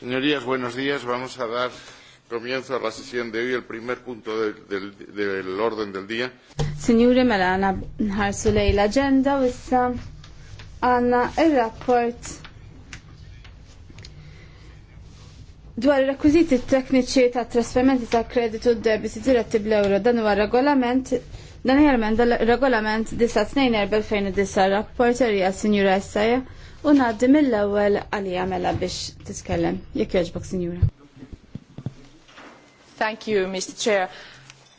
Señorías, buenos días. Vamos a dar comienzo a la sesión de hoy, el primer punto del, del, del orden del día. Signori, mela għana nħarsu lej l-agenda u issa għanna il-rapport dwar il-rekwiziti tekniċi ta' trasferimenti ta' kreditu debiti diretti bl-euro dan huwa regolament dan hija regolament 924 2009 rapporterija Signora Essaja u ngħaddi mill-ewwel għalija mela biex tiskellem. Jekk jogħġbok, Sinjura. Thank you, Mr. Chair.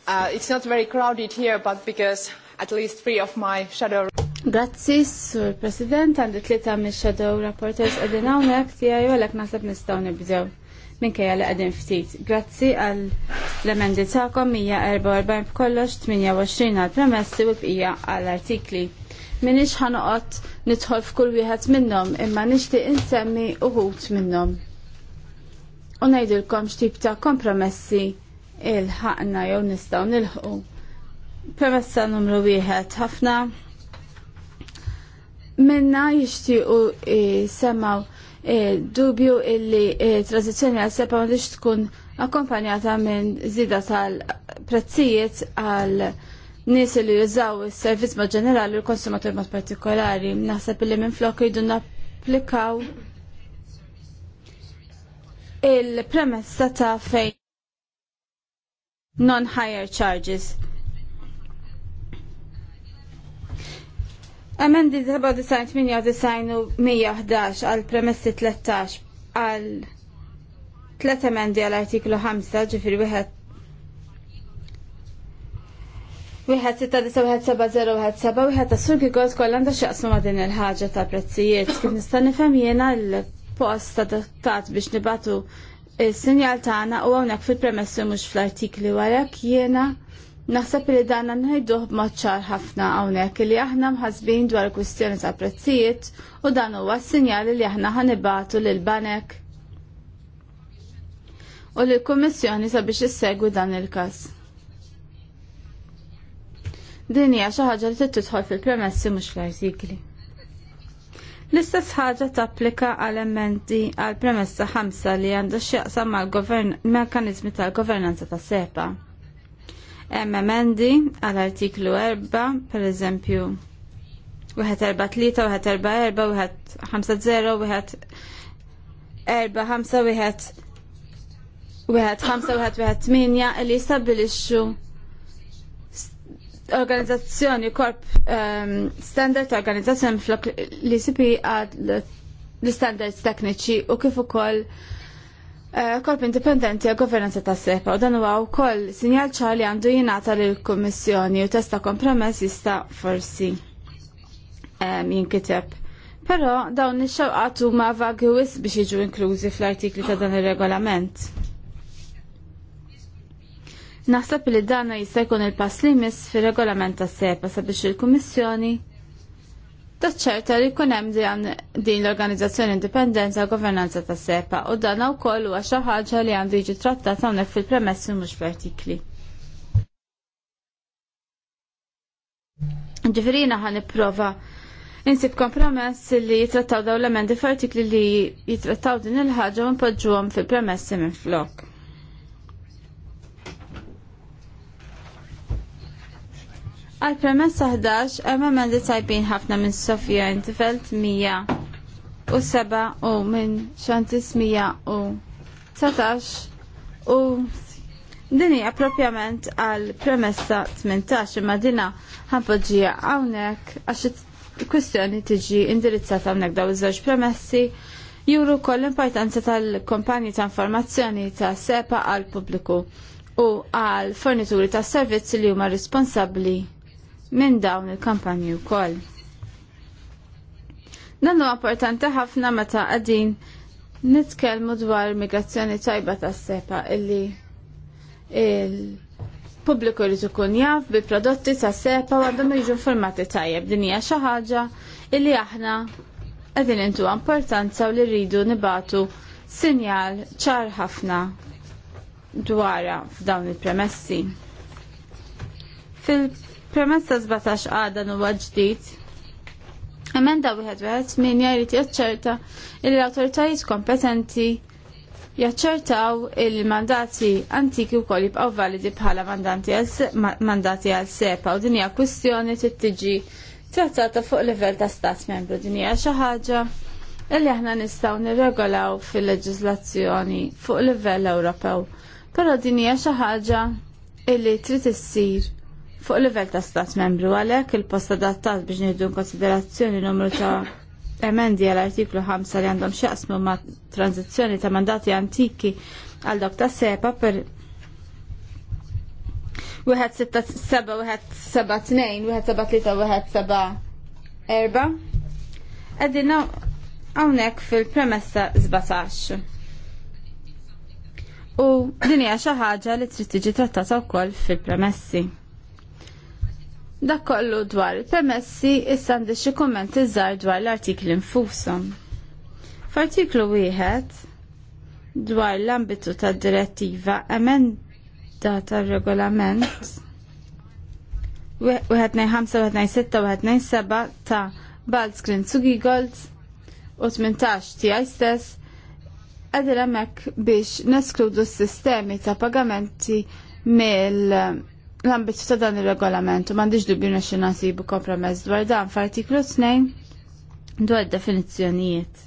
Uh, it's not very crowded here, but because at least three of my shadow Grazzi, Sur President, għandi tlieta mis shadow rapporters għedin hawnhekk tiegħi għalhekk naħseb nistgħu nibdew minkejja li qegħdin ftit. Grazzi għal l-emendi tagħkom 144 kollox 28 għal premessi u bqija għal artikli minix ħanoqot nidħol f'kull wieħed minnhom imma nixtieq insemmi uħut minnhom. U ngħidilkom x'tip ta' kompromessi il ħakna jew nistgħu nilħu. Premessa numru wieħed ħafna minna jixtiequ semaw eh, dubju illi eh, tradizjoni għal sepa ma tkun akkompanjata minn zida tal-prezzijiet għal, -prezzijiet għal nies li jużaw is-servizz ma' ġenerali u l-konsumatur ma' partikolari. Naħseb li minn flok jridu napplikaw il-premessa ta' fejn non-higher charges. Emendi 97-98 u 111 għal premessi 13 għal 3 emendi għal artiklu 5 ġifiri wieħed Wieħed sitta disa wieħed seba' zero wieħed seba' wieħed tas-sur Gigold kollha għandha x'jaqsmu ma' din il-ħaġa ta' prezzijiet. Kif nista' nifhem jiena l-post ta' dattat biex nibatu il-sinjal tagħna u hawnhekk fil-premessi mhux fl-artikli warek jiena naħseb li danna nħajduħ maċċar ħafna hawnhekk li aħna mħasbin dwar kwistjoni ta' prezzijiet u dan huwa s-sinjali li aħna ħanibatu lil banek u l-Kummissjoni sabiex issegwi dan il-każ. Din hija xi ħaġa li tidħol fil-premessi mhux l arzikli L-istess ħaġa tapplika għal emmenti għal premessa ħamsa li għandha x'jaqsam mal-govern mekkaniżmi tal-governanza ta' sepa. Hemm emendi għall-artiklu 4, per eżempju, wieħed 4 tlieta, wieħed 4 erba, wieħed 5 wieħed 4-5, wieħed wieħed 8 li jistabbilixxu organizzazzjoni korp um, standard organizzazzjoni flok li sipi għad l-standards tekniċi u kif ukoll uh, korp indipendenti għu governanza ta' sepa u dan huwa wkoll sinjal ċar li għandu jingħata lill-Kummissjoni u testa kompromess jista' forsi um, jinkiteb. Però dawn ix-xewqat huma vagi wis biex jiġu inklużi fl-artikli ta' dan ir-regolament. Naħseb li dana jista' jkun il-pass li jmiss fir-regolament ta' sepa sabiex il-Kummissjoni taċċerta li jkun hemm din l-organizzazzjoni indipendenza governanza ta' sepa u dana wkoll huwa xi ħaġa li għandu jiġi trattata hawnhekk fil-premessi mhux f'artikli. artikli Ġifirina ħan nipprova insib kompromess li jitrattaw dawn l-emendi f'artikli li jitrattaw din il-ħaġa u npoġġuhom fil-premessi minn flok. Għal permess 11 hemm emendi tajbin ħafna minn Sofija Intifelt 100 u 7 u minn Xantis 100 u 19 u dini hija għal premessa 18 imma dina ħampoġġija hawnhekk għax il-kwistjoni tiġi indirizzata hawnhekk daw iż-żewġ premessi juru koll importanza tal-kompanji ta' informazzjoni ta' sepa għal pubbliku u għal fornituri ta' servizzi li huma responsabbli minn dawn il-kampanji wkoll. Dan huwa importanti ħafna meta qegħdin nitkellmu dwar migrazzjoni tajba tas-sepa illi il-pubbliku li ikun jaf bi prodotti ta' sepa għandhom jiġu formati tajjeb din hija xi ħaġa illi aħna qegħdin intu importanza u li rridu nibatu sinjal ċar ħafna dwara f'dawn il-premessi. Fil Permezz ta' 17 għada huwa ġdid. Emenda wieħed wieħed minn jrid jaċċerta li l-awtoritajiet kompetenti jaċċertaw il-mandati antiki wkoll jibqgħu validi bħala mandati għal sepa u din hija kwistjoni tġi trattata fuq livell ta' stat membru din hija xi ħaġa illi aħna nistgħu nirregolaw fil-leġiżlazzjoni fuq livell Ewropew. Però din hija xi ħaġa illi trid issir fuq livell ta' stat membru għalhekk il-post adattat biex nieħdu konsiderazzjoni numru ta' emendi għal artiklu 5 li għandhom xaqsmu ma' tranzizzjoni ta' mandati antiki għal dok ta' sepa per wieħed sitta seba, wieħed seba tnejn, wieħed seba tlita, wieħed seba erba. hawnhekk fil-premessa 17. U din hija xi ħaġa li trid tiġi trattata wkoll fil-premessi. Dak kollu dwar il-permessi issa għandi xi kummenti żgħar dwar l-artikli nfushom. F'artiklu wieħed dwar l-ambitu tad-direttiva emenda tar-regolament wieħed ta' Bald Screen ngħid sitta, u 18 tiegħi stess għadil hemmhekk biex neskludu s-sistemi ta' pagamenti mill l ambit ta' dan il-regolament u m'għandix dubju nexxi nasibu kompromess dwar dan f'artiklu 2 dwar definizzjonijiet.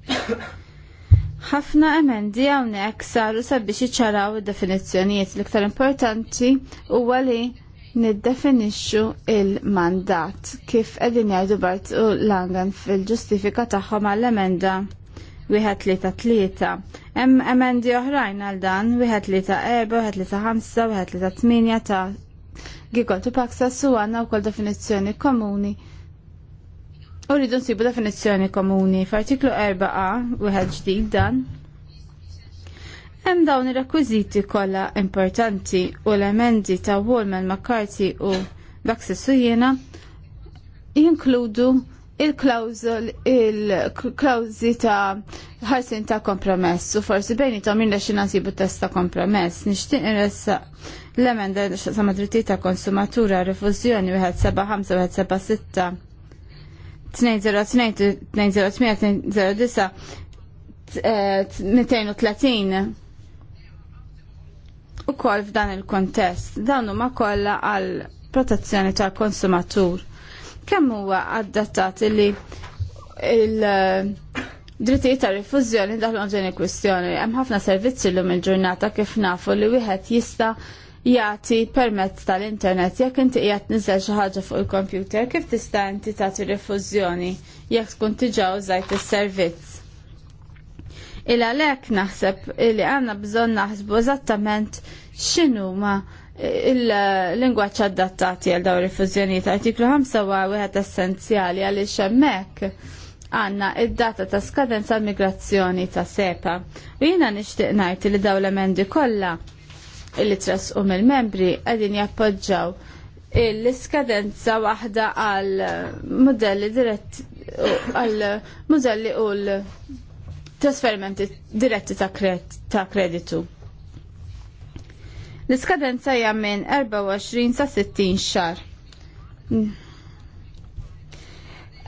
Ħafna emendi hawnhekk saru sabiex iċċaraw id-definizzjonijiet l-iktar importanti huwa li niddefinixxu il-mandat kif edin jgħidu Bart u Langan fil-ġustifika tagħhom għall-emenda wieħed tlieta tlieta. Hemm emendi oħrajn għal dan wieħed tlieta erba, wieħed tlieta ħamsa, wieħed tlieta tminja ta' Gigol tu paksa su għanna u kol definizjoni komuni. U rridu nsibu definizjoni komuni f'artiklu 4a, wieħed ġdid dan. Hemm dawn ir-rekwiżiti kollha importanti u l-emendi ta' Wallman McCarthy u Baxi jiena jinkludu il-klawżol il-klawżi ta' ħarsin ta' kompromess u forsi bejni ta' minna xi nasibu test ta' kompromess nixtieq irressa l-emenda sama dritti ta' konsumatura rifużjoni 1756 202 208 230 u kol f'dan il-kontest. Dawn huma kollha għal protezzjoni tal-konsumatur kemm huwa adattat li il-drittijiet eh, ta' rifużjoni daħlu ġeni kwistjoni. Hemm ħafna servizzi llum il-ġurnata kif nafu li wieħed jista' jagħti permezz tal-internet jekk inti qiegħed niżel xi ħaġa fuq il-kompjuter kif tista' inti tagħti rifużjoni jekk tkun diġà użajt is-servizz. Il għalhekk naħseb li għandna bżonn naħsbu eżattament x'inhuma il-lingwaċ adattati għal dawn il-fużjonijiet. Artiklu 5 wa' wieħed essenzjali għaliex hemmhekk għanna id-data ta' skadenza migrazzjoni ta' sepa. U jiena nixtieq ngħid li dawn l-emendi kollha illi trasqu mill-membri qegħdin jappoġġaw l-iskadenza waħda għal modelli dirett għal modelli u l-trasferimenti diretti ta' kreditu. L-iskadenza hija minn 24 sa 60 xar.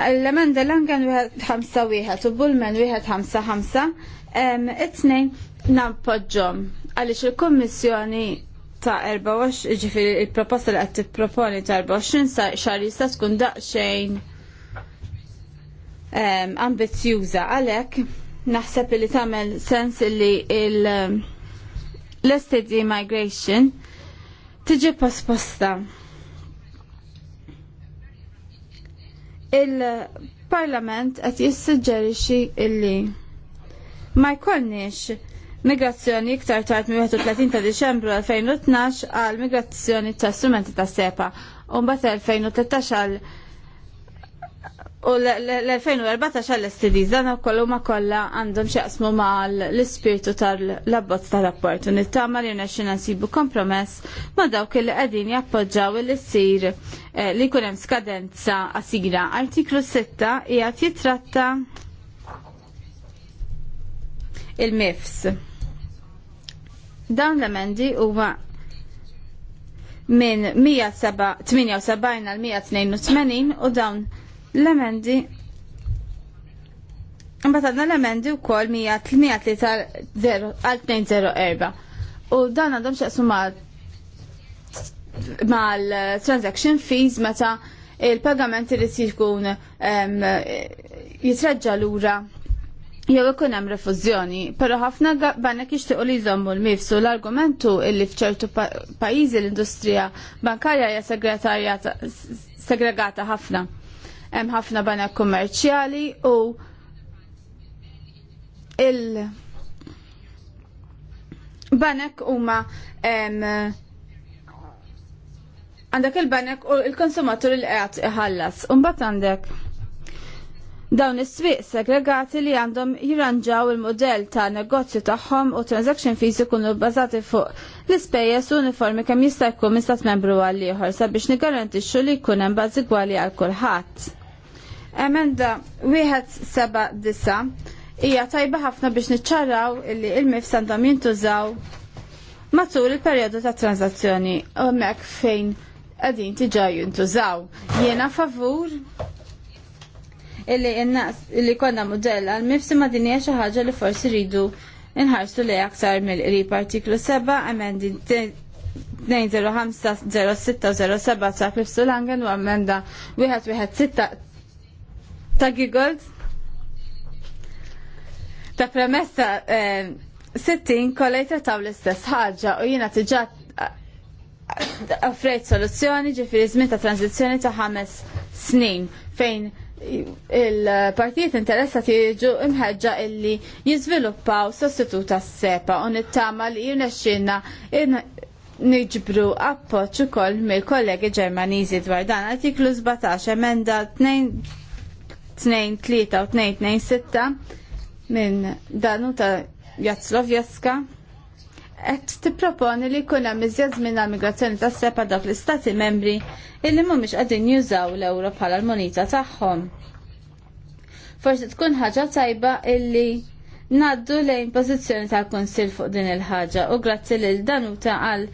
L-emenda angan 1-5-1 u bulmen 1-5-5 it-tnejn nappoġġom għaliex il-Kommissjoni ta' 24, ġifiri il-proposta li għed proponi ta' 24 sa' xar jista' tkun daqxejn ambizjuża għalhekk naħseb li tagħmel sens li il- l-STD migration tiġi posposta. Il-Parlament qed jissuġġerixxi illi ma jkollniex migrazzjoni iktar tard minn 31 ta' Diċembru 2012 għal migrazzjoni ta' strumenti ta' sepa u mbagħad 2013 għal U l-2014 għall-STDs dan kollu ma kolla għandhom xaqsmu ma l-spiritu tal-abbozz tal-rapport u nittama li naxxina nsibu kompromess ma dawk li għadin jappoġġaw il sir li eh, kunem skadenza għasigra. Artiklu 6 jgħat jitratta il-MIFS. Dawn l-emendi huwa minn 178 għal 182 u dawn L-emendi Mbagħad għandna l-emendi wkoll kol għal U dan għandhom ma mal-transaction eh, fees meta il-pagament irid jkun jitreġġa lura jew ikun hemm refużjoni, però ħafna banek jixtiequ li jżommu l-mifsu l-argumentu illi f'ċertu pajjiżi l-industrija bankarja hija segregata ħafna hemm ħafna banek kummerċjali u il banek huma għandek il-banek u il-konsumatur il qed iħallas. Imbagħad għandek dawn is-swieq segregati li għandhom jirranġaw il-modell ta' negozju tagħhom u transaction fees ikunu bbażati fuq l-ispejjeż uniformi kemm jista' jkun minn stat membru għal ieħor sabiex nigarantixxu li jkun hemm bażi gwali għal kulħadd. Emenda wieħed seba' disa hija tajba ħafna biex niċċaraw illi il-mif għandhom jintużaw matul il-perjodu ta' tranzazzjoni u mek fejn għadin tiġa jintużaw. Jiena favur illi innaqs illi konna modell għal mifsi ma dinja xi ħaġa li forsi ridu inħarsu li aktar mill-qrib artiklu 7 emendi 205-06-07 ta' Klipsu Langen u amenda 116 ta' Gigold ta' premessa eh, sittin kollejta taw l-istess ħaġa u jina tiġa eh, offrejt soluzzjoni ġifiri żmien ta' tranzizjoni ta' ħames snin fejn il-partijiet interessati jiġu imħeġġa illi jizviluppaw sostituta s-sepa u nittama li jirnexxinna niġbru appoċ ukoll mill-kollegi Ġermaniżi dwar dan artiklu 17 emenda 2 2-3 2-2-6 minn danu ta' Jatslovjeska qed tipproponi li jkun hemm iżjed żmien għall migrazzjoni ta' sepa dawk l-istati membri illi mu mhumiex qegħdin jużaw l-ewro bħala l-monita taħħom. Forse tkun ħaġa tajba illi naddu lejn pozizjoni ta' konsil fuq din il-ħaġa u grazzi li l-danu ta' għal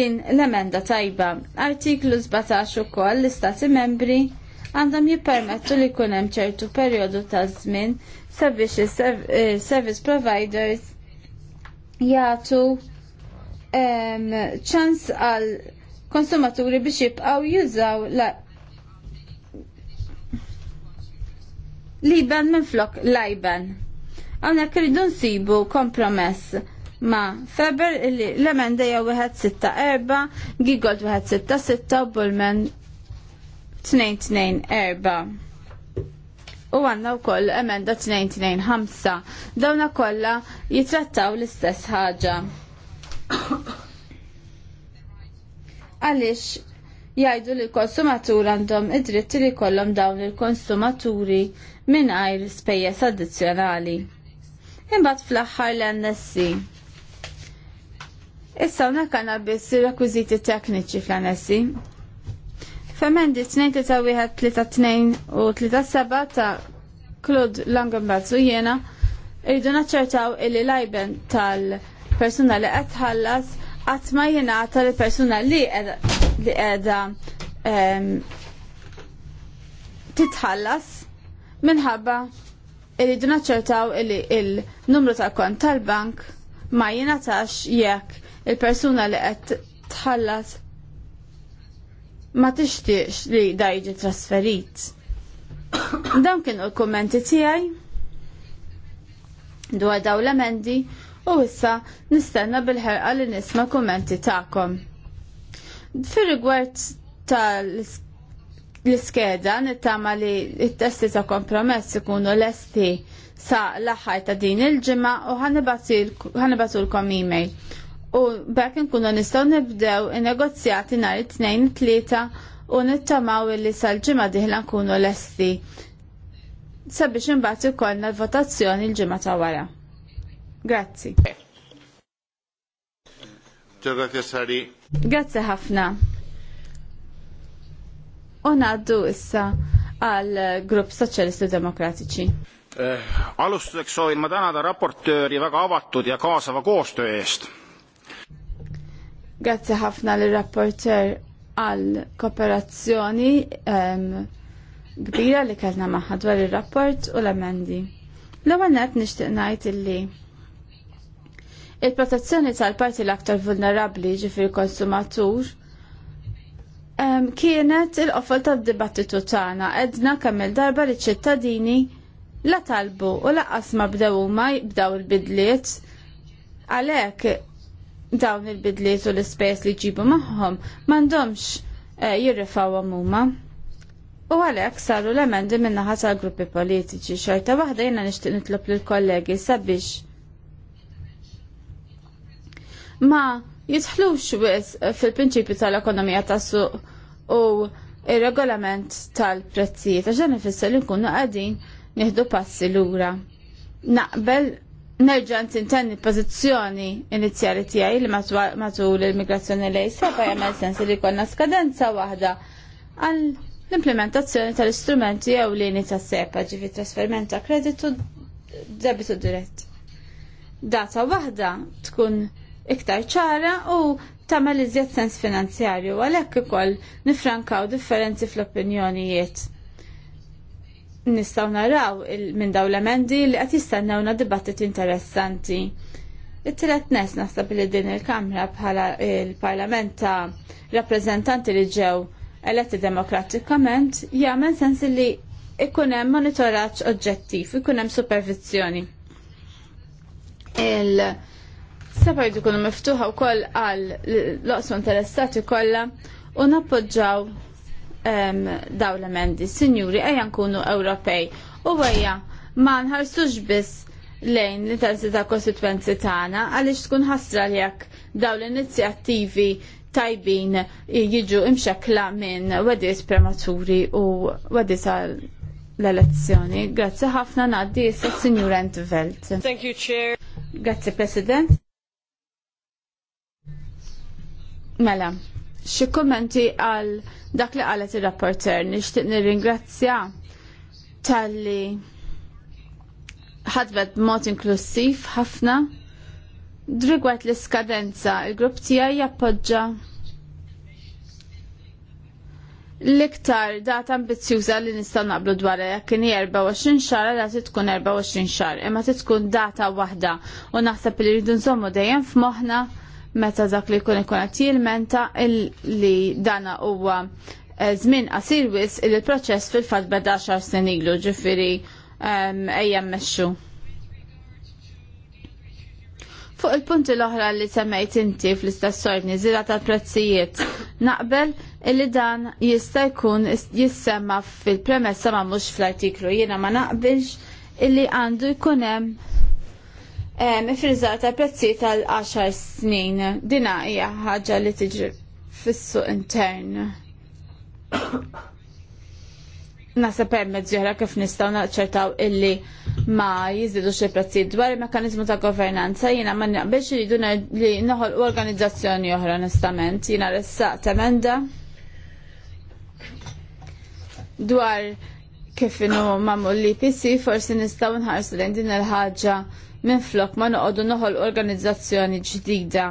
din l-emenda tajba. Artiklu 17 koll l-istati membri għandhom jippermettu li jkun hemm ċertu perjodu ta' żmien sabiex is-service eh, providers jagħtu ċans għal konsumaturi biex jibqgħu jużaw la liban minn flok lajban. Għanna kridu nsibu kompromess ma Feber li l-emenda jew 164, Gigold 166 u Bullman U għanna u koll emenda 225. Dawna kolla jitrattaw l-istess ħaġa. Għalix jgħidu li l-konsumatur għandhom id-dritti li kollom dawn il-konsumaturi minn għajr spejjeż addizzjonali. Imbagħad fl-aħħar l-annessi. Issa hawnhekk għandna biss ir-rekwiżiti tekniċi fl-annessi. Femendi 2-3-1-3-2 u 3-7 ta' Klod Langenbazzu jena irridu naċċertaw illi lajben tal-persuna li qed tħallas qatt ma jingħata li persuna li qiegħda titħallas minħabba irridu naċċertaw illi il-numru ta' kont tal-bank ma jingħatax jekk il-persuna li qed tħallas ma tixtiex li da jiġi trasferit. Dawn kienu l-kummenti tiegħi dwar dawn l-emendi u issa nistenna bil-ħerqa li nisma' kommenti tagħkom. Fir-rigward tal-iskeda nittama li t-testi ta' kompromess ikunu lesti sa l-aħħar ta' din il-ġimgħa u ħanibatulkom e-mail u bekk nkunu nistgħu nibdew in-negozjati nhar it-tnejn tlieta u nittamaw li sal-ġimgħa diħla nkunu lesti sabiex imbagħad ikollna l-votazzjoni l-ġimgħa ta' wara. Grazzi. Grazzi ħafna. U ngħaddu issa għal grupp Soċjalisti Demokratiċi. Eh, alustuseks soovin ma tänada raportööri väga avatud ja kaasava koostöö eest Grazzi ħafna l rapporter għal kooperazzjoni kbira li kellna maħħa dwar ir-rapport u l-emendi. L-ewwel nett nixtieq ngħid illi il-protezzjoni tal-parti l-aktar vulnerabbli ġifir konsumatur kienet il-qofol tad-dibattitu tagħna edna kemm il-darba li ċittadini la talbu u laqqas ma bdew huma jibdew il-bidliet għalhekk dawn il-bidliet u l-ispejs li ġibu maħħom mandomx e, eh, jirrifaw għamuma. U għalek saru l-emendi minna ta' gruppi politiċi xorta waħda jena nishtiq nitlob l-kollegi sabiex. Ma jitħlux wis fil-prinċipju tal-ekonomija tassu suq u il-regolament tal-prezzijiet, għaxan ifisser li nkunu għadin nieħdu passi lura. Naqbel Nerġan tintenni pozizjoni inizjali tiegħi li matul il-migrazzjoni lej seba jagħmel sens li jkollna skadenza waħda għal l-implementazzjoni tal-istrumenti jew lini ta' sepa ġifi trasferment ta' kreditu debitu dirett. Data waħda tkun iktar ċara u tagħmel iżjed sens finanzjarju għalhekk ikoll nifrankaw differenzi fl-opinjonijiet nistaw naraw minn daw l-emendi li qed jistennewna dibattit interessanti. It-tret nes naħseb li din il-Kamra bħala il-Parlament ta' rappreżentanti li ġew eletti demokratikament jagħmel sens li ikun hemm monitoraġġ oġġettiv, ikun hemm supervizjoni. Il jdu ikunu miftuħa wkoll għal l-oqsu interessati kollha u nappoġġaw daw l-emendi. Sinjuri, ejja nkunu Ewropej u għajja ma nħarsux biss lejn l tal ta' konsekwenzi tagħna għaliex tkun ħasra li jekk daw l-inizjattivi tajbin jiġu imxekla minn wedis prematuri u wedis l-elezzjoni. Grazzi ħafna ngħaddi issa Sinjur Entvelt. Thank you, Chair. Grazzi President. Mela, xi kummenti għal dak li qalet ir-rapporter nixtieq nirringrazzja talli ħadbet mod inklusiv ħafna drigwet l-iskadenza il-grupp tiegħi jappoġġa l-iktar data ambizzjuża li nistgħu naqblu dwarha jekk kien 24 xahar la tkun 24 xahar imma tkun data waħda u naħseb li rridu nżommu dejjem f'moħħna meta dak li jkun ikun qed jilmenta li dana huwa eh, żmien qasir wis il proċess fil-fatt beda xar sen ilu ġifieri ejjem mexxu. Fuq il-punti l-oħra li semmejt inti fl-istess ordni żira tal-prezzijiet naqbel illi dan jista' jkun jissemma fil-premessa ma mhux fl-artiklu jiena ma naqbilx illi għandu jkun hemm ta' prezzi tal-10 snin. Dina hija ħaġa li tiġri fissu intern. Nasa permezz ġeħra kif nistgħu naċċertaw illi ma jiżidux il-prezzi dwar il-mekanizmu ta' governanza jiena ma naqbilx li jdu li noħol organizzazzjoni oħra onestament. Jiena ressaq temenda dwar kif inhu mamul li PC forsi nistgħu nħarsu lejn din il-ħaġa minflok ma noqogħdu noħol organizzazzjoni ġdida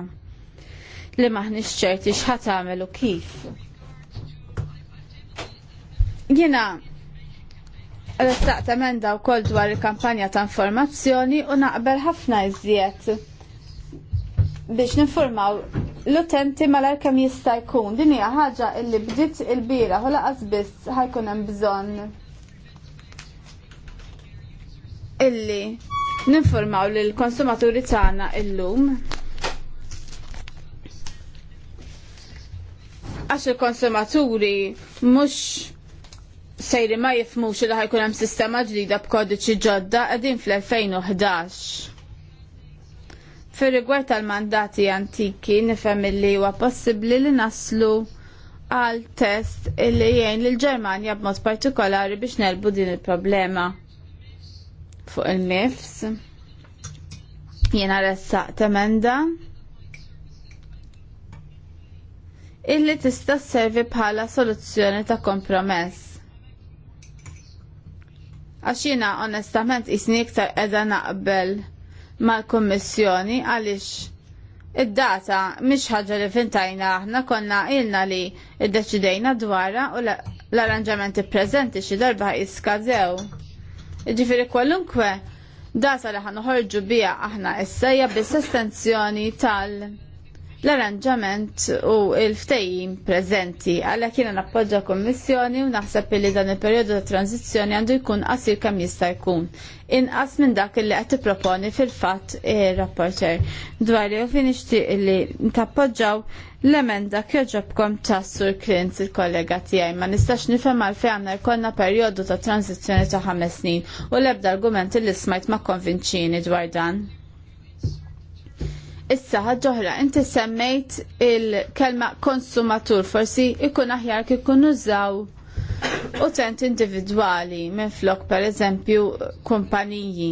li maħniex ċerti x'ħat tagħmel u kif. Jiena Restaqt emenda wkoll dwar il-kampanja ta' informazzjoni u naqbel ħafna iżjed biex ninformaw l-utenti malar kemm jista' jkun. Din hija ħaġa illi bdiet il-bira u laqas biss ħajkun hemm bżonn illi ninformaw li l konsumaturi tagħna illum għax il-konsumaturi mhux sejri ma jifmux li ħajkun hemm sistema ġdida b'kodiċi ġodda qegħdin fl-2011. Fir-rigward tal-mandati antiki nifhem li huwa possibbli li naslu għal test illi jgħin lill ġermanja b'mod partikolari biex nelbu din il-problema fuq il nifs Jena ressaqt emenda illi tista' sservi bħala soluzzjoni ta' kompromess. Għax jiena onestament isni iktar qiegħda naqbel mal-Kummissjoni għaliex id-data mhix ħaġa li fintajna aħna konna ilna li id-deċidejna dwarha u l-arranġamenti prezenti xi darba jiskadew. Ġifiri kwalunkwe data li ħanħorġu bija aħna essajja bis-sestenzjoni tal- l-arranġament u il-ftejjim prezenti għalla kiena nappoġġa kommissjoni u naħseb li dan il-periodu ta' tranzizzjoni għandu jkun qasir kemm jista' jkun. Inqas minn dak li qed tipproponi fil-fatt ir-rapporter dwar li u nixtieq li tappoġġaw L-emenda kieġobkom ta' Sur klient il-kollega tiegħi ma nistax nifem għal fejna jkollna perjodu ta' tranzizjoni ta' ħames snin u l-ebda argument li smajt ma' konvinċini dwar dan. Issa ħadġoħra, inti semmejt il-kelma konsumatur, forsi ikun aħjar kikun użaw utent individuali minn flok per eżempju kumpaniji.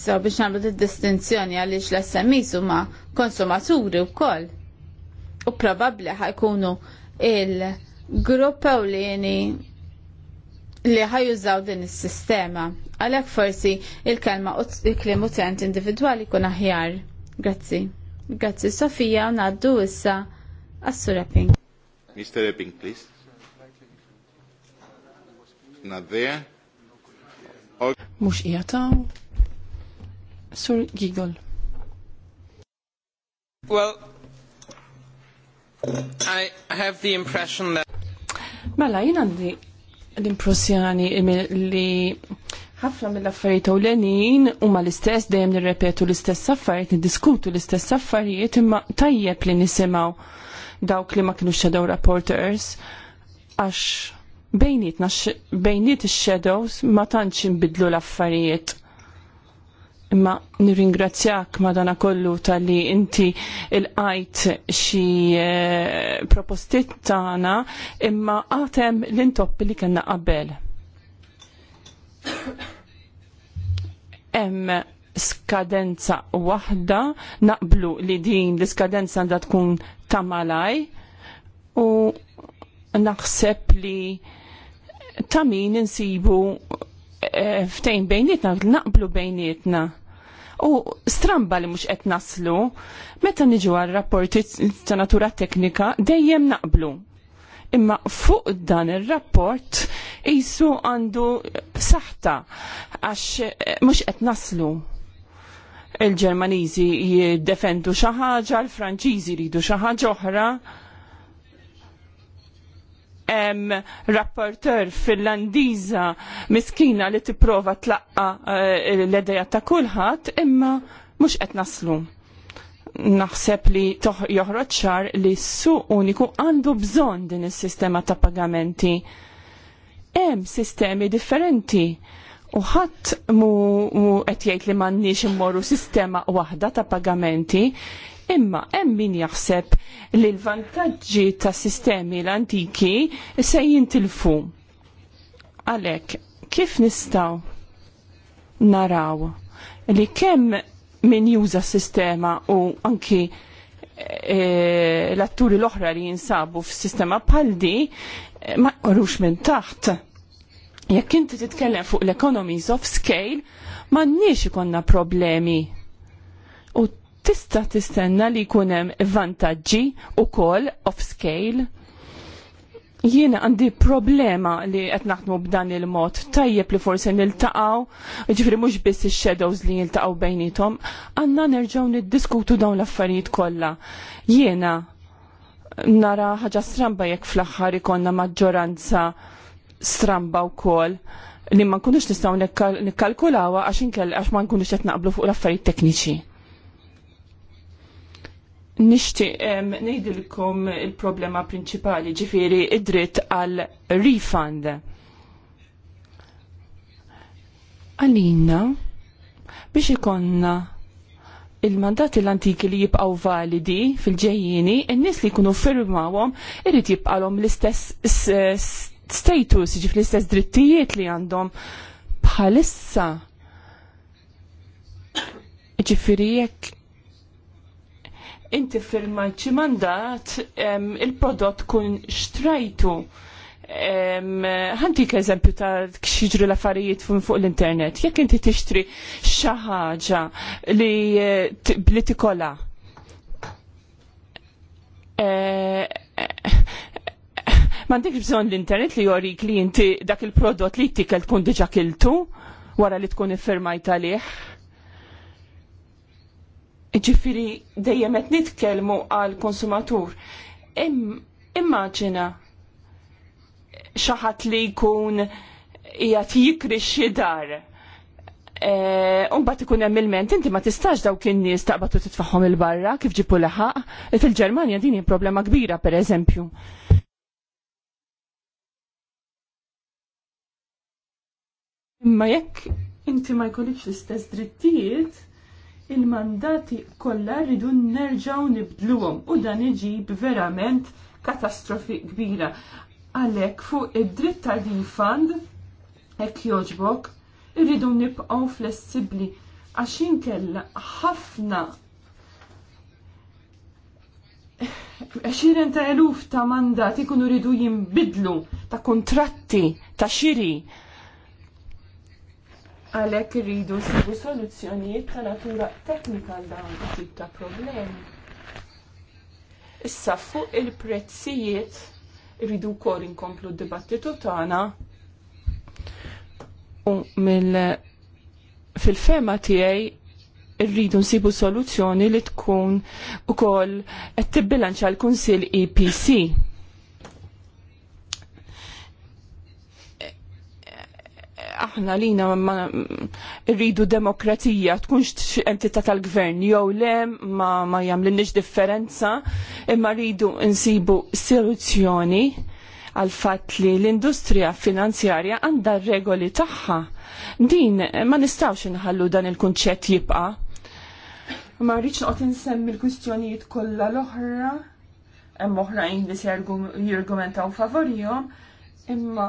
So biex nagħmlu distinzjoni għaliex l-SMIs huma konsumaturi wkoll u probabli ħajkunu il-grupp ewlieni li ħajużaw din is-sistema. Għalhekk forsi il-kelma il kliem utent individwali kun aħjar. Grazzi. Grazzi Sofija u ngħaddu issa għas-Sura Mr. Epping, please. Not there. Mux jgħataw. Sur Gigol. Well, I have the impression that... Mela, jien għandi l-impressjoni li ħafna mill-affarijiet ewlenin huma l-istess dejjem nirrepetu l-istess affarijiet, niddiskutu l-istess affarijiet imma tajjeb li nisimgħu dawk li ma kienu shadow reporters għax bejniet bejniet ix-shadows ma tantx inbidlu l-affarijiet Imma nirringrazzjak madana kollu tal-li inti il-qajt xi eh, propostit tagħna imma għatem l-intoppi li kellna qabel. Hemm skadenza waħda naqblu li din l-skadenza għandha tkun ta' malaj u naħseb li ta' min insibu eh, ftejn bejnietna, naqblu bejnietna u stramba li mhux qed naslu, meta niġu għal rapporti ta' natura teknika dejjem naqblu. Imma fuq dan ir-rapport isu għandu saħta għax eh, mhux qed naslu. Il-Ġermaniżi jiddefendu xi ħaġa, l-Franċiżi jridu xi ħaġa oħra, em, rapporteur finlandiza miskina li tipprova tlaqqa eh, l-edeja ta' kulħadd imma mhux qed naslu naħseb li joħroġ xar li s-suq uniku għandu bżonn din is-sistema ta' pagamenti. Hemm sistemi differenti. U ħadd mu qed jgħid li m'għandniex immorru sistema waħda ta' pagamenti, Imma hemm min jaħseb li l-vantaġġi ta' sistemi l-antiki se jintilfu. Għalhekk, kif nistgħu naraw li kemm min juża sistema u anki E, l-atturi l-oħra li jinsabu f-sistema paldi ma rux minn taħt. Jekk inti titkellem fuq l-economies of scale, ma nix ikonna problemi. U tista tistenna li jkun hemm vantaġġi kol off-scale jiena għandi problema li qed naħdmu b'dan il-mod tajjeb li forsi niltaqgħu, ġifri mhux biss ix-shadows li niltaqgħu bejnietom, għandna nerġgħu niddiskutu dawn l-affarijiet kollha. Jiena nara ħaġa stramba jekk fl-aħħar ikonna maġġoranza stramba wkoll li ma nkunux nistgħu nikkalkulawha għax inkell għax ma nkunux qed naqblu fuq l-affarijiet tekniċi. Nishti nejdilkom il-problema prinċipali ġifiri id-dritt għal refund. Għalina, biex ikonna il-mandati l-antiki li jibqaw validi fil-ġejjini, n-nis li kunu firmawom irrit jibqalom l-istess status, ġif l-istess drittijiet li għandhom bħalissa. Ġifiri jekk inti firma xi mandat il-prodott kun xtrajtu. Ħantik eżempju ta' xiġri l-affarijiet fuq l-internet. Jekk inti tixtri xi ħaġa li bli eh, tikola. Eh, eh, m'għandekx bżonn l-internet li jorik li inti dak il-prodott li tikel tkun diġa kiltu wara li tkun iffirmajt għalih ġifiri dejjem qed nitkellmu għal konsumatur. Immaġina xaħat li jkun jgħat jikri xidar. E, Umbat ikun hemm il-ment, inti ma tistax dawk in-nies taqbatu titfaħħom il-barra kif ġipu laħaq. Fil-Ġermanja din hi problema kbira pereżempju. Imma jekk inti ma jkollix l-istess drittijiet, il-mandati kollha rridu nerġgħu nibdluhom u dan iġib verament katastrofi kbira. Għalhekk fuq id-dritt tal infand hekk jogħġbok irridu nibqgħu flessibbli għax inkella ħafna Xirien ta' eluf ta' mandati kunu ridu jimbidlu ta' kontratti ta' xiri Għalhekk irridu nsibu soluzzjonijiet ta' natura teknika għal dawn it-tip ta' problemi. Issa fuq il-prezzijiet irridu wkoll inkomplu d-dibattitu tagħna u mill fil-fema tiegħi irridu nsibu soluzzjoni li tkun ukoll qed tibbilanċa l-Kunsill EPC aħna lina ma rridu demokratija tkunx entita' tal-gvern jew le ma ma differenza imma rridu nsibu soluzzjoni għal fatt li l-industrija finanzjarja għandha regoli tagħha. Din ma nistgħux inħallu dan il-kunċett jibqa'. Ma rridx noqgħod insemmi l-kwistjonijiet kollha l-oħra hemm oħrajn li se jargumentaw favorihom, imma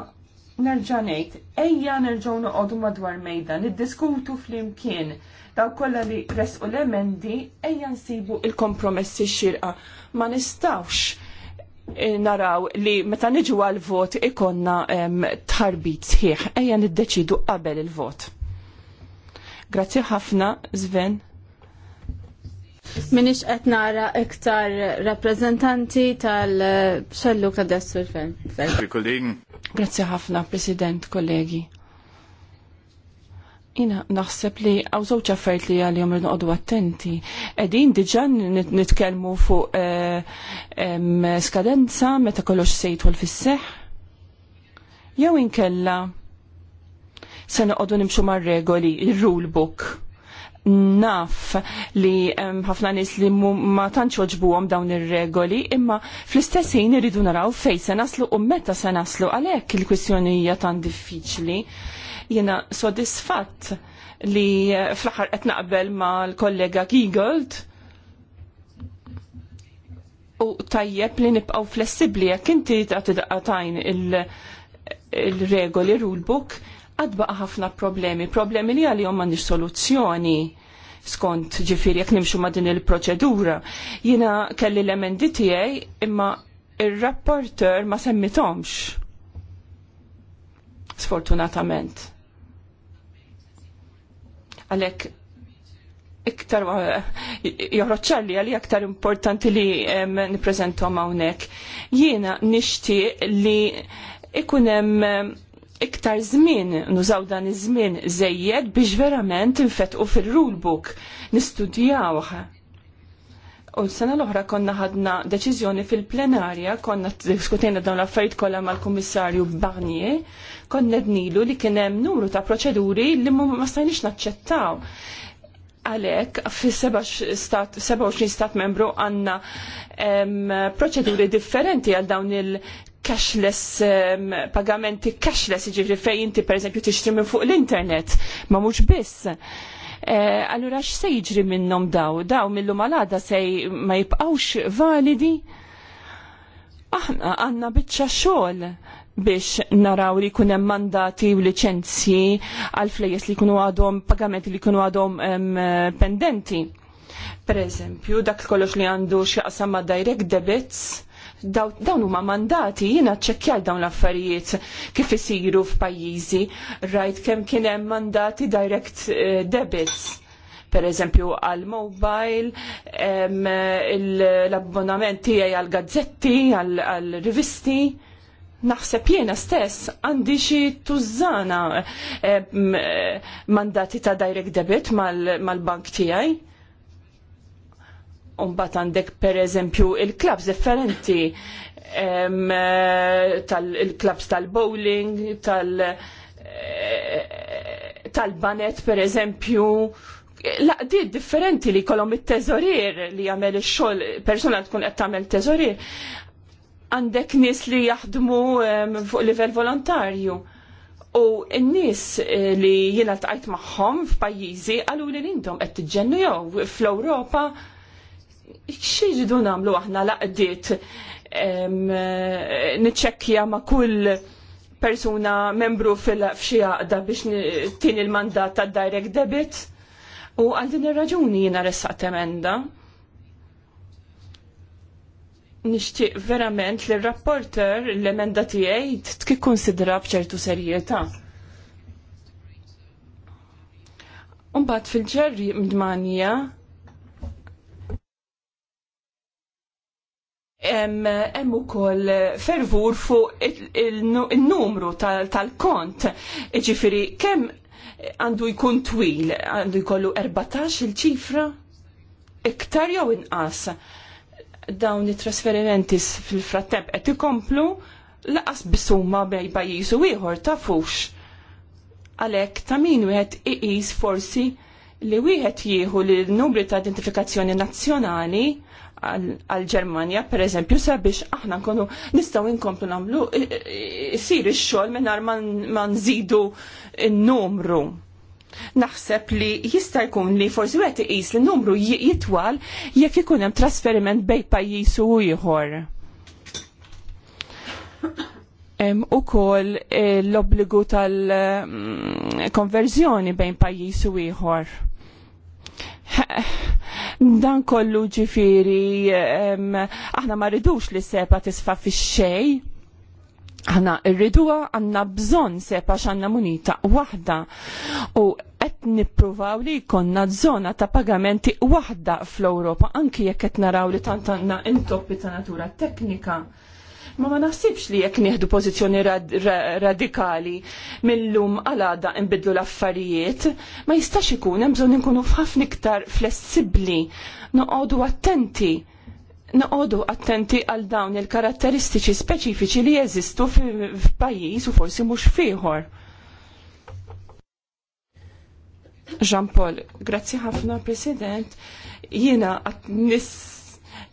nerġanejt, ejja nerġaw noqodu madwar mejda, niddiskutu fl-imkien, daw kolla li resqu l-emendi, ejja nsibu il-kompromessi xirqa. Ma nistawx eh, naraw li meta niġu għal-vot ikonna tħarbit sħiħ, ejja niddeċidu qabel il-vot. Grazzi ħafna, Sven. Minix qed nara iktar rappreżentanti tal-xelluk ta' l fem Grazzi ħafna, President, kollegi. Ina naħseb li għaw zoċ affert li għal-jom l-noqdu attenti. Edin diġan nitkelmu fuq eh, skadenza meta kollox sejtu l-fisseħ. Jew inkella se noqdu nimxu mar-regoli, il-rule book naf li ħafna nies li ma tantx oġbuhom dawn ir-regoli, imma fl-istess ħin irridu naraw fejn se naslu u meta se naslu għalhekk il-kwistjoni hija tant diffiċli. Jiena sodisfatt li eh, fl-aħħar qed naqbel mal kollega Giegold u tajjeb li nibqgħu flessibbli jekk inti ta' il-regoli rulebook għadbaqa ħafna problemi, problemi li jom għandix soluzzjoni skont ġifiri jekk nimxu ma' din il-proċedura. Jina kelli l-emendi tiegħi imma il rapporter ma semmitomx. Sfortunatament. Għalek iktar eh, joħroċċalli għalli aktar importanti li niprezentom hawnhekk. Jiena nixtieq li ikunem iktar żmien nużaw dan iż-żmien żejjed biex verament infetqu fir-rulebook nistudjawh. U s-sena l-oħra konna ħadna deċiżjoni fil-plenarja, konna diskutejna dawn l-affarijiet kollha mal-Kummissarju Barnier, konna dnilu li kien hemm numru ta' proċeduri li ma stajniex naċċettaw għalek fi 27 stat membru għanna proċeduri differenti għal dawn il cashless um, pagamenti cashless jiġri fej inti pereżempju tixtri minn fuq l-internet ma mhux biss. uh, allura x'se jiġri minnhom daw? Daw millu malada se ma jibqgħux validi? Aħna għandna biċċa xogħol biex naraw li jkun hemm mandati u liċenzji għal flejes li jkunu għadhom pagamenti li jkunu għadhom ehm, pendenti. Per eżempju, dak kollox li għandu xi qasam ma' direct debits, dawn huma mandati jiena ċekkjal dawn l-affarijiet kif isiru f'pajjiżi rajt kemm kien hemm mandati direct eh, debits per eżempju għal mobile, l-abbonament tiegħi għal gazzetti, għal rivisti. Naħseb jiena stess għandi xi tużana mandati ta' direct debit mal-bank tiegħi Umbat għandek per eżempju il-klabs differenti tal-klabs tal-bowling, eh, tal-banet per eżempju. Laqdiet differenti li kolom il-teżorir li jagħmel ix-xogħol, persuna tkun qed tagħmel teżorir. Għandek nies li jaħdmu fuq livell volontarju. U n-nis eh, li jiena ltqajt magħhom f'pajjiżi għalu li l-indom qed ġennu jew fl-Ewropa xieġdu namlu aħna laqdiet niċċekkja ma' kull persuna membru fil-fxie għaqda biex tini il-mandat ta' direct debit u għal din ir-raġuni jiena ressaqt emenda. Nixtieq verament li r-rapporter l-emenda tiegħi konsidra b'ċertu serjetà. Umbat fil-ġerri mdmanija hemm ukoll fervur fuq il-numru tal-kont. Ġifieri kemm għandu jkun twil, għandu jkollu 14 il-ċifra iktar jew inqas dawn it-trasferimenti fil-frattemp qed ikomplu laqas bisumma bej pajjiż u ieħor tafux. Għalhekk ta' min wieħed iqis forsi li wieħed jieħu l numri ta' identifikazzjoni nazzjonali għal-Ġermanja, per eżempju, sabiex aħna nkunu nistaw inkomplu namlu sir ix-xogħol mingħajr ma nżidu n-numru. Naħseb li jista' jkun li forsi wieħed iqis li n-numru jitwal jekk ikun hemm trasferiment bej pajjiż u ieħor. Hemm ukoll eh, l-obbligu tal-konverżjoni mm, bejn pajjiż u ieħor Dan kollu ġifiri, aħna ma ridux li sepa tisfa fi xej, aħna rriduha għandna bżonn sepa x'għandna munita waħda. U qed nippruvaw li jkollna żona ta' pagamenti waħda fl-Ewropa anki jekk qed naraw li tant għandna intoppi ta' natura teknika Ma ma naħsibx li jekk nieħdu pożizzjoni rad radikali mill-lum għalada nbidlu l-affarijiet, ma jistax ikun hemm bżonn inkunu f'ħafna iktar flessibbli, noqogħdu attenti Naqodu attenti għal dawn il-karatteristiċi speċifiċi li jeżistu f'pajjiż u forsi mhux fieħor. Jean-Paul, grazzi ħafna President, jiena nis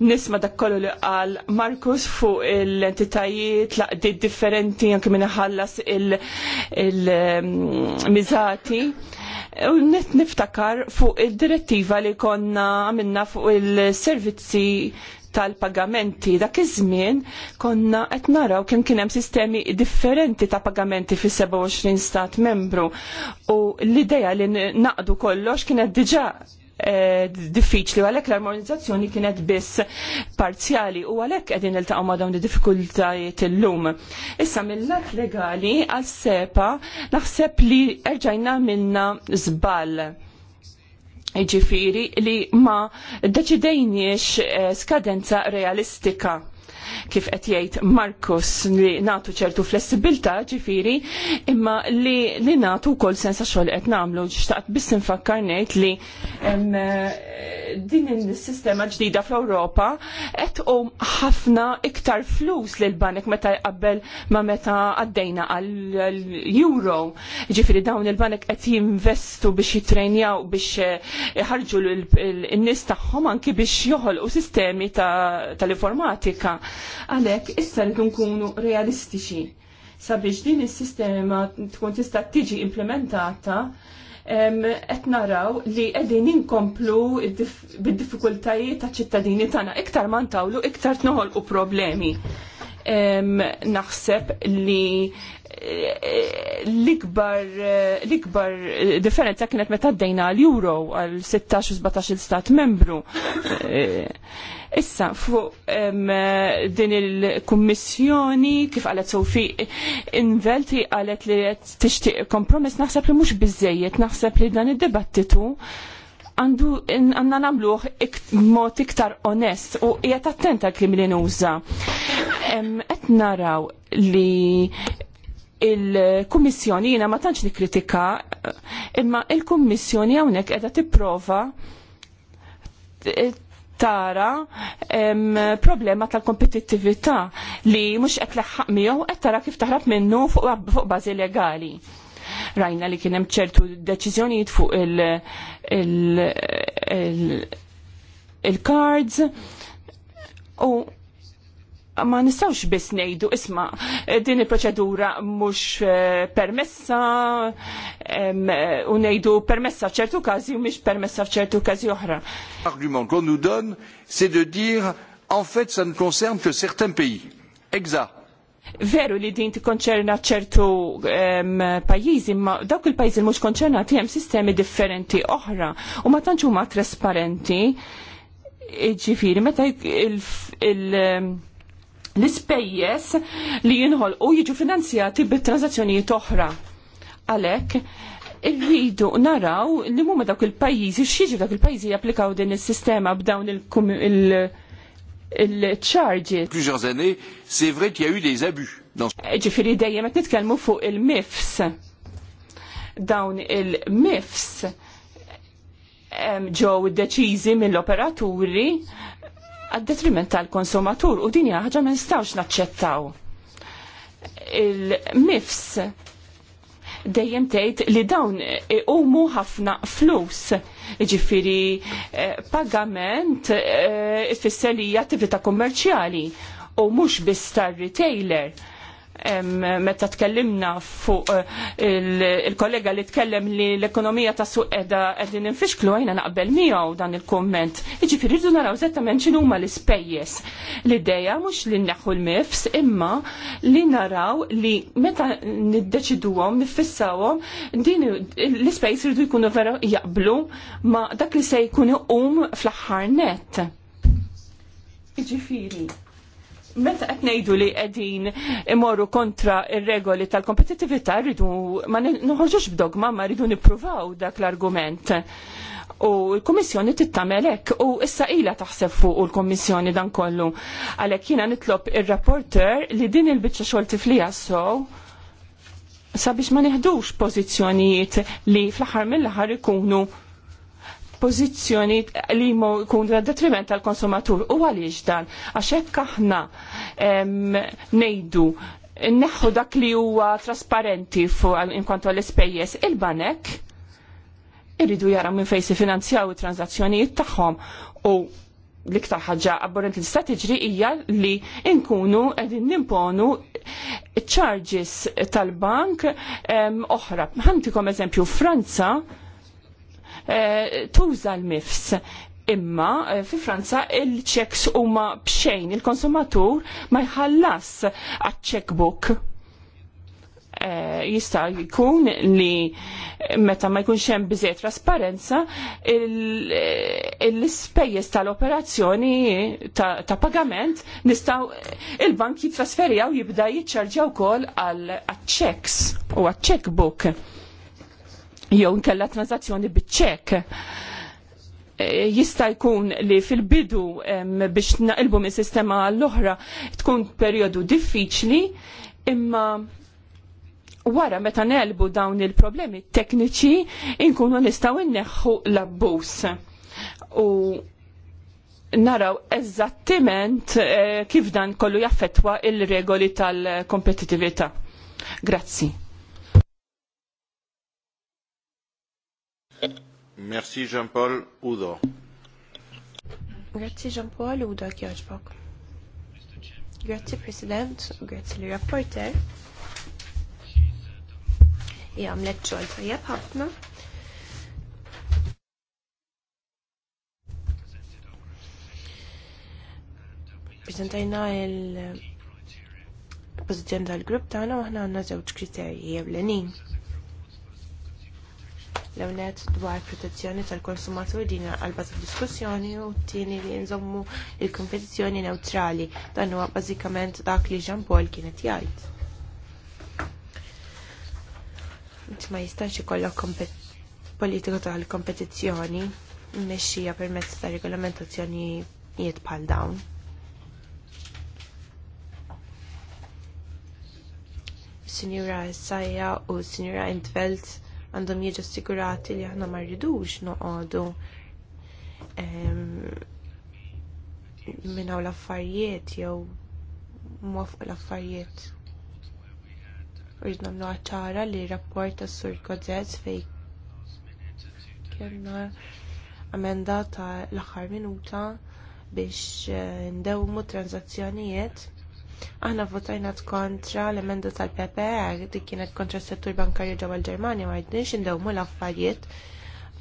nisma dak kollu li qal Markus fuq l-entitajiet laqdiet differenti anke minn ħallas il-miżati. Mm, u net niftakar fuq il-direttiva li konna għamilna fuq il-servizzi tal-pagamenti. Dak iż-żmien konna qed naraw kemm kien hemm sistemi differenti ta' pagamenti fi 27 stat membru u l-idea li naqdu kollox kienet diġà Eh, diffiċli u għalhekk l-armonizzazzjoni kienet biss parzjali u għalhekk qegħdin niltaqgħu ma' dawn id-diffikultajiet illum. Issa mill-lat legali għal sepa naħseb li erġajna minna żball ġifiri li ma deċidejniex eh, skadenza realistika kif qed jgħid Markus li nagħtu ċertu flessibilità ġifieri, imma li li nagħtu wkoll sens xogħol qed nagħmlu xtaqt biss infakkar ngħid li eh, din is-sistema ġdida fl-Ewropa qed um ħafna iktar flus lil banek meta jqabbel ma meta għaddejna għall-euro. Ġifieri dawn il-banek qed jinvestu biex jitrenjaw biex eh, ħarġu l-nies tagħhom anki biex joħolqu sistemi tal-informatika. Ta Għalhekk issa rridu nkunu realistiċi sabiex din is-sistema tkun tista' tiġi implementata qed naraw li qegħdin inkomplu bid-diffikultajiet ta' ċittadini tagħna iktar ma ntawlu iktar tnoħolqu problemi. Naħseb li l-ikbar l-ikbar differenza kienet meta d-dejna l-euro għal 16-17 stat membru. Eh, issa, fuq din il-kommissjoni, kif għalet Sofi, invelti għalet li tixtieq kompromess, naħseb li mhux bizzejiet, naħseb li dan id-debattitu għandu għanna namluħ mod iktar onest u jgħat attenta klim li nuża. Qed naraw li il-Kummissjoni jiena ma tantx nikkritika, imma il-Kummissjoni hawnhekk qiegħda tipprova tara problema tal-kompetittività li mhux qed leħħaq miegħu qed tara kif taħrab minnu fuq bażi legali rajna li kienem ċertu deċizjoni fuq il il, il, il, il cards, u ma nistawx biss ngħidu isma din il-proċedura mhux eh, permessa eh, u ngħidu permessa f'ċertu każi u mhix permessa f'ċertu każi oħra. Argument qu'on nous donne c'est de dire en fait ça ne concerne que certains pays. Exact. Veru li din tikonċerna ċertu pajjiżi, ma dawk il-pajjiżi mhux konċernati hemm sistemi differenti oħra u ma tantx huma trasparenti. Ġifieri meta il l-ispejjeż li jinħolqu jiġu finanzjati bit-transazzjonijiet oħra. Għalhekk irridu naraw li mumma dawk il-pajjiżi x'jiġu dawk il-pajjiżi japplikaw din is-sistema b'dawn il- charges Plusieurs années, c'est vrai qu'il y a eu des abus. Eh, ġifiri dejjem qed nitkellmu fuq il-MIFS. Dawn il-MIFS ġew deċiżi mill-operaturi għad-detriment tal-konsumatur u din ħaġa ma nistawx naċċettaw. Il-MIFS dejjem tgħid li dawn huma ħafna flus. jiġifieri eh, pagament eh, fis li attività kummerċjali u mhux biss tar-retailer meta tkellimna fuq eh, il-kollega li tkellem li l-ekonomija ta' suq edha edin infixklu għajna naqbel miegħu dan il-komment. Iġi firridu naraw zetta men x'inhuma l-ispejjeż. L-idea mhux li nneħħu l-mifs imma li naraw li meta niddeċiduhom niffissawhom din l spejjes rridu jkunu vera jaqblu ma dak li se jkunu iqum fl-aħħar net. firridu meta qed ngħidu li qegħdin imorru kontra ir-regoli tal-kompetittività rridu ma noħorġux b'dogma ma rridu nippruvaw dak l-argument. U l kummissjoni tittamel hekk u issa ilha taħseb fuq il-Kummissjoni dan kollu. Għalhekk jiena nitlob ir-rapporter li din il-biċċa xogħol tiflija sow sabiex ma neħdux pożizzjonijiet li fl-aħħar mill-aħħar ikunu pożizzjoni li jmu jkun detriment tal-konsumatur. U għaliex dan? Għax hekk aħna ngħidu dak li huwa trasparenti fuq inkontu l-ispejjeż il-banek irridu jara minn fejn se finanzjaw it-tranzazzjonijiet tagħhom u l-iktar ħaġa abborrenti l-istatiġri hija li nkunu qegħdin nimponu charges tal-bank oħra. Ħantikom eżempju Franza Eh, tuża l-mifs imma eh, fi Franza il-checks huma bxejn il-konsumatur ma jħallas għat-checkbook. Eh, jista' jkun li meta ma jkunx hemm biżejjed trasparenza l-ispejjeż tal-operazzjoni ta', pagament nistgħu il-bank jitrasferijaw jibda jiċċarġaw ukoll għal checks u għal checkbook jew nkella transazzjoni biċċek. E, jista' jkun li fil-bidu biex naqilbu minn sistema għall oħra tkun perjodu diffiċli, imma wara meta nelbu dawn il-problemi tekniċi inkunu nistgħu inneħħu l abbus U naraw eżattiment e, kif dan kollu jaffettwa il-regoli tal-kompetitività. Grazzi. Merci Jean-Paul Udo. Grazzi Jean-Paul Udo Kjoġbok. Grazzi President, grazzi li rapporter. Jgħamlet ċol tajjeb ħafna. Prezentajna il-pozizjoni tal-grupp tagħna u għandna żewġ kriterji ewlenin l-ewnet dwar protezzjoni tal-konsumatur din għalba ta' diskussjoni u t-tieni li nżommu il-kompetizzjoni neutrali dan huwa bażikament dak li Jean Paul kienet jgħid. Inti ma jistax ikollok politika tal-kompetizzjoni mmexxija permezz ta' regolamentazzjonijiet bħal dawn. Sinjura Sajja u Sinjura Intveld għandhom jiġu assigurati li aħna ma rridux noqogħdu minn hawn l-affarijiet jew mwafq l-affarijiet. Rrid nagħmlu ċara li rapport tas Sur Kozez fej kellna amenda ta' l-aħħar minuta biex eh, ndewmu transazzjonijiet Aħna votajna kontra l-emenda tal-PPE, dik kienet kontra s-settur bankarju ġewwa l-Ġermanja ma rridniex indewmu l-affarijiet.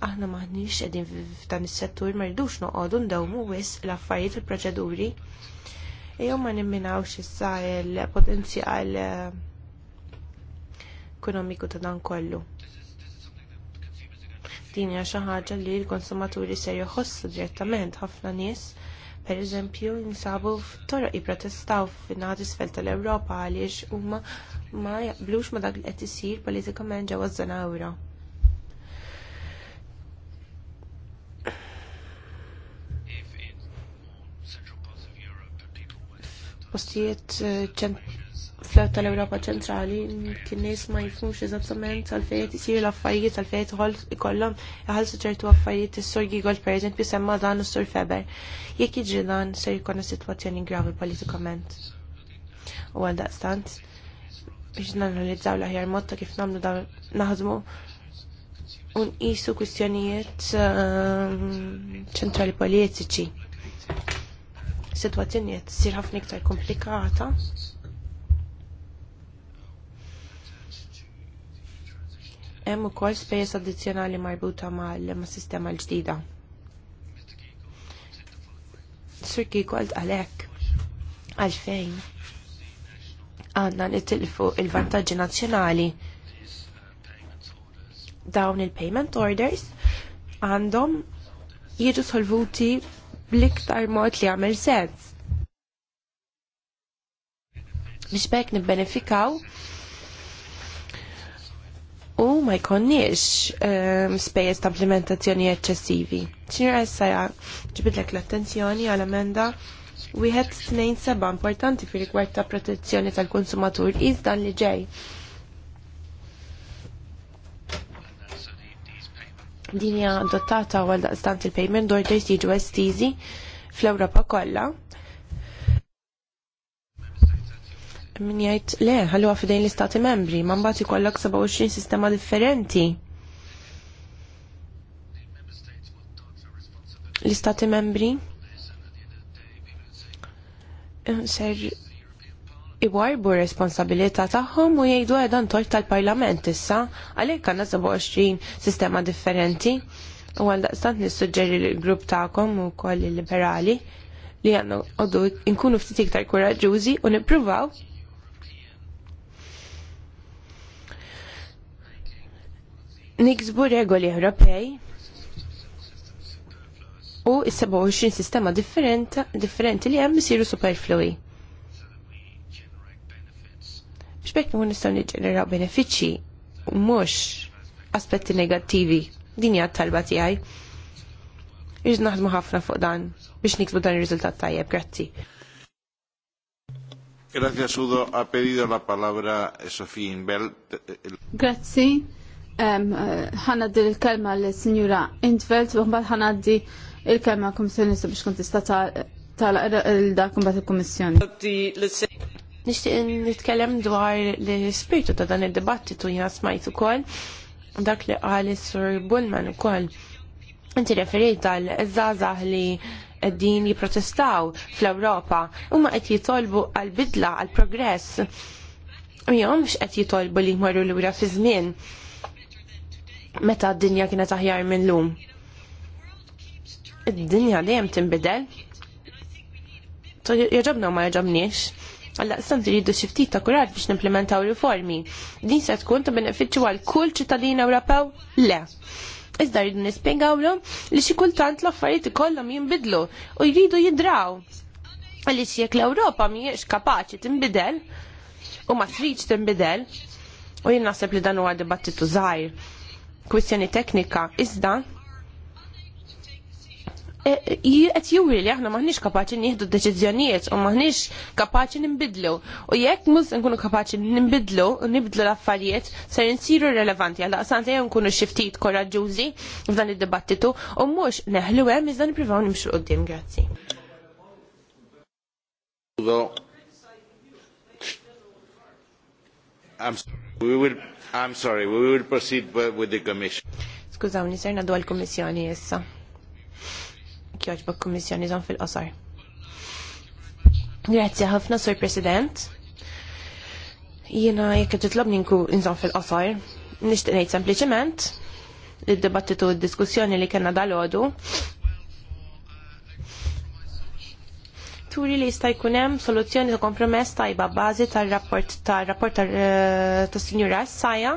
Aħna maħniex qegħdin f'dan is-settur ma rridux noqogħdu ndewmu wis l-affarijiet fil-proċeduri. Ejjew ma nimminawx issa l-potenzjal eh, ekonomiku ta' dan kollu. Din hija xi ħaġa li l-konsumaturi se joħossu direttament ħafna nies per eżempju, jinsabu f'toroq jipprotestaw fin sfel tal-Ewropa għaliex huma ma jaqblux ma dak li qed isir politikament ġewwa żona ewro. Postijiet eh, fl tal-Ewropa ċentrali kien nies ma jifhmux eżattament għalfejn isir l-affarijiet għalfejn tħol ikollhom iħallsu ċertu affarijiet is-sur Gigol pereżempju semma dan u sur Feber. Jekk jiġri dan se jkollna sitwazzjoni gravi politikament. U għal daqstant biex nanalizzaw l-aħjar mod ta' kif nagħmlu dan naħdmu u nqisu kwistjonijiet ehm, ċentrali politiċi situazzjoni qed ħafna iktar komplikata Hemm ukoll spejjeż addizzjonali marbuta mal-sistema l-ġdida. Sir Kiko għalt għalhekk għalfejn għandna nitilfu il-vantaġġi nazzjonali dawn il-payment orders għandhom jiġu solvuti bl-iktar mod li għamil sens. Biex bekk nibbenefikaw u ma jkonniex um, spejjeż ta' implementazzjoni eċċessivi. Xinra essaja ġibidlek l-attenzjoni għal emenda wieħed tnejn seba' importanti fi rigward ta' protezzjoni tal-konsumatur iż dan li ġej. Din hija adottata għal daqstant il-payment orders jiġu estiżi fl-Ewropa kollha Min jgħid le, għallu għafidejn l-istati membri, ma mbagħad ikollok 27 sistema differenti. L-istati membri eh, ser iwarbu responsabilita tagħhom u jajdu għedan tort tal-parlament issa, għalhekk għandna 27 sistema differenti. U għaldaqstant nissuġġeri l-grupp tagħkom u koll liberali li għannu għoddu nkunu ftit iktar kuraġuzi u nippruvaw niksbu regoli Ewropej u s-27 sistema differenti li hemm isiru superflui. Biex bekk nkun nistgħu niġġeneraw benefiċċji mhux aspetti negattivi din hija t-talba tiegħi. Irrid naħdmu ħafna fuq dan biex niksbu dan ir-riżultat tajjeb, grazzi. Grazie Sudo, ha pedido la palabra Sofie Inbel. Grazie. Eh, ħanaddi l-kelma l-Sinjura Intvelt, u mbagħad ħanaddi il-kelma kummissjonista biex kun tista' tagħlaq er, il-dak kumbat il-Kummissjoni. Nixtieq nitkellem dwar l-ispirtu ta' dan id-dibattitu jina smajt ukoll dak li qal sur Bullman ukoll. Inti referejt għal żgħażagħ li din jipprotestaw fl-Ewropa huma qed jitolbu għal bidla għal progress. U jom qed jitolbu li jmorru lura fi żmien meta d-dinja kienet aħjar minn lum. Id-dinja dejjem tinbidel. u ma jaġobniex. Għalla s-sant jiddu xiftit ta' kurat biex nimplementaw riformi. Din se tkun ta' beneficju għal kull ċittadin Ewropew? Le. Iżda rridu nispjegawlhom li xi kultant l-affarijiet ikollhom jinbidlu u jridu jidraw. Għaliex jekk l-Ewropa mhijiex kapaċi tinbidel u ma tridx tinbidel u jien naħseb li dan huwa dibattitu żgħir kwistjoni teknika, iżda qed juri li aħna maħniex kapaċi nieħdu deċiżjonijiet u maħniex kapaċi nimbidlu. U jekk mhux nkunu kapaċi nimbidlu u nibdlu l-affarijiet ser insiru relevanti għal daqsant jew nkunu xi ftit koraġġużi f'dan id-dibattitu u mhux neħlu hemm iżda nippruvaw nimxu qudiem. Grazzi. I'm, sorry, we will proceed with the commission. Skużawni, ser nadu għal-Kommissjoni issa. Kjoġbok Kommissjoni zon fil-qosar. Grazie ħafna, Sur President. Jena jekk titlobni nku nżon fil-qosar, nixtieq ngħid sempliċement id-dibattitu d-diskussjoni li kellna dal-għodu turi li jista' jkun hemm soluzzjoni ta' kompromess tajba bażi tar-rapport tar-rapport tas-Sinjura eh, Assaja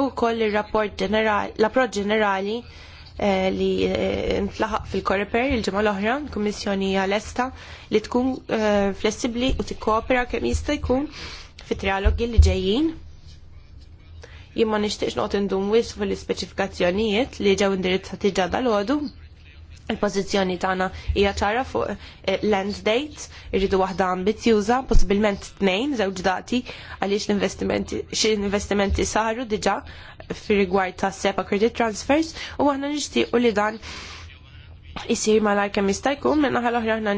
u wkoll ir-rapport ġenerali l-approċċ ġenerali eh, li eh, ntlaħaq fil-Koreper il-ġimgħa l-oħra, kummissjoni għal-esta li tkun flessibbli u tikkopera kemm jista' jkun fit-trialogi li ġejjin jien ma nixtieqx noqgħod indum wisq fil-ispeċifikazzjonijiet li ġew indirizzati ġadda l il-pozizjoni tagħna hija ċara fuq eh, land date, irridu waħda ambizjuża, possibilment tnejn żewġ dati għaliex l-investimenti xi investimenti saru diġà fir-rigward ta' SEPA credit transfers u aħna nixtiequ li dan isir malajr kemm jista' jkun naħa l oħra aħna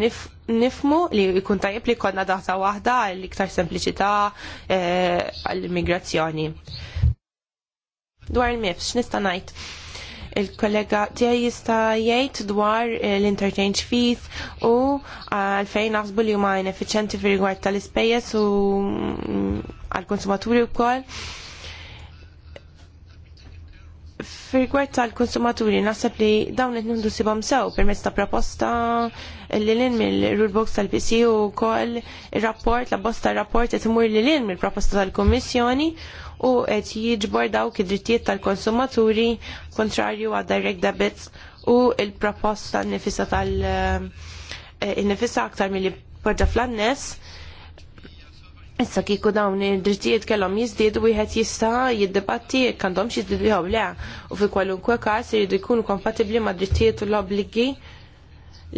nifmu li jkun tajjeb li konna data waħda għall iktar sempliċità eh, għall-immigrazzjoni. Dwar il-MIFS, x'nista' ngħid? il-kollega tiegħi jista' jgħid dwar eh, l-interchange fees u eh, għalfejn naħsbu li huma ineffiċjenti fir-rigward tal-ispejjeż u mm, għall-konsumaturi wkoll. Fir-rigward tal-konsumaturi naħseb li dawn qed nieħdu sibhom sew permezz ta' proposta li lin mill-rulebox tal-PC u wkoll ir-rapport, la bosta rapport qed imur lil lin mill-proposta tal-Kummissjoni u qed jiġbor dawk id-drittijiet tal-konsumaturi kontrarju għad direct debits u il-proposta nifisa tal- eh, eh, nifisa aktar mill-li poġġa fl-annes. Issa kiku dawn id-drittijiet kellhom u wieħed jista' jiddibatti jekk għandhomx jiżdiedu jew le u fi kwalunkwe każ iridu jkunu kompatibbli mad drittijiet u l-obbligi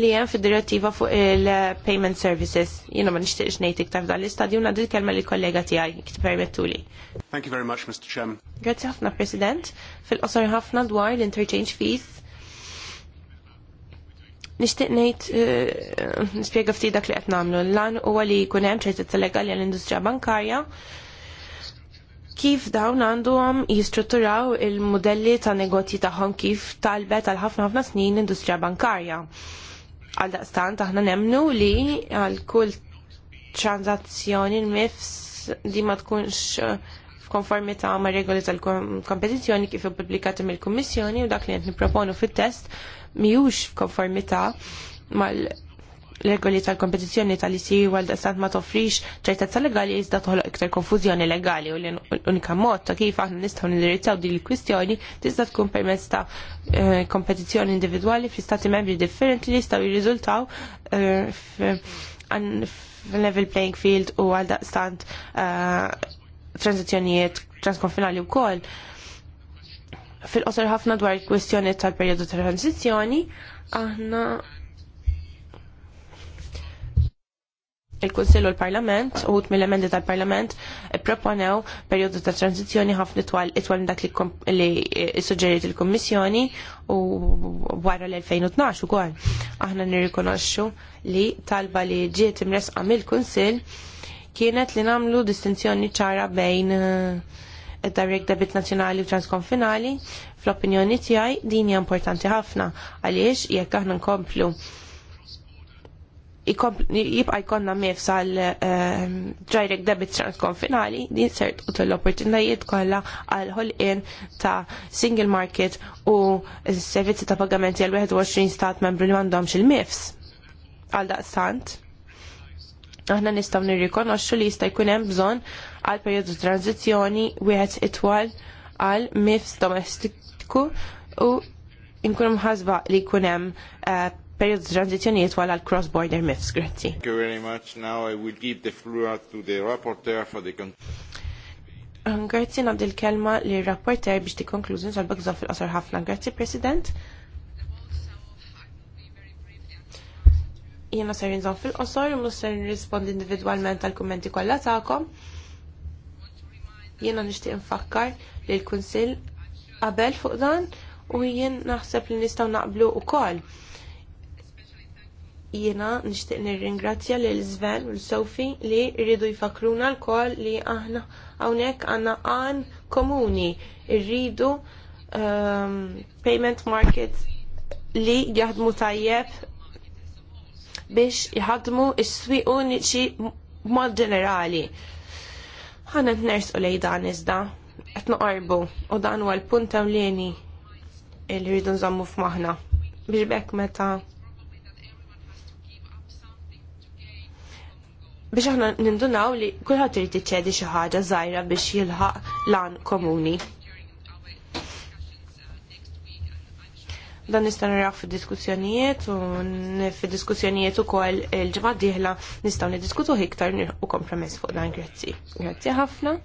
li hemm fid-direttiva fuq il-payment services. Jiena ma nixtieqx ngħid iktar dal l-istadju na dil kelma lill kollega tiegħi permettu li. Thank you very much, Mr. Chairman. Grazzi ħafna, President. Fil-qosor ħafna dwar l-interchange fees. Nixtieq ngħid eh, nispiega ftit dak li qed nagħmlu. Lan huwa li jkun hemm ċertezza legali għall-industrija bankarja kif dawn għandhom jistrutturaw il-modelli ta' negozji tagħhom kif talbet għal ħafna ħafna snin l-industrija bankarja għal daqstant aħna nemnu li għal kull transazzjoni l-mifs li ma tkunx eh, f'konformità ma' regoli tal-kompetizzjoni kif ippubblikati mill-Kummissjoni u dak li qed nipproponu fit-test miħux f'konformità mal regoli tal-kompetizjoni tal-ICI għal daqstant ma toffrix ċertezza legali iżda toħloq iktar konfużjoni legali u l-unika mod ta' kif aħna nistgħu nindirizzaw din il-kwistjoni tista' tkun permezz ta' eh, kompetizzjoni individwali fi stati membri differenti li jistgħu jirriżultaw eh, level playing field u għal daqstant eh, transazzjonijiet transkonfinali wkoll. Fil-qosor ħafna dwar il-kwistjoni tal-perjodu tal-transizzjoni, aħna il-Kunsill u l-Parlament, uħut mill-emendi tal-Parlament, eh, proponew periodu ta' tranzizjoni ħafna twal itwal minn dak li eh, suġġeriet il-Kommissjoni u wara l-2012 ukoll. Aħna nirrikonoxxu li talba li ġiet imresqa mill-Kunsill kienet li namlu distinzjoni ċara bejn id-direct eh, debit nazjonali u transkonfinali, fl-opinjoni tiegħi din hija importanti ħafna għaliex jekk aħna nkomplu jibqa jkonna mif sal ehm, direct debit finali, din sert u l opportunajiet kollha għal ħolqien ta' single market u servizzi ta' pagamenti għal 21 stat membru li m'għandhomx il-mifs għal daqstant. Aħna nistgħu nirrikonoxxu li jista' jkun hemm bżonn għal perjodu tranzizzjoni wieħed itwal għal mifs domestiku u nkun mħasba li jkun hemm eh, Period tranzizjonijiet wara l-cross border MIFS. Grazzi. Thank you very much. Now I will give the floor to the rapporteur for the um, Grazzi nabdil kelma li rapporter biex ti konklużin salbek bak fil-qasar ħafna. Grazzi, President. Jena ser nżom fil-qosor, u ser nrispondi individualment għal-kommenti kollha tagħkom. Jena nixtieq nfakkar li l-Kunsill qabel fuq dan u jien naħseb li nistgħu naqblu ukoll. koll jiena nixtieq nirringrazzja lil Sven u l-Sofi li rridu jfakruna koll li aħna hawnhekk għandna għan komuni rridu um, ehm, payment markets li jaħdmu tajjeb biex jħadmu s-swiq uniċi mod ġenerali. Ħana t-ners u lej dan iżda, qed u dan huwa l-punt ewlieni li rridu nżommu f'maħna biex bekk meta biex aħna nindunaw li kulħadd irid iċċedi xi ħaġa żgħira biex jilħaq lan komuni. Dan nista' naraw fid-diskussjonijiet u fid-diskussjonijiet ukoll il-ġimgħa d-dieħla nistgħu niddiskutu iktar u kompromess fuq dan grazzi. Grazzi ħafna.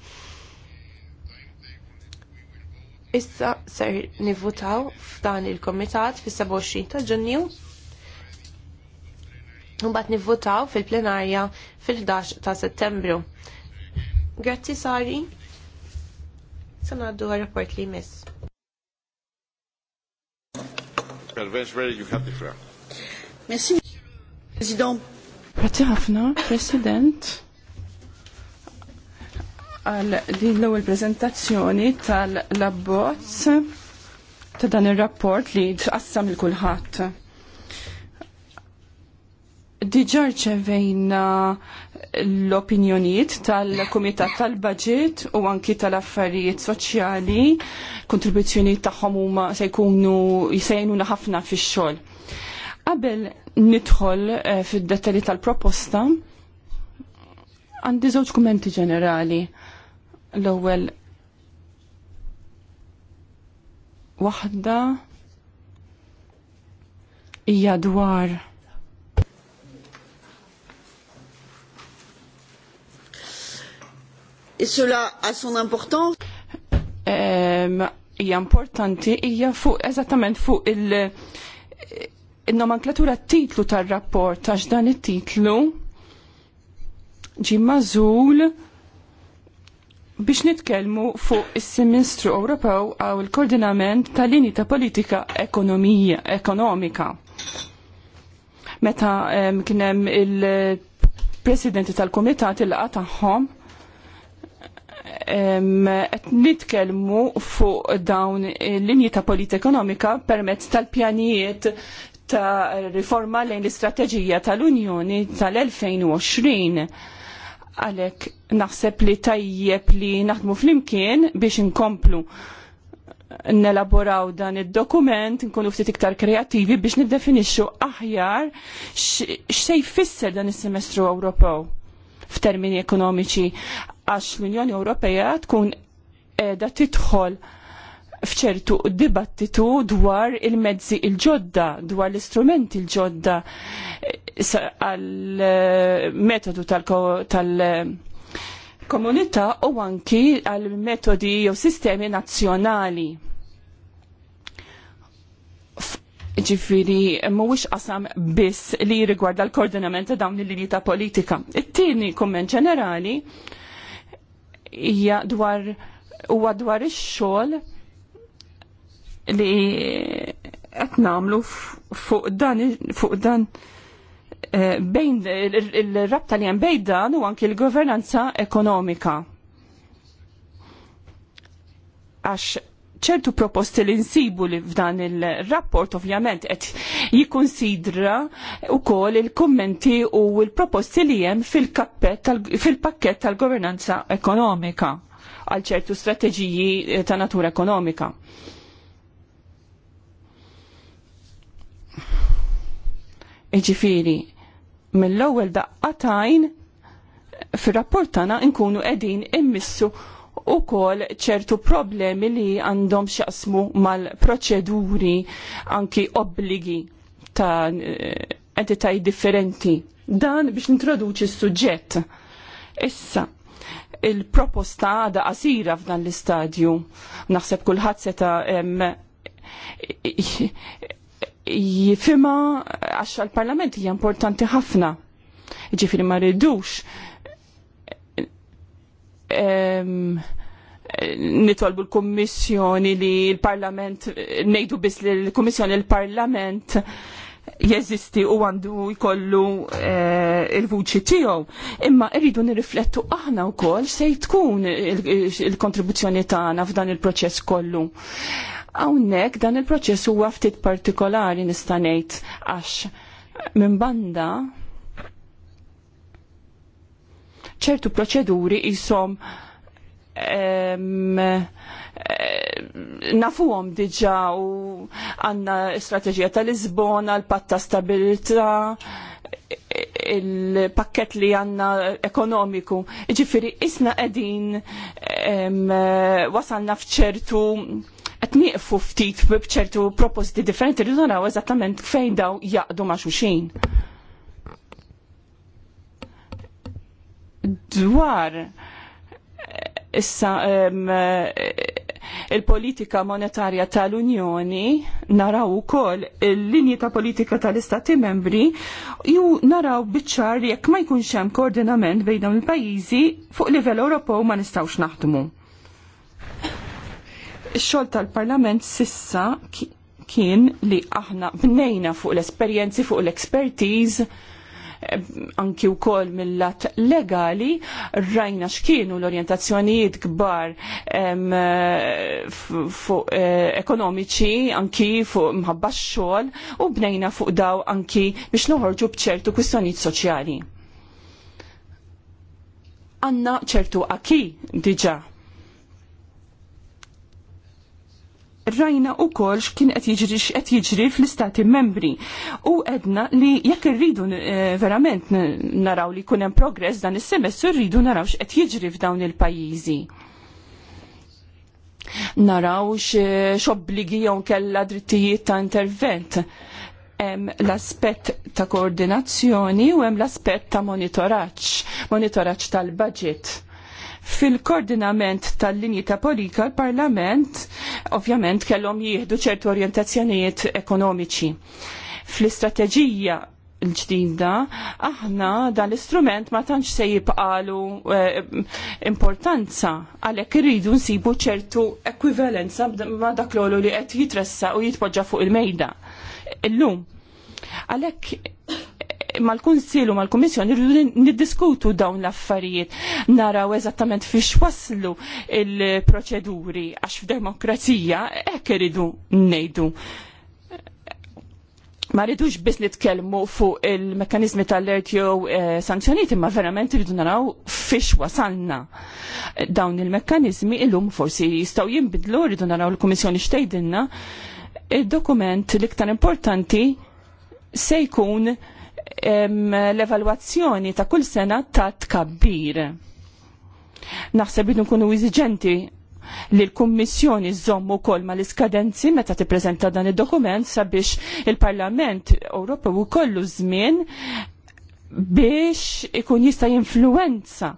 Issa ser nivvutaw f'dan il-komitat fis-27 ta' Ġunju Mbagħad nivvotaw fil-plenarja fil-11 ta' Settembru. Grazzi Sari. Se ngħaddu rapport li jmiss. Merci, ħafna, President għal din l-ewwel preżentazzjoni tal-abbozz ta' dan ir-rapport li tqassam il kulħadd. Diġar ċevejna l-opinjonijiet tal-Kumitat tal-Budget u anki tal-Affarijiet Soċjali, kontribuzzjoni tagħhom huma se jkunu jsejnuna ħafna fix-xogħol. Qabel nidħol eh, fid-dettalji tal-proposta, għandi żewġ kumenti ġenerali. L-ewwel waħda hija dwar et cela a son importance. Hija importanti hija fuq eżattament fuq il- nomenklatura titlu tar-rapport għax dan it-titlu ġi mażul biex nitkellmu fuq is sinistru Ewropew għaw il-koordinament tal-linji ta' politika ekonomija, ekonomika. Meta kien hemm il-presidenti tal kumitat il-qa tagħhom qed nitkellmu fuq dawn linji ta' politika ekonomika permezz tal-pjanijiet ta' riforma lejn l-istrateġija tal-Unjoni tal-2020. Għalek naħseb li tajjeb li naħdmu flimkien biex inkomplu nelaboraw dan id-dokument, nkunu ftit iktar kreativi biex niddefinixxu aħjar x'se jfisser dan is-semestru Ewropew f'termini ekonomiċi għax l-Unjoni Ewropea tkun edha tidħol fċertu dibattitu dwar il-mezzi il-ġodda, dwar l-istrumenti il-ġodda eh, għal-metodu eh, tal-komunità u anki għal-metodi jew sistemi nazzjonali. ġifiri, mhuwiex qasam biss li rigwarda l-koordinament ta' dawn il-linji ta' politika. It-tieni kumment ġenerali hija dwar huwa dwar ix-xogħol li qed nagħmlu fuq dan fuq dan eh, bejn il-rabta li hemm bejn dan u anki l-governanza ekonomika. Għax ċertu proposti li nsibu li f'dan il-rapport ovvjament qed jikkunsidra wkoll il-kummenti u l-proposti li hemm fil-pakkett tal-governanza ekonomika għal ċertu strateġiji eh, ta' natura ekonomika. Iġifiri, mill-ewwel daqqatajn fir-rapport tagħna nkunu qegħdin immissu u kol ċertu problemi li għandhom xaqsmu mal-proċeduri anki obbligi ta' entitaj differenti. Dan biex nintroduċi s-suġġett. Issa, il-proposta għada qasira f'dan l-istadju. Naħseb kulħadd seta' jifima għax l-parlament hija importanti ħafna. Ġifiri ma rridux nitolbu l-Kommissjoni li l-Parlament, nejdu biss li l-Kommissjoni l-Parlament jeżisti u għandu jkollu eh, il-vuċi tiegħu. Imma rridu nirriflettu aħna wkoll se tkun il-kontribuzzjoni tagħna f'dan il-proċess kollu. Hawnhekk dan il-proċess huwa ftit partikolari nista' ngħid għax minn banda ċertu proċeduri jisom um, nafuhom diġa u għanna strateġija tal-Lisbona, l-patta stabilità, il-pakket li għanna ekonomiku. Ġifiri, isna edin wasalna fċertu qed nieqfu ftit b'ċertu proposti differenti rridu naraw eżattament fejn daw jaqdu ma' xuxin. dwar issa il-politika monetarja tal-Unjoni naraw ukoll il-linji ta' politika tal-Istati membri ju naraw biċċar jekk ma jkunx hemm koordinament bejn dawn il-pajjiżi fuq livell Ewropew ma nistgħux naħdmu. Ix-xogħol tal-Parlament sissa kien li aħna bnejna fuq l-esperjenzi fuq l-expertise anki u kol mill-lat legali, rajna xkienu l-orientazzjonijiet kbar fuq eh, ekonomiċi, anki fuq mħabba xol, u bnejna fuq daw anki biex noħorġu bċertu kwistjonijiet soċjali. Għanna ċertu aki diġa rajna u kolx kien qed jiġri x'qed jiġri fl-istati membri. U edna li jekk irridu eh, verament naraw li jkun hemm progress dan is-semestru rridu naraw x'qed jiġri f'dawn il-pajjiżi. Naraw x'obbligi jew kella drittijiet ta' intervent hemm l-aspett ta' koordinazzjoni u hemm l-aspett ta' monitoraġġ, monitoraġġ tal-budget Fil-koordinament tal-linji ta' politika, l-Parlament ovvjament kellhom jieħdu ċertu orjentazzjonijiet ekonomiċi. Fl-istrateġija l-ġdida, aħna dan l-istrument ma tantx se jibqalu eh, importanza għalhekk irridu nsibu ċertu ekwivalenza ma dak l li qed jitressa u jitpoġġa fuq il-mejda. Illum, għalhekk mal-Kunsil u mal-Kummissjoni rridu niddiskutu dawn l-affarijiet, naraw eżattament fiex waslu il-proċeduri għax f'demokrazija hekk iridu ngħidu ma rridux biss nitkellmu fuq il-mekkanizmi tal-alert jew eh, sanzjoniti, ma imma verament rridu naraw fiex wasalna. Dawn il-mekkanizmi illum forsi jistgħu jinbidlu rridu naraw l kummissjoni xtejdilna. Il-dokument l-iktar importanti se jkun l-evalwazzjoni ta' kull sena ta' tkabbir. Naħseb li nkunu iżiġenti li l-Kummissjoni żommu wkoll mal iskadenzi meta tippreżenta dan id-dokument sabiex il-Parlament Ewropew kollu żmien biex ikun jista' jinfluwenza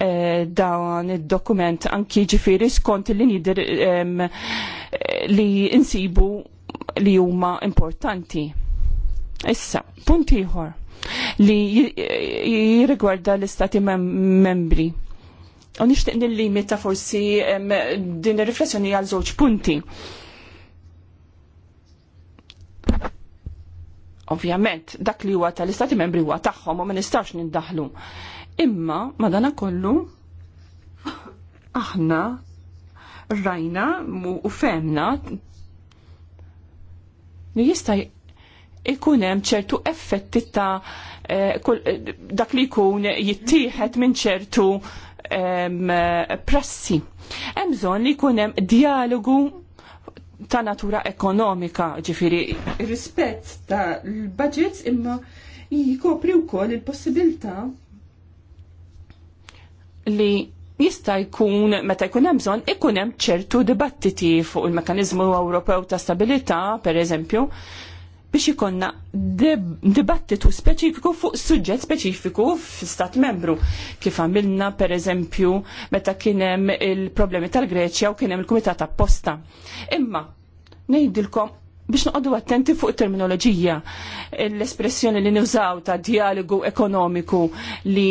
eh, dan id-dokument anki ġifieri skont li nidir eh, li insibu li huma importanti Issa, punt ieħor li jirrigwarda l-istati membri. U nixtieq ta' forsi din ir-riflessjoni għal żewġ punti. Ovvjament, dak li huwa tal-istati membri huwa tagħhom u ma nistax nindaħlu. Imma madana kollu aħna rajna u femna li jista' ikun hemm ċertu effetti ta' eh, dak li jkun jittieħed minn ċertu eh, prassi. Hemm bżonn li jkun hemm dialogu ta' natura ekonomika, ġifiri. Rispett ta' l-budgets imma jikopri wkoll il-possibilità li jista' jkun meta jkun hemm bżonn ikun hemm ċertu dibattiti fuq il-mekkaniżmu Ewropew ta' stabilità, pereżempju, biex ikonna dibattitu speċifiku fuq suġġett speċifiku f'stat membru. Kif għamilna, per eżempju, meta kienem il-problemi tal-Greċja u kienem il-Kumitat apposta. Imma, nejdilkom biex noqogħdu attenti fuq terminoloġija, l-espressjoni li nużaw ta' dialogu ekonomiku li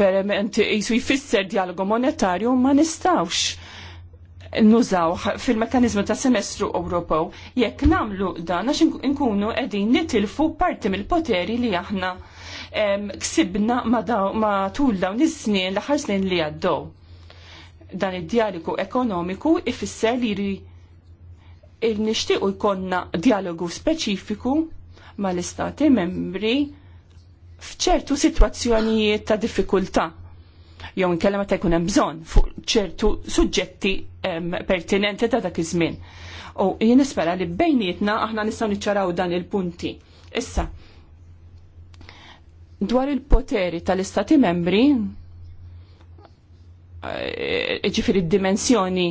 verament jisu jfisser dialogu monetarju ma nistawx nużaw fil mekanizmu ta' semestru Ewropew jekk namlu dan għax nkunu qegħdin nitilfu parti mill-poteri li aħna ksibna ma' tul dawn is-snin l-aħħar snin li għaddew. Dan id-dialogu ekonomiku ifisser li il-nixtiequ jkollna dialogu speċifiku mal-istati membri fċertu sitwazzjonijiet ta' diffikultà jew inkellem meta jkun hemm bżonn fuq ċertu suġġetti pertinenti ta' dak iż-żmien. U jien nispera li bejnietna aħna nistgħu niċċaraw dan il-punti. Issa, dwar il-poteri tal-istati membri, eh, ġifiri d-dimensjoni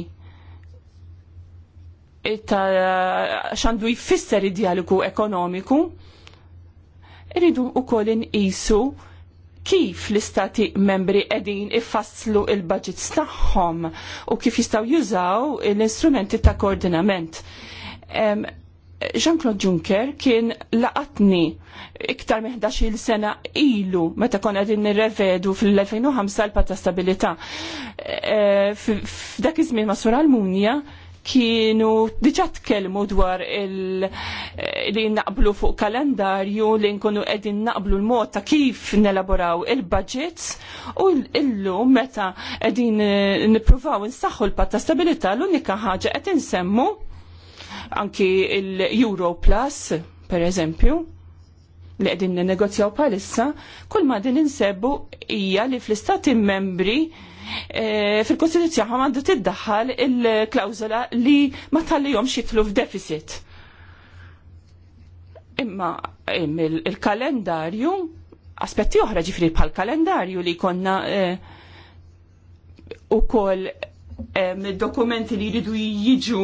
e ta' xandu jfisser id-dialogu ekonomiku, irridu u koll inqisu kif l-istati membri edin ifasslu il-budgets tagħhom u kif jistaw jużaw l-instrumenti ta' koordinament. Jean-Claude Juncker kien laqatni iktar minn 11 sena ilu meta konna qegħdin nirrevedu fil-2005 l ta' stabilita. E, F'dak iż-żmien ma' Sur Almunja kienu diġa tkellmu dwar eh, li naqblu fuq kalendarju li nkunu qegħdin naqblu l-mod ta' kif nelaboraw il-budgets u illu meta qegħdin eh, nippruvaw nsaħħu l-patta stabilità l-unika ħaġa qed insemmu anki l-Euro Plus per eżempju li qegħdin negozjaw palissa, kull ma din insebbu hija li fl-istati membri e, fil-Kostituzzjoni għandu tiddaħħal il-klawzola li ma tal-jom xitlu f'deficit. Imma il-kalendarju, aspetti oħra ġifri pal kalendarju li konna e, u koll dokumenti li jridu jiġu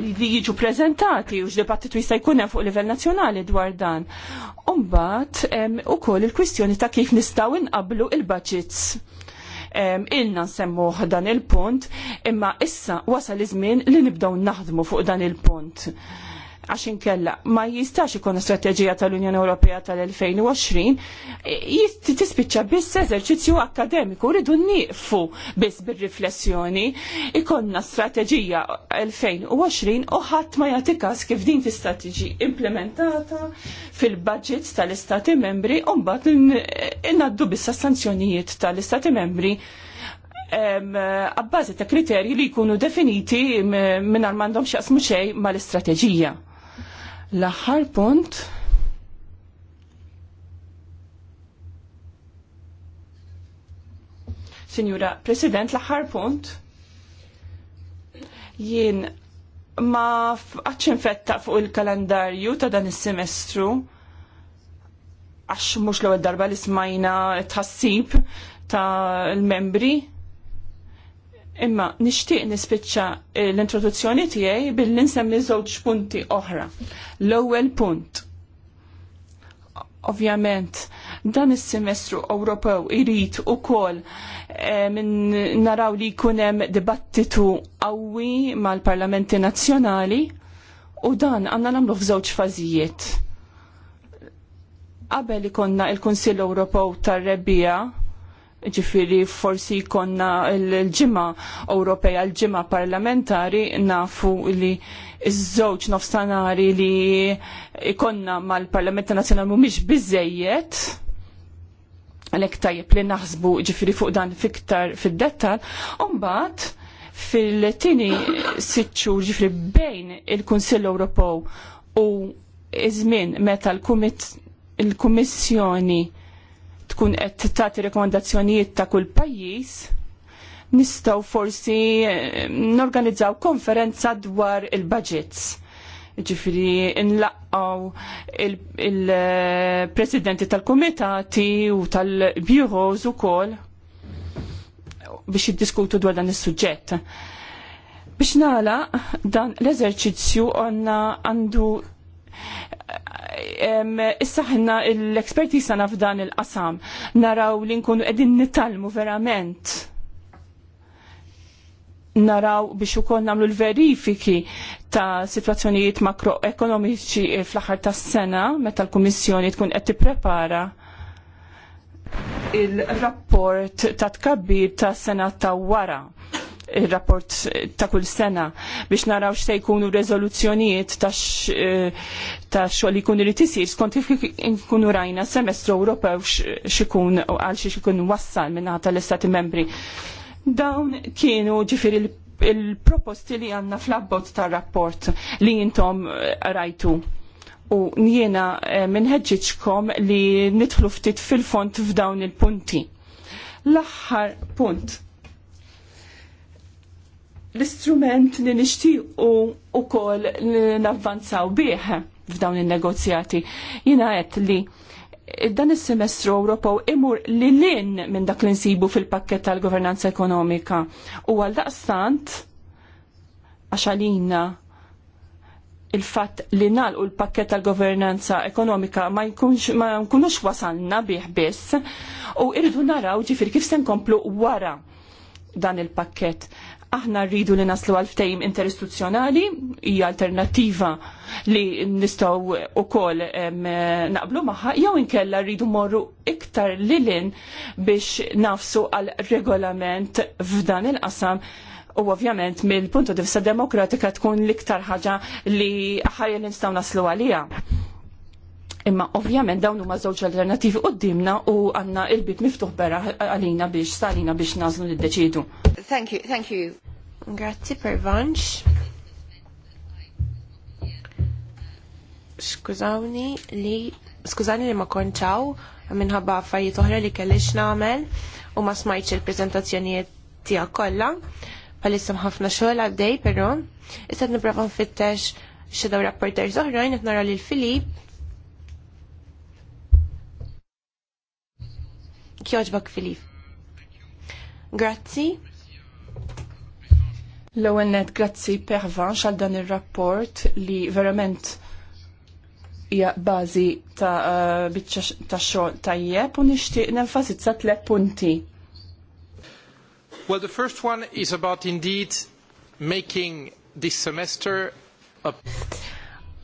li jiġu prezentati u x-debattitu jista' jkun hemm fuq livell nazzjonali dwar dan. Umbagħad ukoll il-kwistjoni ta' kif nistgħu inqablu il-budgets. Ilna nsemmuh dan il-punt, imma issa wasal iż-żmien li nibdew naħdmu fuq dan il-punt. il punt għax inkella ma jistax ikun strateġija tal-Unjoni Ewropea tal-2020 e, tispiċċa biss eżerċizzju akademiku rridu nieqfu biss bir-riflessjoni ikonna strategija 2020 u ħadd ma jagħti każ kif din tista' tiġi implementata fil-budgets tal-Istati membri u mbagħad inaddu biss sanzjonijiet tal-Istati membri għabbażi ta' kriterji li jkunu definiti minn għal mandom xaqsmu xej mal-istrateġija. L-aħħar punt Sinjura President, l-aħħar punt jien ma għax fetta fuq il-kalendarju ta' dan is-semestru għax mhux l-ewwel darba li smajna tħassib ta' l-membri Imma nixtieq nispiċċa eh, l-introduzzjoni tiegħi billi nsemmi żewġ punti oħra. L-ewwel punt. Ovvjament, dan is-semestru Ewropew irid ukoll eh, minn naraw li jkun hemm dibattitu qawwi mal-parlamenti nazzjonali u dan għandna nagħmlu f'żewġ fażijiet. Qabel ikonna il-Kunsill Ewropew tar-rebbija ġifiri forsi konna l-ġimma Ewropeja, l-ġimma parlamentari, nafu li iż-żewġ nofstanari li ikonna mal-Parlament Nazzjonali mhumiex biżejjed għalhekk tajjeb li naħsbu ġifiri fuq dan fiktar fid-dettal, mbagħad fil-tini sitxu ġifri bejn il-Kunsill Ewropew u iż-żmien meta l-Kummissjoni tkun qed tagħti rekomandazzjonijiet ta' kull pajjiż nistgħu forsi eh, norganizzaw konferenza dwar il-budgets. Ġifiri, nlaqqaw il-presidenti il presidenti tal komitati u tal-bureaus u kol biex jiddiskutu dwar dan is-suġġett. Biex nala dan l-eżerċizzju għandu issa ħna l-eksperti sana f'dan il-qasam naraw li nkunu qegħdin nitalmu verament naraw biex ukoll nagħmlu l-verifiki ta' situazzjonijiet makroekonomiċi fl-aħħar tas-sena meta l-Kummissjoni tkun qed tipprepara il-rapport ta' tkabbir ta' sena ta' wara il-rapport ta' kull sena biex naraw x'se jkunu rezoluzzjonijiet ta' eh, xogħol jkun irid isir skont kif nkunu rajna semestru Ewropew x'ikun għal xi ikun wassal minn tal-Istati Membri. Dawn kienu ġifieri il-proposti li għandna fl-abbozz tar-rapport li jintom eh, rajtu u njena eh, minħedġiċkom li nidħlu ftit fil fond f'dawn il-punti. L-aħħar punt l-istrument li nixtiequ kol li navvanzaw bih f'dawn in-negozjati. Jiena għet li dan is-semestru Ewropew imur li l-in minn dak li nsibu fil-pakket tal-governanza ekonomika u għal daqstant għax għalina il-fatt li u l-pakket tal-governanza ekonomika ma jkunx ma nkunux wasalna bih biss u irridu naraw ġifir kif se nkomplu wara dan il-pakket aħna rridu li naslu għal ftejm interistituzzjonali, hija alternattiva li nistgħu wkoll naqblu magħha, jew inkella rridu morru iktar lilin biex nafsu għal regolament f'dan il-qasam u ovvjament mill-puntu di vista demokratika tkun l-iktar ħaġa li ħajja li nistgħu naslu għalija Imma ovvjament dawn huma żewġ alternativi qudiemna u għandna il-bib miftuħ bera għalina biex salina biex nażlu niddeċidu. Thank you, thank you. Grazzi per vanċ. Skużawni li skużani li ma konċaw minħabba affarijiet oħra li kellix nagħmel u ma smajtx il-preżentazzjonijiet tiegħek kollha. Palissa ħafna xogħol għaddej però issa nipprova nfittex xi daw rapporters oħrajn qed nara lil Filip Kjoġbok Filip. Grazzi. L-ewwel net grazzi Pervan għal dan ir-rapport li verament hija bażi ta' eh, biċċa ta' xogħol tajjeb u nixtieq nenfasizza tliet punti. Well, the first one is about indeed making this semester a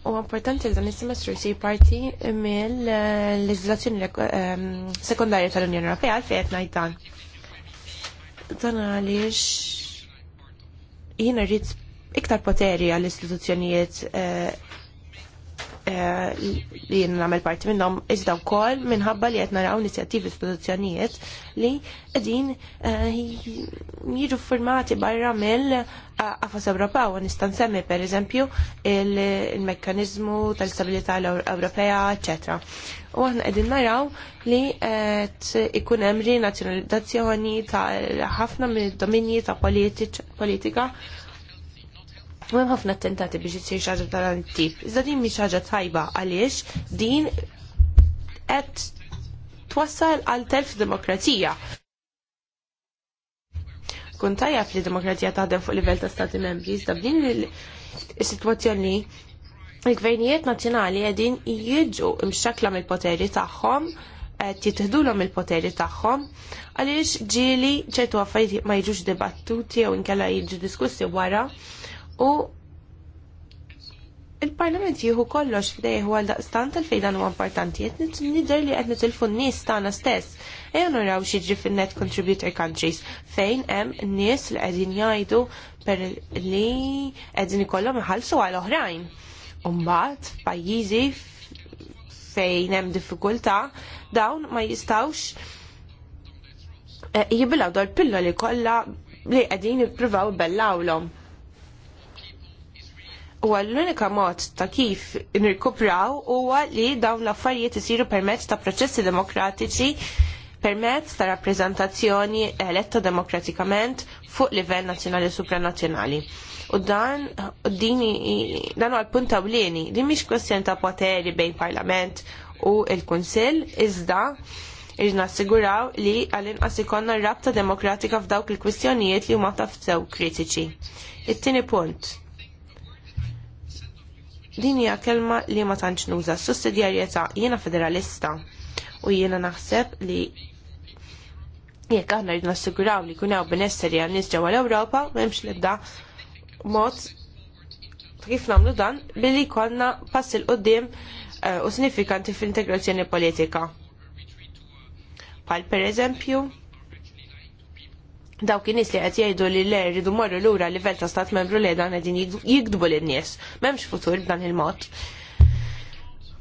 U importanti li dan is-semestru jsir parti mill leġislazzjoni ehm, sekundarja tal-Unjoni Ewropea fejn qed ngħid dan. Dan għaliex jien irrid iktar poteri għall istituzzjonijiet eh, li eh, jien nagħmel parti minnhom iżda wkoll minħabba li qed naraw inizjattivi f'pożizzjonijiet li qegħdin eh, jiġu formati barra mill eh, qafas Ewropew nista' nsemmi pereżempju il-mekkaniżmu tal l Ewropea, eċetera. U aħna qegħdin naraw li qed ikun hemm rinazzjonalizzazzjoni tal ħafna minn dominji ta' politika Mwem ħafna attentati biex isir xaġa tal tip. Iżda din mi ħaġa tajba għaliex din qed twassal għal telf demokrazija. Kun tajjeb li demokrazija taħdem fuq livell ta' stati membri, iżda b'din is-sitwazzjoni il-gvernijiet nazzjonali għedin jieġu imxakla mill poteri tagħhom, jitħdulhom il-poteri tagħhom, għaliex ġieli ċertu affarijiet ma jiġux dibattuti jew inkella jiġu diskussi wara u il-parlament jieħu kollox f'dejħu għal daqstant tal fejdan dan huwa importanti, qed nidher li qed nitilfu n-nies tagħna stess. u raw xi fin-net contributor countries fejn hemm nies li qegħdin jgħidu per li qegħdin ikollhom iħallsu għal oħrajn. Umbat, pajjiżi fejn hemm diffikultà dawn ma jistawx eh, jibilaw dal pillo li kollha li qegħdin jiprivaw bellawlom u l-unika mod ta' kif nirkupraw huwa li dawn l-affarijiet isiru permezz ta' proċessi demokratiċi permezz ta' rappreżentazzjoni eletta demokratikament fuq livell nazzjonali supranazzjonali. U dan dini dan għal punt awlieni li mhix kwestjon ta' poteri bejn Parlament u l-Kunsill iżda irna siguraw li għal-inqas ikonna rabta demokratika f'dawk il-kwistjonijiet li huma tafsew kritiċi. It-tieni punt Din hija kelma li ma tantx nuża sussidjarjetà jiena federalista u jiena naħseb li jekk aħna rridna nassiguraw li jkun hawn benesseri għan nies ġewwa l-Ewropa m'hemmx l-ebda mod kif nagħmlu dan billi jkollna pass il qudiem eh, u sinifikanti fl-integrazzjoni politika. Pal pereżempju dawk in-nies li qed jgħidu li l ridu morru lura livell ta' stat membru li dan qegħdin jikdbu lin-nies. M'hemmx futur b'dan il-mod.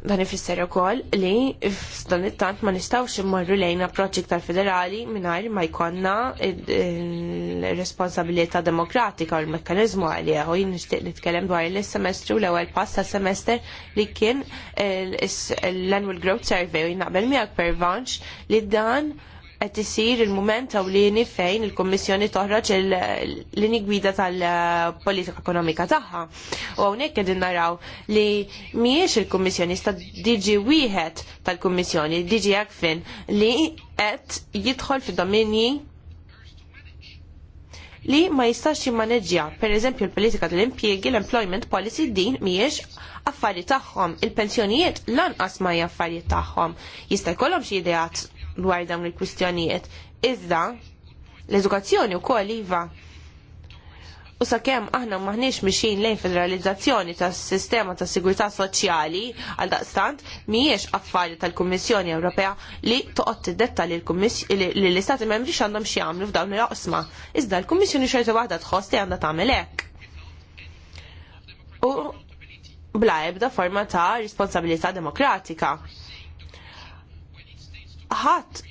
Dan ifisser ukoll li f'dan it-tant ma nistgħux immorru lejn approċċ tal-federali mingħajr ma jkollna l-responsabilità demokratika u l-mekkaniżmu għalija u jien nixtieq nitkellem dwar il-semestru l-ewwel pass tas-semester li kien l-Annual Growth Survey u jien naqbel miegħek pervanx li dan qed isir il-mument ewlieni fejn il-Kummissjoni toħroġ l-lini gwida tal-politika ekonomika tagħha. U hawnhekk qegħdin naraw li mhijiex il-Kummissjoni sta diġi wieħed tal-Kummissjoni, diġi Ekfin, li qed jidħol fi dominji li ma jistax jimmaneġġja, per eżempju, il-politika tal-impjiegi, l-employment policy din mhijiex affarijiet tagħhom, il-pensjonijiet lanqas ma hija affarijiet tagħhom. Jista' jkollhom xi ideat dwar dawn il-kwistjonijiet. Iżda, l-edukazzjoni wkoll iva. U sakemm aħna maħniex mixin lejn federalizzazzjoni tas sistema ta' sigurtà soċjali għal daqstant mhijiex affari tal-Kummissjoni Ewropea li toqgħod tiddetta li l-istati membri x'għandhom xi jagħmlu f'dawn il-qosma. Iżda l-Kummissjoni xorta waħda tħoss li għandha tagħmel hekk. U bla ebda forma ta' responsabilità demokratika ħadd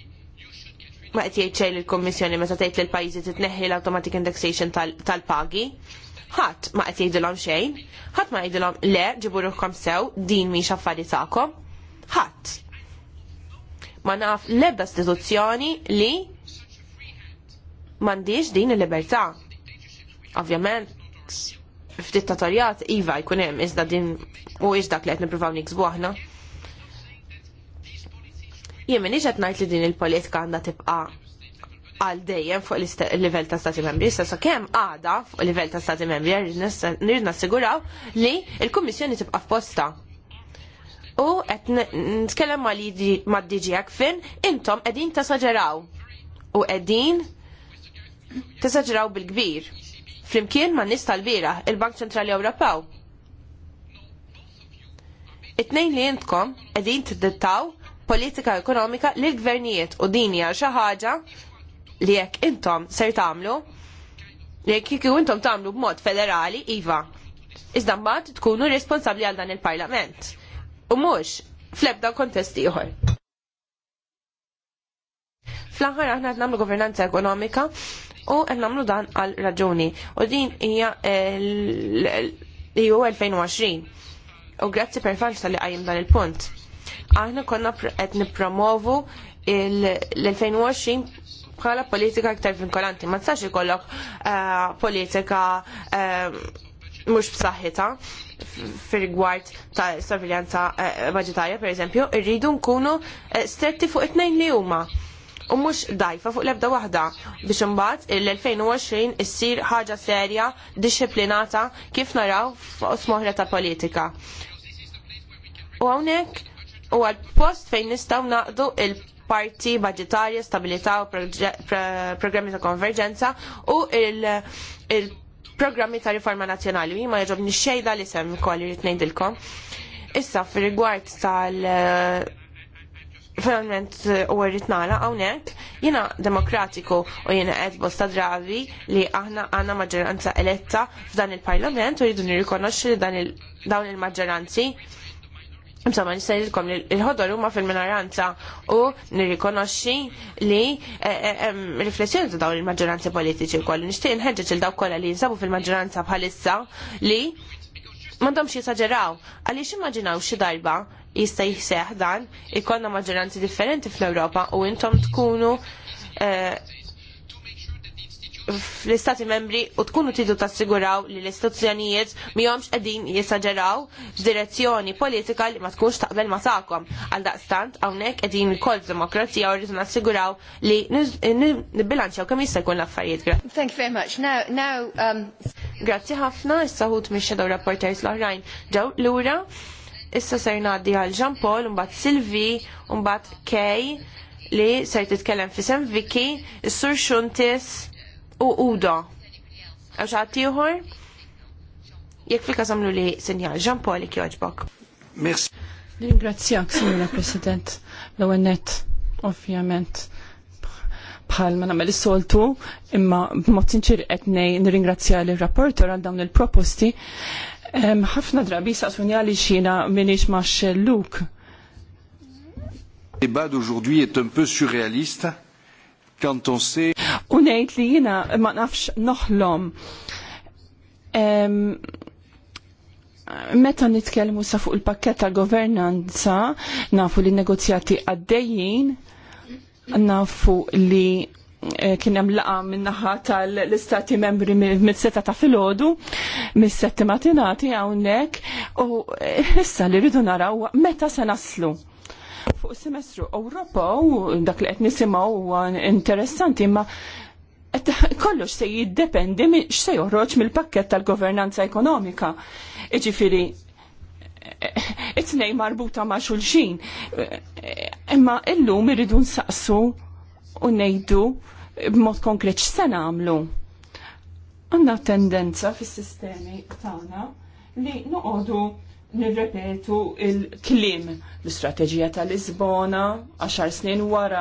ma qed jgħid xejn lill kummissjoni meta tgħid lill pajjiżi titneħħi l-automatic indexation tal-pagi. Ħadd ma qed jgħidilhom xejn, ħadd ma jgħidilhom le ġibu ruhkom sew din mhix affarijiet tagħkom. Ħadd. Ma naf l-ebda istituzzjoni li m'għandix din il-libertà. Ovvjament, f'dittatorjat iva jkun hemm iżda din u dak li qed nippruvaw niksbu aħna. Jien m'iniex qed ngħid li din il-politika għandha tibqa' għal dejjem fuq il-livell ta' stati membri, issa sa kemm għada fuq il-livell ta' stati membri nirna assiguraw li l-Kummissjoni tibqa' f'posta. U qed nitkellem mad-DG Akfin, intom qegħdin tasaġeraw u qegħdin tesaġraw bil-kbir. Flimkien ma' nista l bira il-Bank Ċentrali Ewropew. it tnejn li jintkom qegħdin tiddettaw politika ekonomika lill gvernijiet u din hija xi ħaġa li jekk intom ser tagħmlu jekk kieku intom tagħmlu b'mod federali iva. Iżda mbagħad tkunu responsabbli għal dan il-Parlament. U mhux fl-ebda kontest ieħor. Fl-aħħar aħna qed nagħmlu governanza ekonomika u qed nagħmlu dan għal raġuni. U din hija l-EU 2020. U grazzi per tal li qajjem dan il-punt. Aħna konna qed nippromovu l-2020 bħala politika iktar vinkolanti. Ma tistax ikollok eh, politika eh, mhux b'saħħitha fir-rigward ta' sorveljanza eh, budgetarja, per eżempju, irridu nkunu stretti fuq it-tnejn li huma u mux dajfa fuq lebda wahda biex imbagħad l-2020 issir ħaġa serja disciplinata kif naraw fuq smoħra ta' politika. U hawnhekk u għal post fejn nistgħu naqdu il-parti budgetarja, stabilità u programmi ta' konverġenza u il-programmi ta' riforma nazzjonali. Ma jġobni xejda li sem kolli rrit ngħidilkom. Issa fir-rigward tal- eh, finalment eh, u għarrit nara għawnek, jina demokratiku u jina għedbo dravi li aħna għanna maġġoranza eletta f'dan il-parlament u jridu nirrikonoxxi li dawn il-maġġoranzi Insomma, nisajilkom li l-ħodor huma fil-minoranza u nirrikonoxxi li eh, eh, riflessjoni ta' dawn il-maġġoranzi politiċi wkoll. Nixtieq inħeġġeġ il dawk kollha li jinsabu fil-maġġoranza bħalissa li m'għandhomx jisaġeraw għaliex immaġinaw xi darba jista' jseħ dan ikollna maġġoranzi differenti fl-Ewropa u intom tkunu eh, fl-istati membri u tkunu tidu tassiguraw li l-istituzzjonijiet miħomx qegħdin jisagġeraw f'direzzjoni politika li ma tkunx taqbel ma tagħkom. Għal daqstant, hawnhekk qegħdin kol demokrazija u rridu nassiguraw li nibbilanċjaw kemm jista' jkun l-affarijiet. Thank you very much. Now, now, um... Grazzi ħafna, issa ħut mix xedaw rapporters l-oħrajn ġew lura. Issa ser ngħaddi għal Jean Paul, mbagħad Silvi, mbagħad Kay li ser titkellem fisem Vicky, is-Sur Xuntis, u Uda. Għaw xaħtiħor? Jek fika kas għamlu li sinjal, Jean Paul li kjoġbok. Merci. Ringrazzjak, Signora President, l-għennet, ovvjament bħal ma nagħmel soltu imma b'mod sinċir qed nirringrazzja lir rapporter għal dawn il-proposti. Ħafna drabi saqsuni għaliex jiena m'iniex ma' xelluk. Débat d'aujourd'hui est un peu surréaliste quand on sait ngħid li jiena ma nafx noħlom. Meta nitkellmu sa fuq il-pakket ta' governanza, nafu li negozjati għaddejjin, nafu li eh, kien hemm laqa min-naħa tal-istati membri mis-seta ta' filgħodu, mis-setti matinati hawnhekk u eh, issa li rridu naraw meta se naslu. Fuq semestru Ewropew dak li qed nisimgħu huwa interessanti imma kollox se jiddependi x'se joħroġ mill-pakket tal-governanza ekonomika. Iġifiri, it nej marbuta ma' xulxin. Imma illum irridu nsaqsu u ngħidu b'mod konkret x'se nagħmlu. Għandna tendenza fis-sistemi tagħna li noqogħdu nirrepetu il-klim l-istrateġija tal-Lisbona, għaxar snin wara,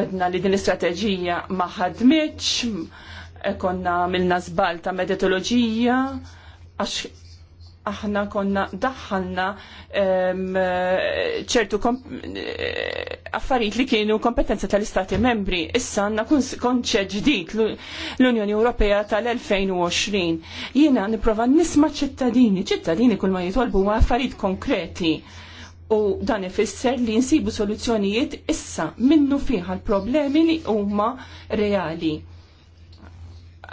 għedna li din l-istrateġija maħadmiċ, e konna milna zbal ta' metodologija, għax aħna konna daħħalna ċertu affarijiet li kienu kompetenza tal-Istati membri. Issa għanna konċe ġdid l-Unjoni Ewropea tal-2020. Jiena niprofa nisma ċittadini, ċittadini kull ma jitolbu ma affarijiet konkreti. U dan ifisser li nsibu soluzzjonijiet issa minnu fih l-problemi li huma reali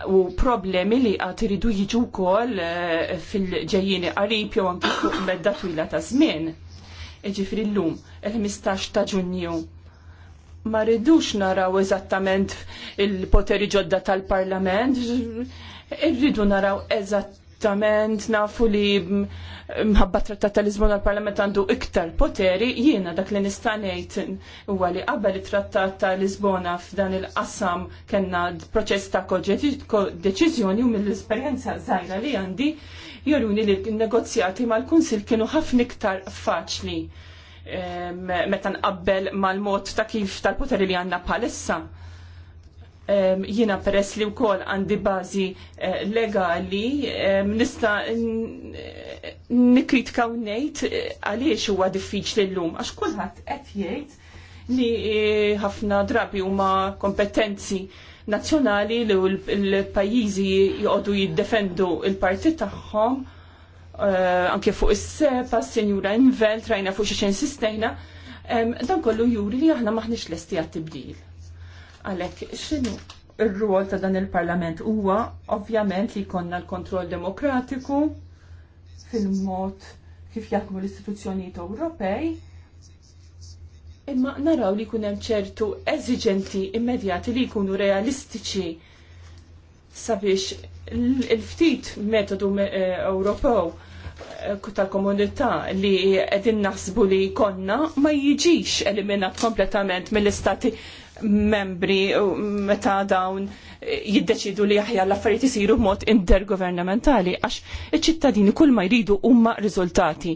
u problemi li għat iridu jiġu kol eh, fil-ġejjini qarib jew anki fuq medda twila ta' żmien. Ġifri l-lum, il-15 ta' ġunju. Ma rridux naraw eżattament il-poteri ġodda tal-parlament, irridu naraw eżattament esattament nafu li mħabba trattat tal-Lisbona l-Parlament għandu iktar poteri, jiena dak li nista' ngħid huwa li qabel it-trattat tal-Lisbona f'dan il-qassam kellna proċess ta' deċiżjoni u mill-esperjenza żgħira li għandi joruni li n-negozjati mal-Kunsil kienu ħafna iktar faċli eh, meta nqabbel mal-mod ta' kif tal-poteri li għandna palissa jina peress li wkoll għandi bażi eh, legali nista nikritika u ngħid eh, għaliex huwa diffiċli llum għax kulħadd qed jgħid li eh, ħafna drabi huma kompetenzi nazzjonali li l-pajjiżi joqogħdu jiddefendu il-parti tagħhom anke fuq is-sepa, Sinjura Invelt, rajna fuq xi xejn sistejna, dan kollu juri li aħna maħniex lesti għat-tibdil Għalek, xinu il ruol ta' dan il-parlament huwa ovvjament li konna l-kontroll demokratiku fil-mod kif jaħkmu l-istituzzjonijiet Ewropej, imma naraw li kunem ċertu eżiġenti immedjati li jkunu realistiċi sabiex il-ftit metodu eh, Ewropew eh, tal-komunità li qegħdin naħsbu li konna ma jiġix eliminat kompletament mill-istati membri meta dawn jiddeċidu li jaħja l-affarijiet isiru b'mod intergovernamentali għax iċ-ċittadini kull ma jridu huma riżultati.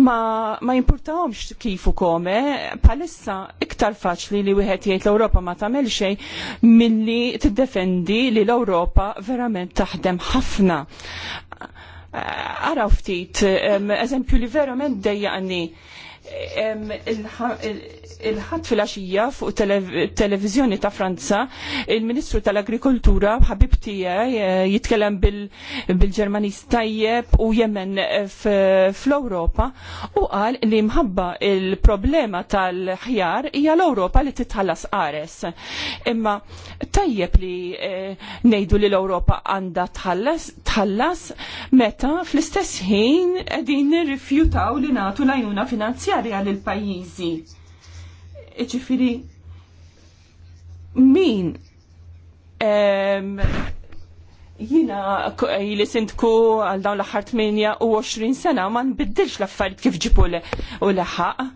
Ma, ma jimpurtahomx kif u kome, eh? palissa iktar faċli li wieħed jgħid l-Ewropa ma tagħmel xejn milli tiddefendi li l-Ewropa verament taħdem ħafna. Eh, araw ftit, eh, eżempju li verament dejjaqni il-ħat fil-axija fuq televizjoni ta' Franza, il-Ministru tal-Agrikoltura ħabib tiegħi eh, jitkellem bil-Ġermanis tajjeb u Jemen eh, fl-Ewropa u qal li mħabba il-problema tal-ħjar hija l-Ewropa li titħallas qares. Imma tajjeb li eh, ngħidu li l-Ewropa għandha tħallas meta fl-istess ħin qegħdin nirrifjutaw li nagħtu l-għajnuna finanzjarja lil pajjiżi. Ġifiri, min jina li sintku għal dawn l-aħħar 28 sena ma nbiddilx l affarit kif ġipu u l-ħaq.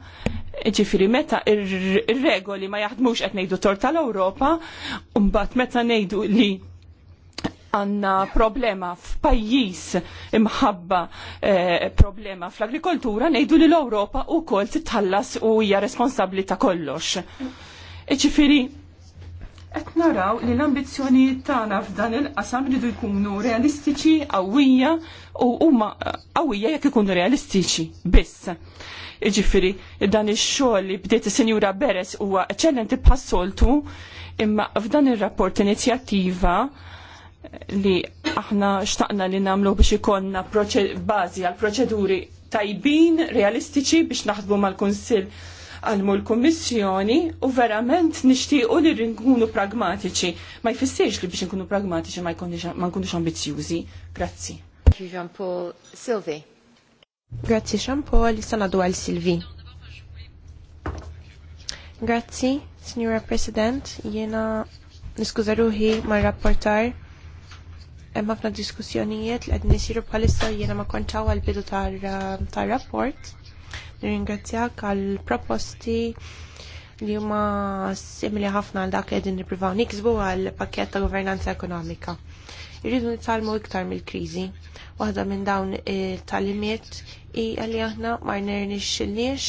Ġifiri, meta ir-regoli ma jaħdmux qed ngħidu tor tal-Ewropa, u mbagħad meta nejdu li għanna problema f'pajjiż imħabba eh, problema fl-agrikoltura nejdu li l-Ewropa u kol titħallas u hija responsabli ta' kollox. Iċifiri, qed naraw li l-ambizzjoni tagħna f'dan il-qasam ridu jkunu realistiċi, qawwija u huma qawwija jekk ikunu realistiċi biss. Iġifiri, dan ix-xogħol li bdiet is-Sinjura Beres huwa eċċellenti bħas-soltu imma f'dan ir-rapport inizjattiva li aħna xtaqna li namlu biex ikonna bazi għal proċeduri tajbin, realistiċi biex naħdbu mal-Kunsill għalmu l-Kommissjoni u verament nishtiqu li nkunu pragmatiċi. Ma jfissirx li biex nkunu pragmatiċi ma nkunux ambizjużi. Grazzi. Jean Paul Silvi. Grazzi Jean Paul, sanadu għal Silvi. Grazzi, Signora President, jena niskużaruhi ruħi ma' rapportar hemm ħafna diskussjonijiet li qed isiru bħalissa jiena ma konċaw għal bidu tar-rapport. Eh, Nirringrazzjak għal proposti li huma simili ħafna għal dak li qegħdin nippruvaw niksbu għal pakkett ta' governanza ekonomika. Irridu nitalmu iktar mill-kriżi. Waħda minn dawn it-talimiet hija li aħna ma nirnixxilniex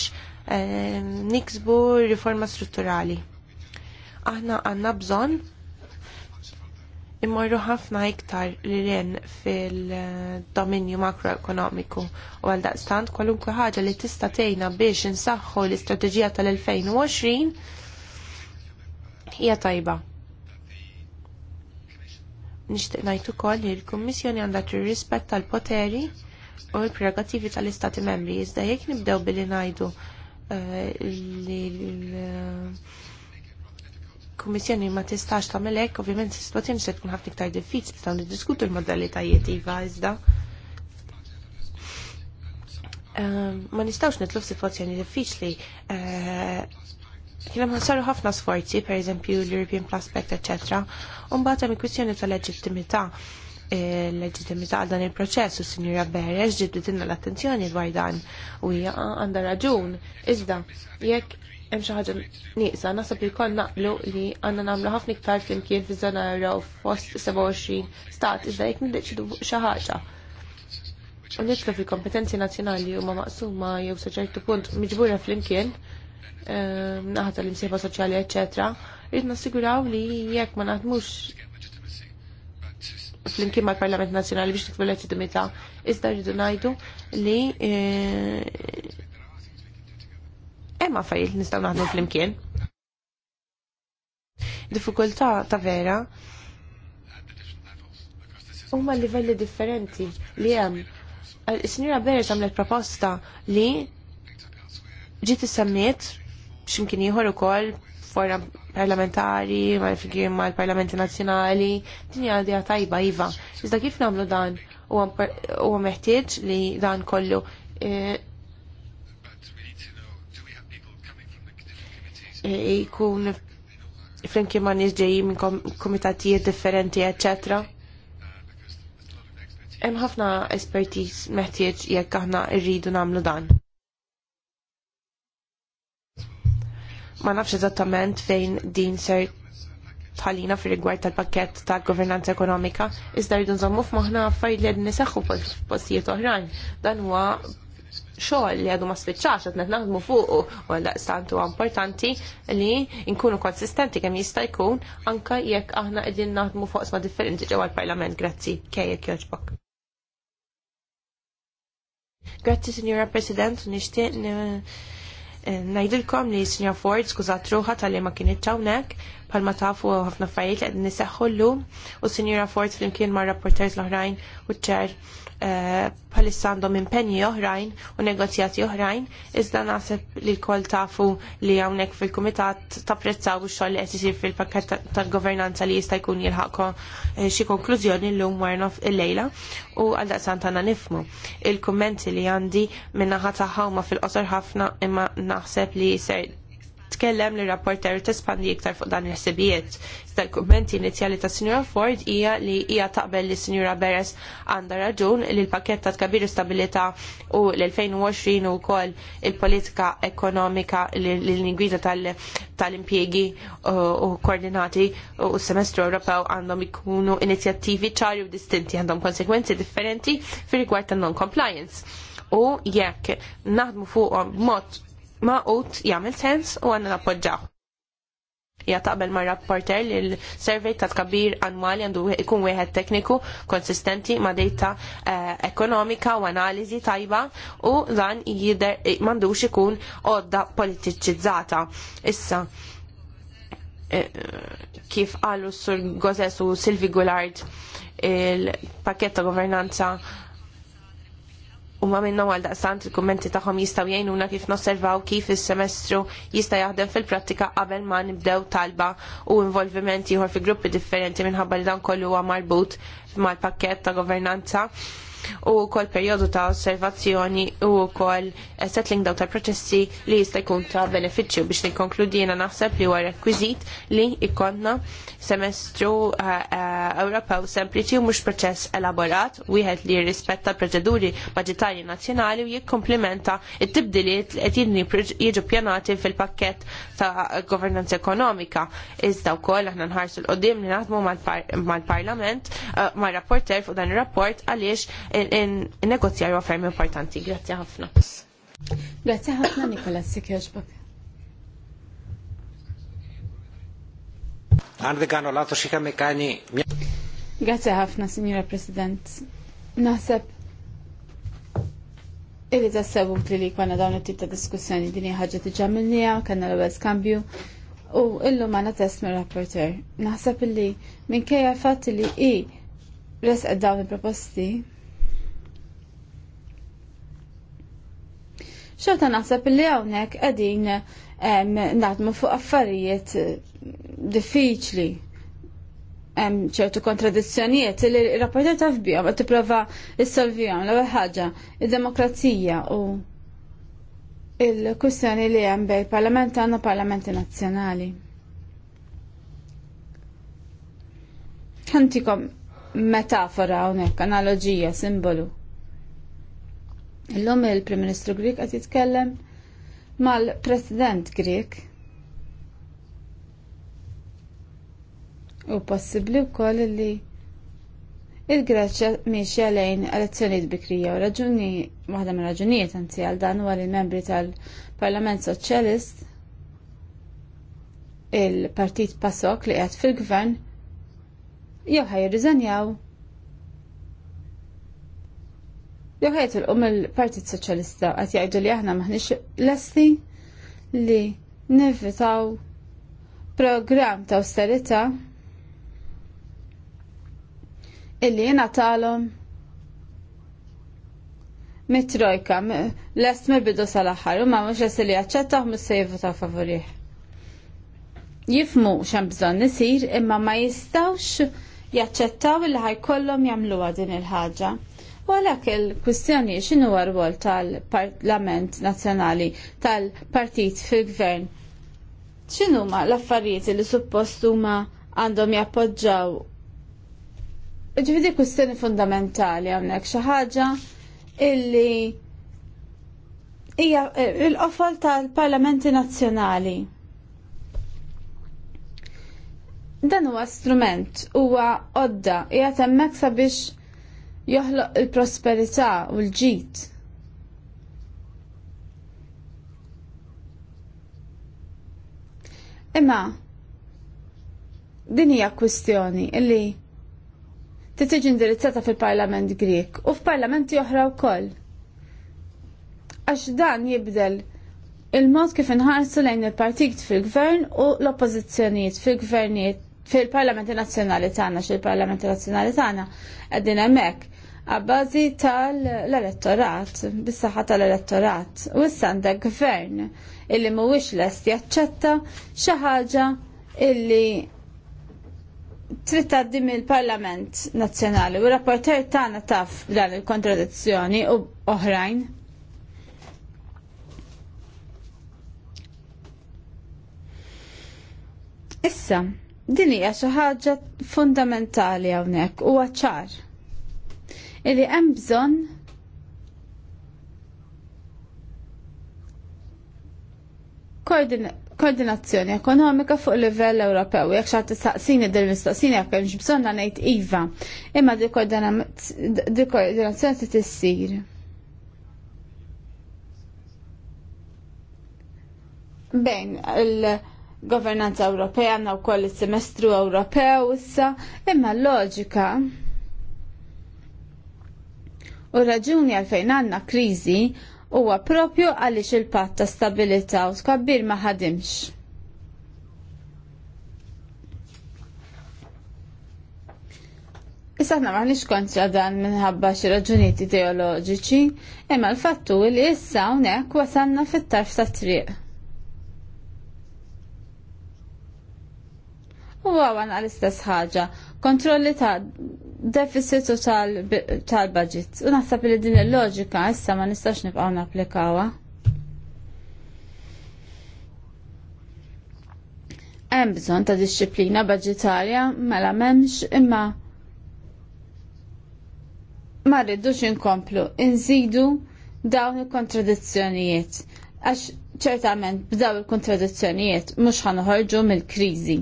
eh, niksbu riforma strutturali. Aħna għandna bżonn immorru ħafna iktar lilin fil-dominju makroekonomiku u għal daqstant kwalunkwe ħaġa li tista' tejna biex insaħħu l-istrateġija tal-2020 hija tajba. Nixtieq ngħid ukoll li l-Kummissjoni għandha tirrispett tal-poteri u l-prerogattivi tal-Istati Membri iżda jek nibdew billi ngħidu eh, li kummissjoni ma tistax tagħmel hekk, ovvjament is-sitwazzjoni se tkun ħafna iktar diffiċli ta' niddiskutu l-modalitajiet iva iżda. Ehm, ma nistgħux nitlu f'sitwazzjoni diffiċli. Eh, Kien hemm saru ħafna sforzi, pereżempju l-European Prospect, eċetera, u mbagħad hemm kwistjoni tal-leġittimità l eh, leġittimità għal dan il-proċess u Sinjura Beres ġibditinna l-attenzjoni dwar dan u hija għandha raġun. Iżda, jekk hemm xi ħaġa nieqsa naħseb li jkoll naqlu li għandna nagħmlu ħafna iktar flimkien fi żona u fost 27 stat iżda jekk niddeċidu xi ħaġa. U nitlu fil-kompetenzi nazzjonali huma maqsuma jew sa ċertu punt miġbura flimkien ehm, naħta l-imsieħba soċjali, eċetera, Irrid nassiguraw li jekk ma naħdmux flimkien mal parlament Nazzjonali biex l leġitimità, iżda rridu ngħidu li eh, Emma affarijiet nistaw nistgħu fl flimkien. Diffikultà ta' vera huma livelli differenti li hemm. Is-Sinjura Beres għamlet proposta li ġiet issemmiet x'imkien ieħor ukoll fora parlamentari, mal-figrim mal-parlamenti nazzjonali, din hija idea tajba iva. Iżda kif nagħmlu dan huwa meħtieġ li dan kollu eh, Eh, jikun flimkien ma' nies minn komitatijiet differenti, ecc. Hemm ħafna espertiż meħtieġ jekk aħna rridu nagħmlu dan. Ma nafx eżattament fejn din ser tħallina fir rigward tal-pakket ta' governanza ekonomika, iżda rridu nżommu f'moħħna affarijiet li qed nisaħħu postijiet oħrajn. Dan huwa xogħol li għadu ma spiċċax qed naħdmu fuqu u għaldaqstant huwa importanti li nkunu konsistenti kemm jista' jkun anke jekk aħna qegħdin naħdmu fuq sma differenti ġewwa l-Parlament. Grazzi kejjek jogħġbok. Grazzi, Signora President, nixtieq eh, ngħidilkom li Signor Ford skużat ruħa tal-li ma kienet hawnhekk palma tafu ħafna affarijiet li qegħdin niseħħu llum u Sinjura Ford flimkien mar rapporters l-oħrajn u ċer eh, bħalissa għandhom impenji oħrajn u negozjati oħrajn, iżda naħseb li l-kol tafu li hawnhekk fil-kumitat tapprezzaw u xogħol li qed isir fil-pakket tal-governanza li jista' jkun jilħakko eh, xi konklużjoni llum warna il-lejla u għalda santana nifmu. Il-kummenti li għandi minna ħata ħawma fil-qosor ħafna imma naħseb li ser titkellem li rapporter tispandi iktar fuq dan il-ħsibijiet. Iżda l-kummenti inizjali ta' Sinjora Ford hija li hija taqbel li Sinjora Beres għandha raġun li l-pakket ta' tkabiru stabilita u l-2020 u kol il-politika ekonomika l-ingwida tal-impjegi uh, u koordinati u s-semestru Ewropew għandhom ikunu inizjattivi ċari u distinti għandhom konsekwenzi differenti fil rigward non-compliance. U jekk naħdmu fuqhom b'mod maqut jagħmel sens u għanna nappoġġaw. Ja taqbel ma' rapporter li l servej ta' tkabbir annwali għandu ikun wieħed tekniku konsistenti ma' data eh, ekonomika u analiżi tajba u dan jider eh, m'għandux ikun għodda politiċizzata. Issa, eh, kif qalu s-sur Gozes u Silvi Gulard il pakketta ta' governanza u ma minnu għal daqsant il-kommenti taħħom jistaw jajnuna kif nosservaw kif il-semestru jista jaħdem fil-prattika qabel ma nibdew talba u involvimenti jħor fi gruppi differenti minħabba li dan kollu huwa marbut mal-pakket ta' governanza u wkoll perjodu ta' osservazzjoni u wkoll eh, settling daw tal-proċessi li jista' jkun ta' benefiċċju biex nikkonkludina naħseb li huwa rekwiżit li jkollna semestru eh, eh, Ewropew sempliċi u mhux proċess elaborat wieħed li jirrispetta proċeduri budgetarji nazzjonali u jikkomplimenta it-tibdiliet li qed jiġu pjanati fil-pakkett ta' governance ekonomika. Iżda wkoll aħna nħarsu l-qoddim li naħdmu mal-Parlament mal-rapporter fuq dan ir-rapport għaliex il-negozjar huwa ferm importanti. Grazie ħafna. Grazie ħafna Nikola Sikjaġbak. Għandi kanu lato xika mekani. Grazie ħafna, Signora President. Naħseb Illi tassebu li li kwa dawn it-tip ta' diskussjoni din ħaġa tiġa minnija, kanna l-ewwel skambju, u illu ma na test mir-rapporter. Naħseb illi kajja fatt li i resqed dawn il-proposti, xorta naħseb li hawnhekk qegħdin naħdmu fuq affarijiet eh, diffiċli. Hemm ċertu kontradizzjonijiet li r-rapporter fbihom bihom qed tipprova issolvihom l-ewwel ħaġa id-demokrazija u il-kwistjoni li hemm bejn parlament għandna parlamenti nazzjonali. Ħantikom metafora hawnhekk, analoġija, simbolu. Illum il-Prim Ministru Grik qed jitkellem mal-President Grik. U possibbli wkoll li il-Greċja miexja lejn elezzjonijiet bikrija u raġuni waħda minn raġunijiet anzi għal dan huwa li membri tal-Parlament Soċjalist il-Partit Pasok li qed fil-Gvern jew ħaj jirriżenjaw Jew ħajt il-qum il-Partit Soċjalista qed jgħidu li aħna maħniex lesti li nifitaw programm ta' awsterità illi jena talom mitrojka, lest mil-bidu sal-axar, u ma mux li għacċettaħ mus-sejfu ta' favorih. Jifmu xem bżon nisir, imma ma jistawx jaċċettaw li ħajkollom jamluwa din il-ħagġa. U għalhekk il-kwistjoni x'inhu rwol tal-Parlament Nazzjonali tal-Partit fil-Gvern. Xinu ma l-affarijiet li suppost huma għandhom jappoġġaw Ġvidi kwistjoni fundamentali hawnhekk xi ħaġa illi hija eh, l-qofol tal-Parlamenti Nazzjonali. Dan huwa strument, huwa għodda, hija temmek sabiex joħloq il-prosperità u l-ġid. Imma din hija kwistjoni illi titiġi indirizzata fil-Parlament Grek u f'parlamenti oħra wkoll. Għax dan jibdel il-mod kif inħarsu lejn il-partit fil-gvern u l-oppożizzjonijiet fil-gvernijiet fil-Parlamenti Nazzjonali tagħna xil-Parlamenti Nazzjonali tagħna qegħdin hemmhekk għabbażi tal-elettorat, bis-saħħa tal-elettorat, u issa għandek gvern illi mhuwiex lest jaċċetta xi ħaġa illi trid tgħaddi mill-Parlament Nazzjonali u rapporter tagħna taf dan il-kontradizzjoni u oħrajn. Issa, Din hija xi ħaġa fundamentali hawnhekk huwa ċar. Illi hemm bżonn koordinazzjoni ekonomika fuq livell Ewropew. Jekk xagħti tistaqsini dil mistoqsini jekk hemmx bżonn ngħid iva. Imma di koordinazzjoni se tissir. Bejn il- governanza Ewropea u wkoll is-semestru Ewropew issa, imma l-loġika u raġuni għalfejn għandna kriżi huwa propju għaliex il-patt ta' stabilità u tkabbir ma ħadimx. Issa ħna maħniex kontra dan minħabba xi raġunijiet teoloġiċi, imma l-fattu li issa hawnhekk wasalna fit-tarf sa triq. u għawan għal-istess ħaġa. Kontrolli ta' deficit u tal-budget. U naħseb li din il-loġika issa ma nistax nibqaw naplikawa. Hemm bżonn ta' disċiplina budgetarja mela m'hemmx imma ma rridux inkomplu inżidu dawn il-kontradizzjonijiet għax ċertament b'daw il-kontradizzjonijiet mhux ħanħorġu mill-kriżi.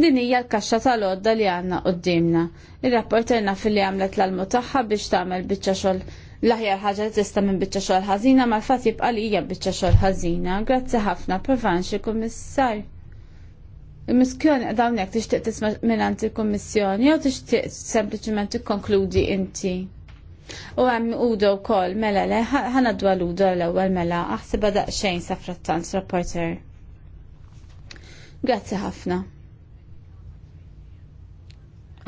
Din hija l-kaxxa tal-għodda li għandna qoddimna. Ir-rapporterna fil-li għamlet l-almu tagħha biex tagħmel biċċa xogħol l-aħjar ħaġa li tista' minn biċċa xogħol ħażina mal-fatt jibqa' li hija biċċa xogħol ħażina. Grazzi ħafna provanxi kummissar. Il-miskjoni dawn hawnhekk tixtieq tisma' mingħand il-kummissjoni jew tixtieq sempliċement tikkonkludi inti. U hemm Udo wkoll mela le ħana għal Udo l-ewwel mela aħsibha daqsxejn sa frattant rapporter. Grazzi ħafna.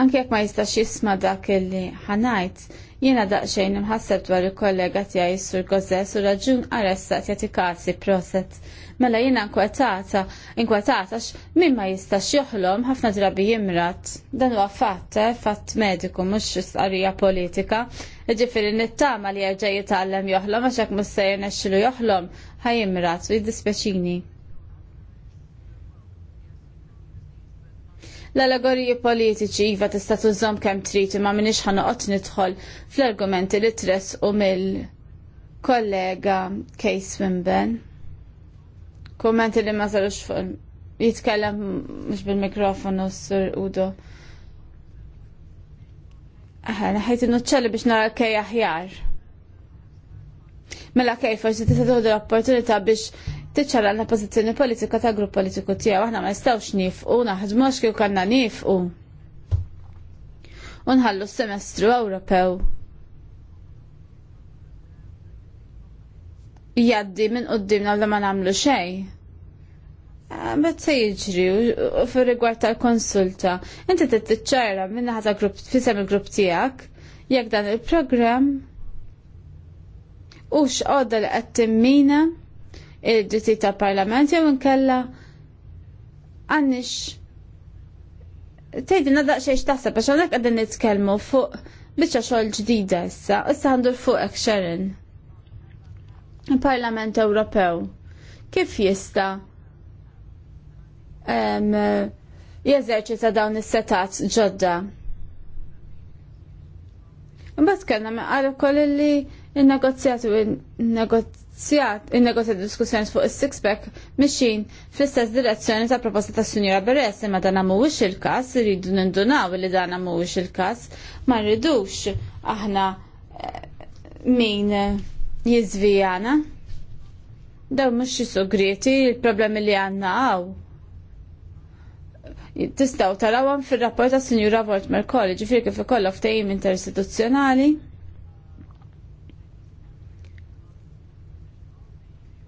Anke jekk ma jistax jisma dak illi ħanajt, jiena daqsxejn imħasseb dwar il-kollega tiegħi sur Gozes u raġun arrestat jagħti kasi proset. Mela jiena nkwetata, nkwetatax min ma jistax joħlom ħafna drabi jimrat. Dan huwa fatt, eh, fatt mediku mhux istqarrija politika. Ġifieri nittama li jerġa' jitgħallem joħlom għax hekk mhux se joħlom ħajimrat u jiddispeċini. L-allegoriji politiċi iva tista' tużom kemm trid ma' minix ħanoqgħod nidħol fl-argumenti li tress u mill-kollega Kay Wimben. Kummenti li ma sarux fuq jitkellem mhux bil-mikrofonu s-sur Udo. Aħna ħajt nuċċelli biex nara kej aħjar. Mela kej forsi tista' tieħdu l-opportunità biex tiċċara għanna pożizzjoni politika ta' grupp politiku tiegħu aħna ma nistgħux nifqu naħdmux kif kellna nifqu. U nħallu s-semestru Ewropew. Jaddi minn qudiemna li ma nagħmlu xejn. Bet ah, se jiġri u fir-rigward tal-konsulta, inti tittiċċara minn ħata grupp fisem il-grupp tiegħek jekk dan il-programm u x'qodda li qed timmina id-dritti tal-Parlament jew inkella tejdi nadaq daqsxejn x'taħseb għax hawnhekk qegħdin nitkellmu fuq biċċa xogħol ġdida issa, issa għandur fuq ekxerin Il-Parlament Ewropew kif jista' jeżerċita dawn is-setat ġodda. Imbagħad kellna meqal ukoll li n-negozjat u Sijat il-negozjat diskussjoni fuq is six pack mixin fl-istess direzzjoni ta' proposta ta' Sunjura Beres, imma dan mhuwiex il-każ, rridu nindunaw li dan mhuwiex il-każ, ma rridux aħna eh, min eh, jizvijana. Daw mhux jisugriti il-problemi li għanna għaw. Tistaw tarawhom fir-rapport ta' Sinjura Voltmer College, fil kif ikollok tejjim interistituzzjonali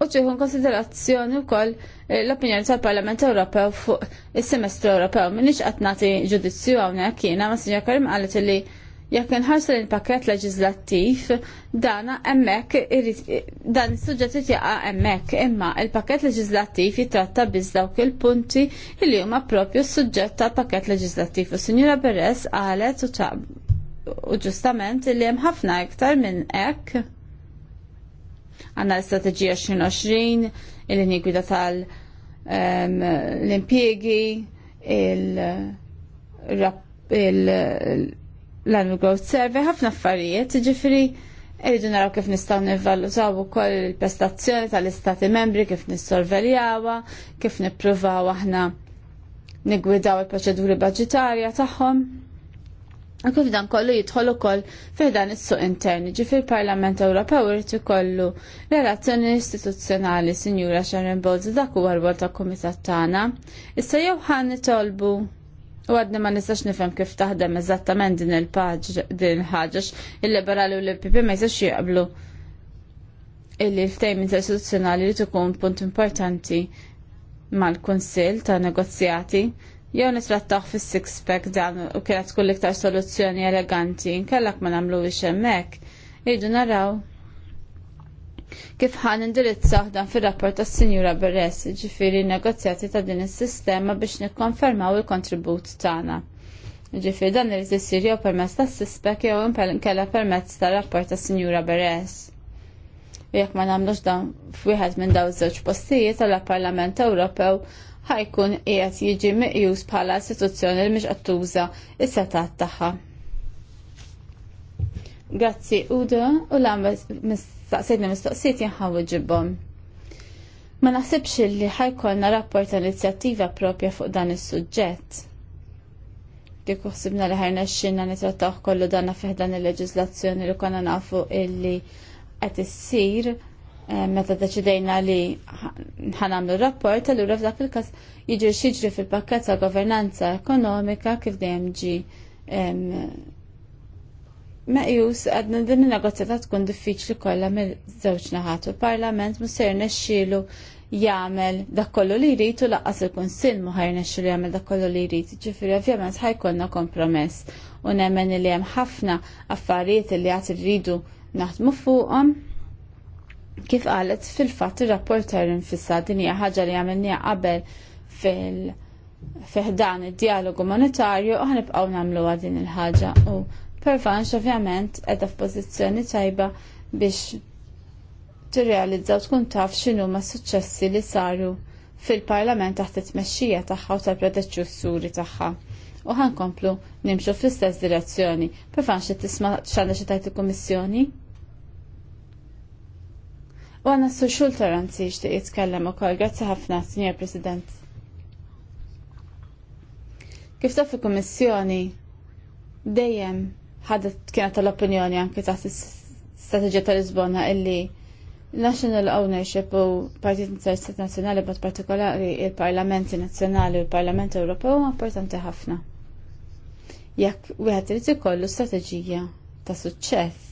u ċiħun konsiderazzjoni u koll eh, l-opinjoni tal-Parlament Ewropew fuq il-semestru Ewropew. Minix għatnati ġudizzju għawna kiena, ma sinja Karim għalet li jekk nħarsu l paket leġislattiv, dana emmek, dan il-sujġet jitjaqa emmek, imma il-pakket leġislattiv jitratta biz dawk il-punti li huma propju s-sujġet tal paket leġislattiv. U s Sinjura Beres għalet u ġustament li hemm ħafna iktar minn hekk għanna l-istrateġija 2020, il-linji gwida tal-impiegi, l-annual growth survey, ħafna affarijiet, ġifiri Irridu naraw kif nistgħu nivvalutaw ukoll il-prestazzjoni tal-istati membri, kif nissorveljawa, kif nippruvaw aħna nigwidaw il-proċeduri budġetarja tagħhom. Kif dan kollu jidħol ukoll fiħdan is-suq interni, ġi fil parlament Ewropew irid ikollu relazzjoni istituzzjonali Sinjura Sharon Bowles dak huwa rwol ta' kumitat tagħna. Issa jew ħan nitolbu U għadni ma nistax nifhem kif taħdem eżattament din il-paġ din ħaġax il-liberali u l-PP ma jistax jaqblu illi ftejm istituzzjonali li tkun punt importanti mal-Kunsill ta' negozjati jew nitrattaħ fis six pack dan u kienet tkun iktar soluzzjoni eleganti, nkellak ma nagħmluwix hemmhekk. Irridu naraw kif ħan indirizzaħ dan fir-rapport tas-Sinjura Beres, ġifieri negozjati ta' din is-sistema biex nikkonfermaw il-kontribut tagħna. Ġifieri dan irid isir jew permezz tas-sispek jew inkella permezz tar-rapport tas-Sinjura Beres jekk ma nagħmlux dan f'wieħed minn daw żewġ postijiet għall Parlament Ewropew ħajkun qiegħed jiġi meqjus bħala istituzzjoni li mhix qed tuża is-setat tagħha. Grazzi Udo u l-għamil mistoqsijiet jinħawu ġibhom. Ma naħsibx li ħajkolna rapport inizjattiva propja fuq dan is-suġġett. Kieku ħsibna li ħajna xinna nitrattaw kollu danna dan il-leġizlazzjoni li konna nafu illi qed issir Eh, meta deċidejna li ħanamlu rapport, allura f'dak il-kas jiġri xiġri fil-pakket ta' governanza ekonomika kif dejjem ġi meqjus għadna din il-negozjata tkun diffiċli kollha mill-żewġ naħat u parlament musser nexxielu jagħmel dak kollu li jrid u laqqas il-Kunsill muħar nexxielu jagħmel dak kollu li jrid. Ġifieri ovvjament ħajkollna kompromess u nemmen li hemm ħafna affarijiet li għad irridu naħdmu fuqhom. Kif qalet fil-fatt ir-rapporter infissa din hija ħaġa li għamilniha qabel fil- fiħdan id-dialogu monetarju u ħanibqgħu nagħmluha din il-ħaġa u pervanx ovvjament qiegħda f'pożizzjoni tajba biex tirrealizzaw tkun taf xinu ma' suċċessi li saru fil-parlament taħt it-tmexxija tagħha u tal s-suri tagħha u ħankomplu nimxu fl-istess direzzjoni. Perfanx li tisma xanda xi tajt il-Kummissjoni? U għanna s-social toleranzi xtiq jitkellem u kol, grazzi ħafna, Signor President. Kif taf il-Kommissjoni dejjem ħadet kienet tal-opinjoni anke taħt s strateġija tal-Lisbona illi national ownership u partit interessit nazzjonali b'mod partikolari il-Parlamenti Nazzjonali u l-Parlament Ewropew huma importanti ħafna. Jekk wieħed irid ikollu strateġija ta' suċċess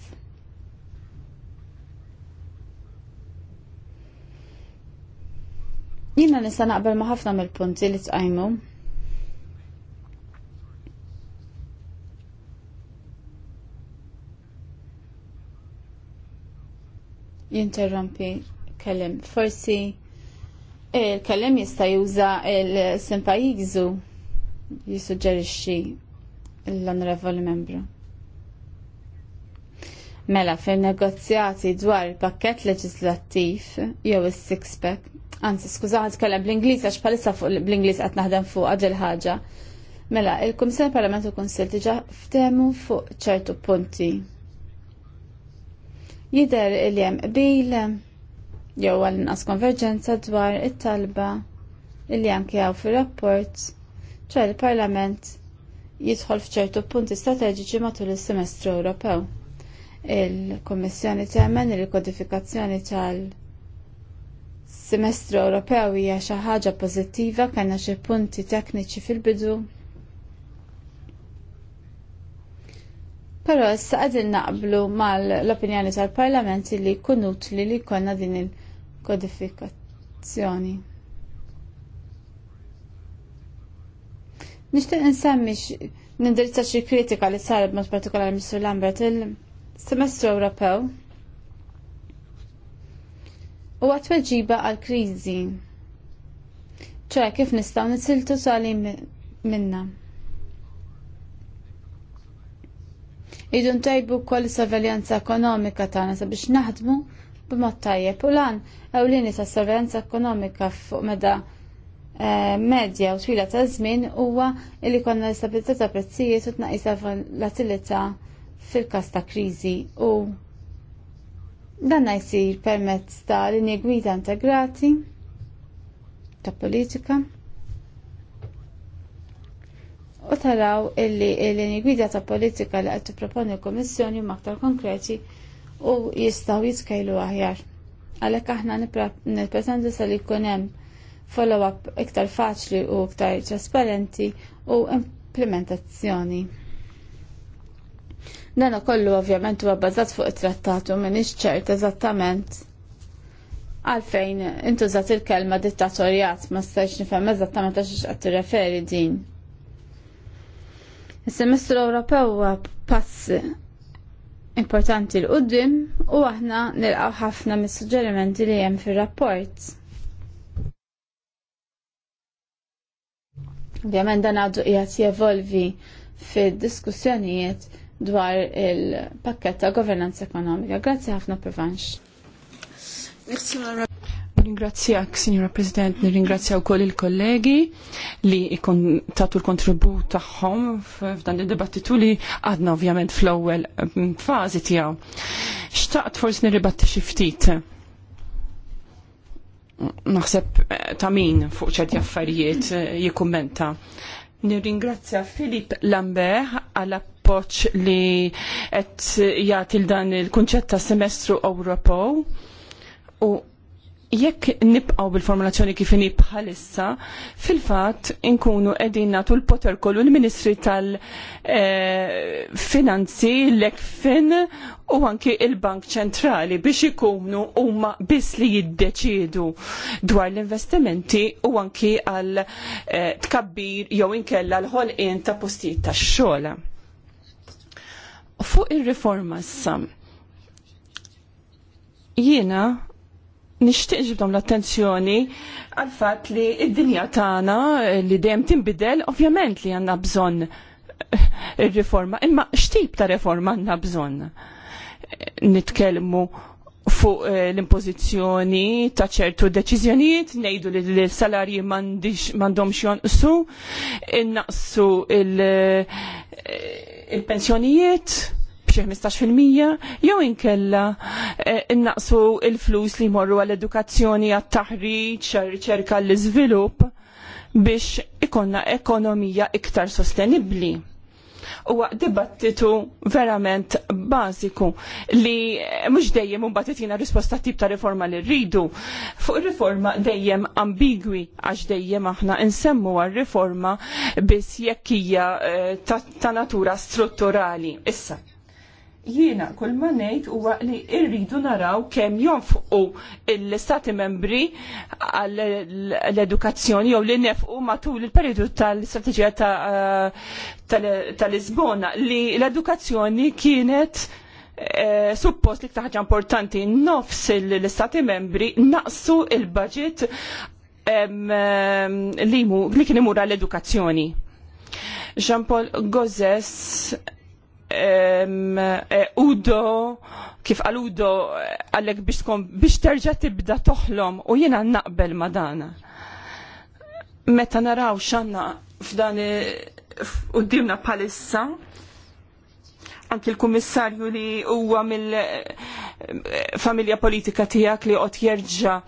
Jina nista naqbel ma ħafna mill-punti li tqajmu. Jinterrompi kellem. Forsi il-kellem jista' juża il-simpa jigżu jisuġġerixxi l-onorevoli membru. Mela fil negozjati dwar il-pakket leġislattiv jew is six pack Anzi, skuża għad bl-Inglis, għax palissa fuq bl-Inglis għat naħdem fuq għadġel ħagġa. Mela, il-Komissjoni Parlament u Konsil tiġa ftemu fuq ċertu punti. Jider il-jem bil, jew għal nas konverġenza dwar it-talba il jem kjaw għaw fil-rapport, ċa il-Parlament jidħol fċertu punti strateġiċi matul is semestru Ewropew. Il-Kommissjoni temmen il-kodifikazzjoni tal- semestru Ewropew hija xi ħaġa pożittiva kellna xi punti tekniċi fil-bidu. Però issa qegħdin naqblu mal-opinjoni tal-Parlament li jkun utli li jkollna din il-kodifikazzjoni. Nixtieq insemmi nindirizza xi kritika li saret mod partikolari Mr. Lambert il-Semestru Ewropew u weġiba għal-krizi. ċoħe kif nistaw nisiltu sali minna. Idu ntajbu kol sorveljanza ekonomika tagħna sabiex naħdmu b'mod tajjeb u lan ewlieni ta' sorveljanza ekonomika fuq meda eh, medja u twila ta' żmien huwa li konna l-istabilità ta' prezzijiet u tnaqis volatilità fil-każ ta' kriżi u Dan jsir permezz ta' linji gwida integrati ta' politika u taraw illi l-linji gwida ta' politika li qed tipproponi l-Kummissjoni huma aktar konkreti u jistgħu jitkejlu aħjar. Għalhekk aħna nippretendu sa li jkun hemm follow-up iktar faċli u iktar trasparenti u implementazzjoni. Nena kollu ovvjament huwa bbażat fuq it-trattatu m'hiex ċert eżattament għalfejn intużat il-kelma dittatorjat ma stajx nifhem eżattament għax qed tirreferi din. Is-semestru Ewropew huwa pass importanti l qudiem u aħna nilqgħu ħafna mis-suġġerimenti li hemm fir-rapport. Ovvjament dan għadu qiegħed jevolvi fid-diskussjonijiet dwar il pakketta ta' governanza ekonomika. Grazzi ħafna prevanx. Ringrazzjak, Signora President, nirringrazzja u koll il-kollegi li ikon tatu l-kontribut taħħom f'dan il-dibattitu li għadna ovvjament fl-ewwel mm, fazi tiegħu. Xtaqt forsi nirribatti xi ftit. Naħseb eh, ta' min fuq ċerti affarijiet eh, jikkumenta. Nirringrazzja Filip Lambert għal appoċ li qed jagħti dan il-kunċett ta' semestru Ewropew u jekk nibqaw bil-formulazzjoni kif inhi bħalissa, fil-fatt inkunu qegħdin nagħtu l-poter kollu l-Ministri tal-Finanzi, eh, l-Ekfin u anki il-Bank Ċentrali biex ikunu huma biss li jiddeċiedu dwar l-investimenti u anki għal eh, tkabbir jew inkella l-ħolqien ta' postijiet tax-xogħol. Fuq ir-riforma issa Jiena nixtieq ġibdom l-attenzjoni għal fatt li id-dinja tagħna li dejjem tinbidel ovvjament li għandna bżonn eh, ir-riforma, imma x'tip ta' riforma għandna bżonn? Nitkellmu fuq eh, l-impożizzjoni ta' ċertu deċiżjonijiet, ngħidu li l-salarji m'għandhomx jonqsu, innaqsu eh, il-pensjonijiet, il, il pensjonijiet b'xi 15% jew inkella eh, innaqsu il-flus li jmorru għall-edukazzjoni għat-taħriġ, riċerka għall iżvilupp biex ikonna ekonomija iktar sostenibbli huwa dibattitu verament bażiku li mhux dejjem un titina risposta tip ta' riforma li rridu. Fuq ir-riforma dejjem ambigwi għax dejjem aħna insemmu għal riforma biss jekk hija eh, ta' natura strutturali. Issa, jiena kull ma ngħid huwa li rridu naraw kemm jonfqu l-istati membri għall-edukazzjoni jew li nefqu matul il-periodu tal-istrateġija eh, tal-Lisbona li l-edukazzjoni kienet eh, suppost li ħaġa importanti nofs l-istati membri naqsu il-budget li kien imur għall-edukazzjoni. Jean-Paul Gozes Eh, udo kif għal udo għalek biex terġa tibda toħlom u jena naqbel ma dan. Meta naraw xanna f'dan qoddimna palissa, anki l-kummissarju li huwa mill-familja politika tijak li qed jerġa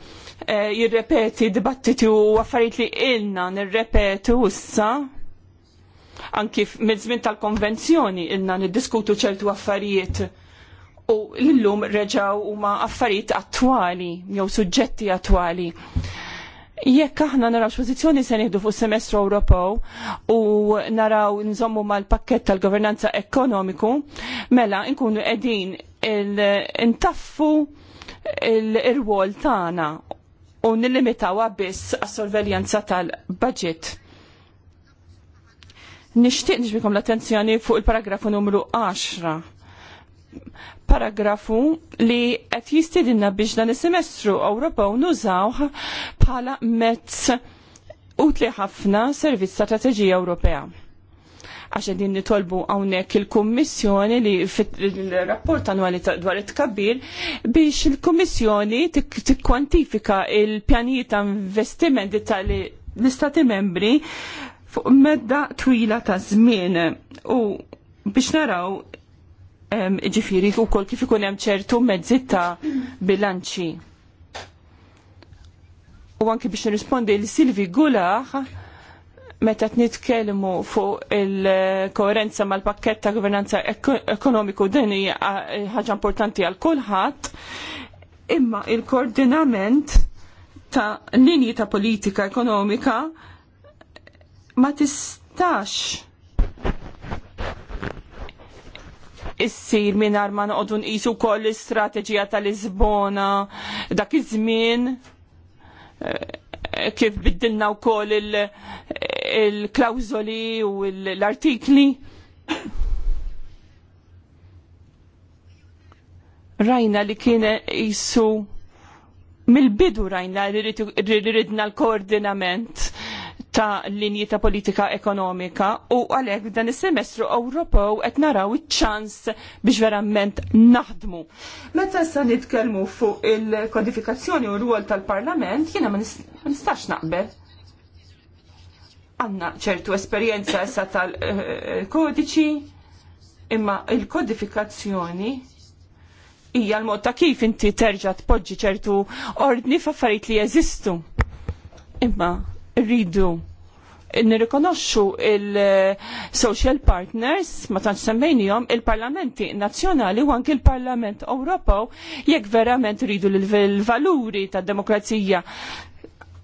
eh, jirrepeti dibattiti u affarijiet li ilna nirrepetu issa Anki mid-żmien tal-konvenzjoni ilna niddiskutu ċertu affarijiet u l-lum reġaw huma affarijiet attwali jew suġġetti attwali jekk aħna naraw x'pożizzjoni se nieħdu fuq semestru Ewropew u naraw nżommu mal-pakkett tal-governanza ekonomiku, mela nkunu qegħdin intaffu l-irwol tagħna u nillimitaw biss għas-sorveljanza tal-budget. Nishtiq nixbikom l-attenzjoni fuq il-paragrafu numru 10. Paragrafu li qed jistidinna biex dan is-semestru Ewropew nużawh bħala mezz utli ħafna servizz ta' strateġija Ewropea. Għax din nitolbu hawnhekk il-Kummissjoni li fit rapport annwali dwar it-tkabbir biex il-Kummissjoni tikkwantifika il-pjanijiet ta' investimenti tal-Istati membri fuq medda twila ta' żmien u biex naraw ġifiri u kol kif ikun hemm ċertu mezzi ta' bilanċi. U anki biex nirrispondi l Silvi Gulaħ meta nitkellmu fuq il-koerenza mal-pakket ta' governanza ekonomiku din ħaġa importanti għal kulħadd, imma il-koordinament ta' linji ta' politika ekonomika ma tistax issir mingħajr ma noqogħdu nqisu wkoll l-istrateġija tal-Lisbona dak iż-żmien eh, kif biddilna wkoll il-klawżoli u l-artikli. Rajna li kien jisu mill-bidu rajna li rridna l-koordinament ta' linji ta' politika ekonomika u għalhekk dan is-semestru Ewropew qed naraw iċ-ċans biex verament naħdmu. Meta issa nitkellmu fuq il-kodifikazzjoni u rwol tal-Parlament, jiena ma nistax naqbel. Għanna ċertu esperjenza issa tal-kodiċi, imma il-kodifikazzjoni hija l-mod ta' kif inti terġa' tpoġġi ċertu ordni f'affarijiet li jeżistu. Imma rridu nirrikonoxxu il-social partners, ma tantx semmejnihom, il-parlamenti nazzjonali u anke il-Parlament Ewropew jekk verament rridu l-valuri tad demokrazija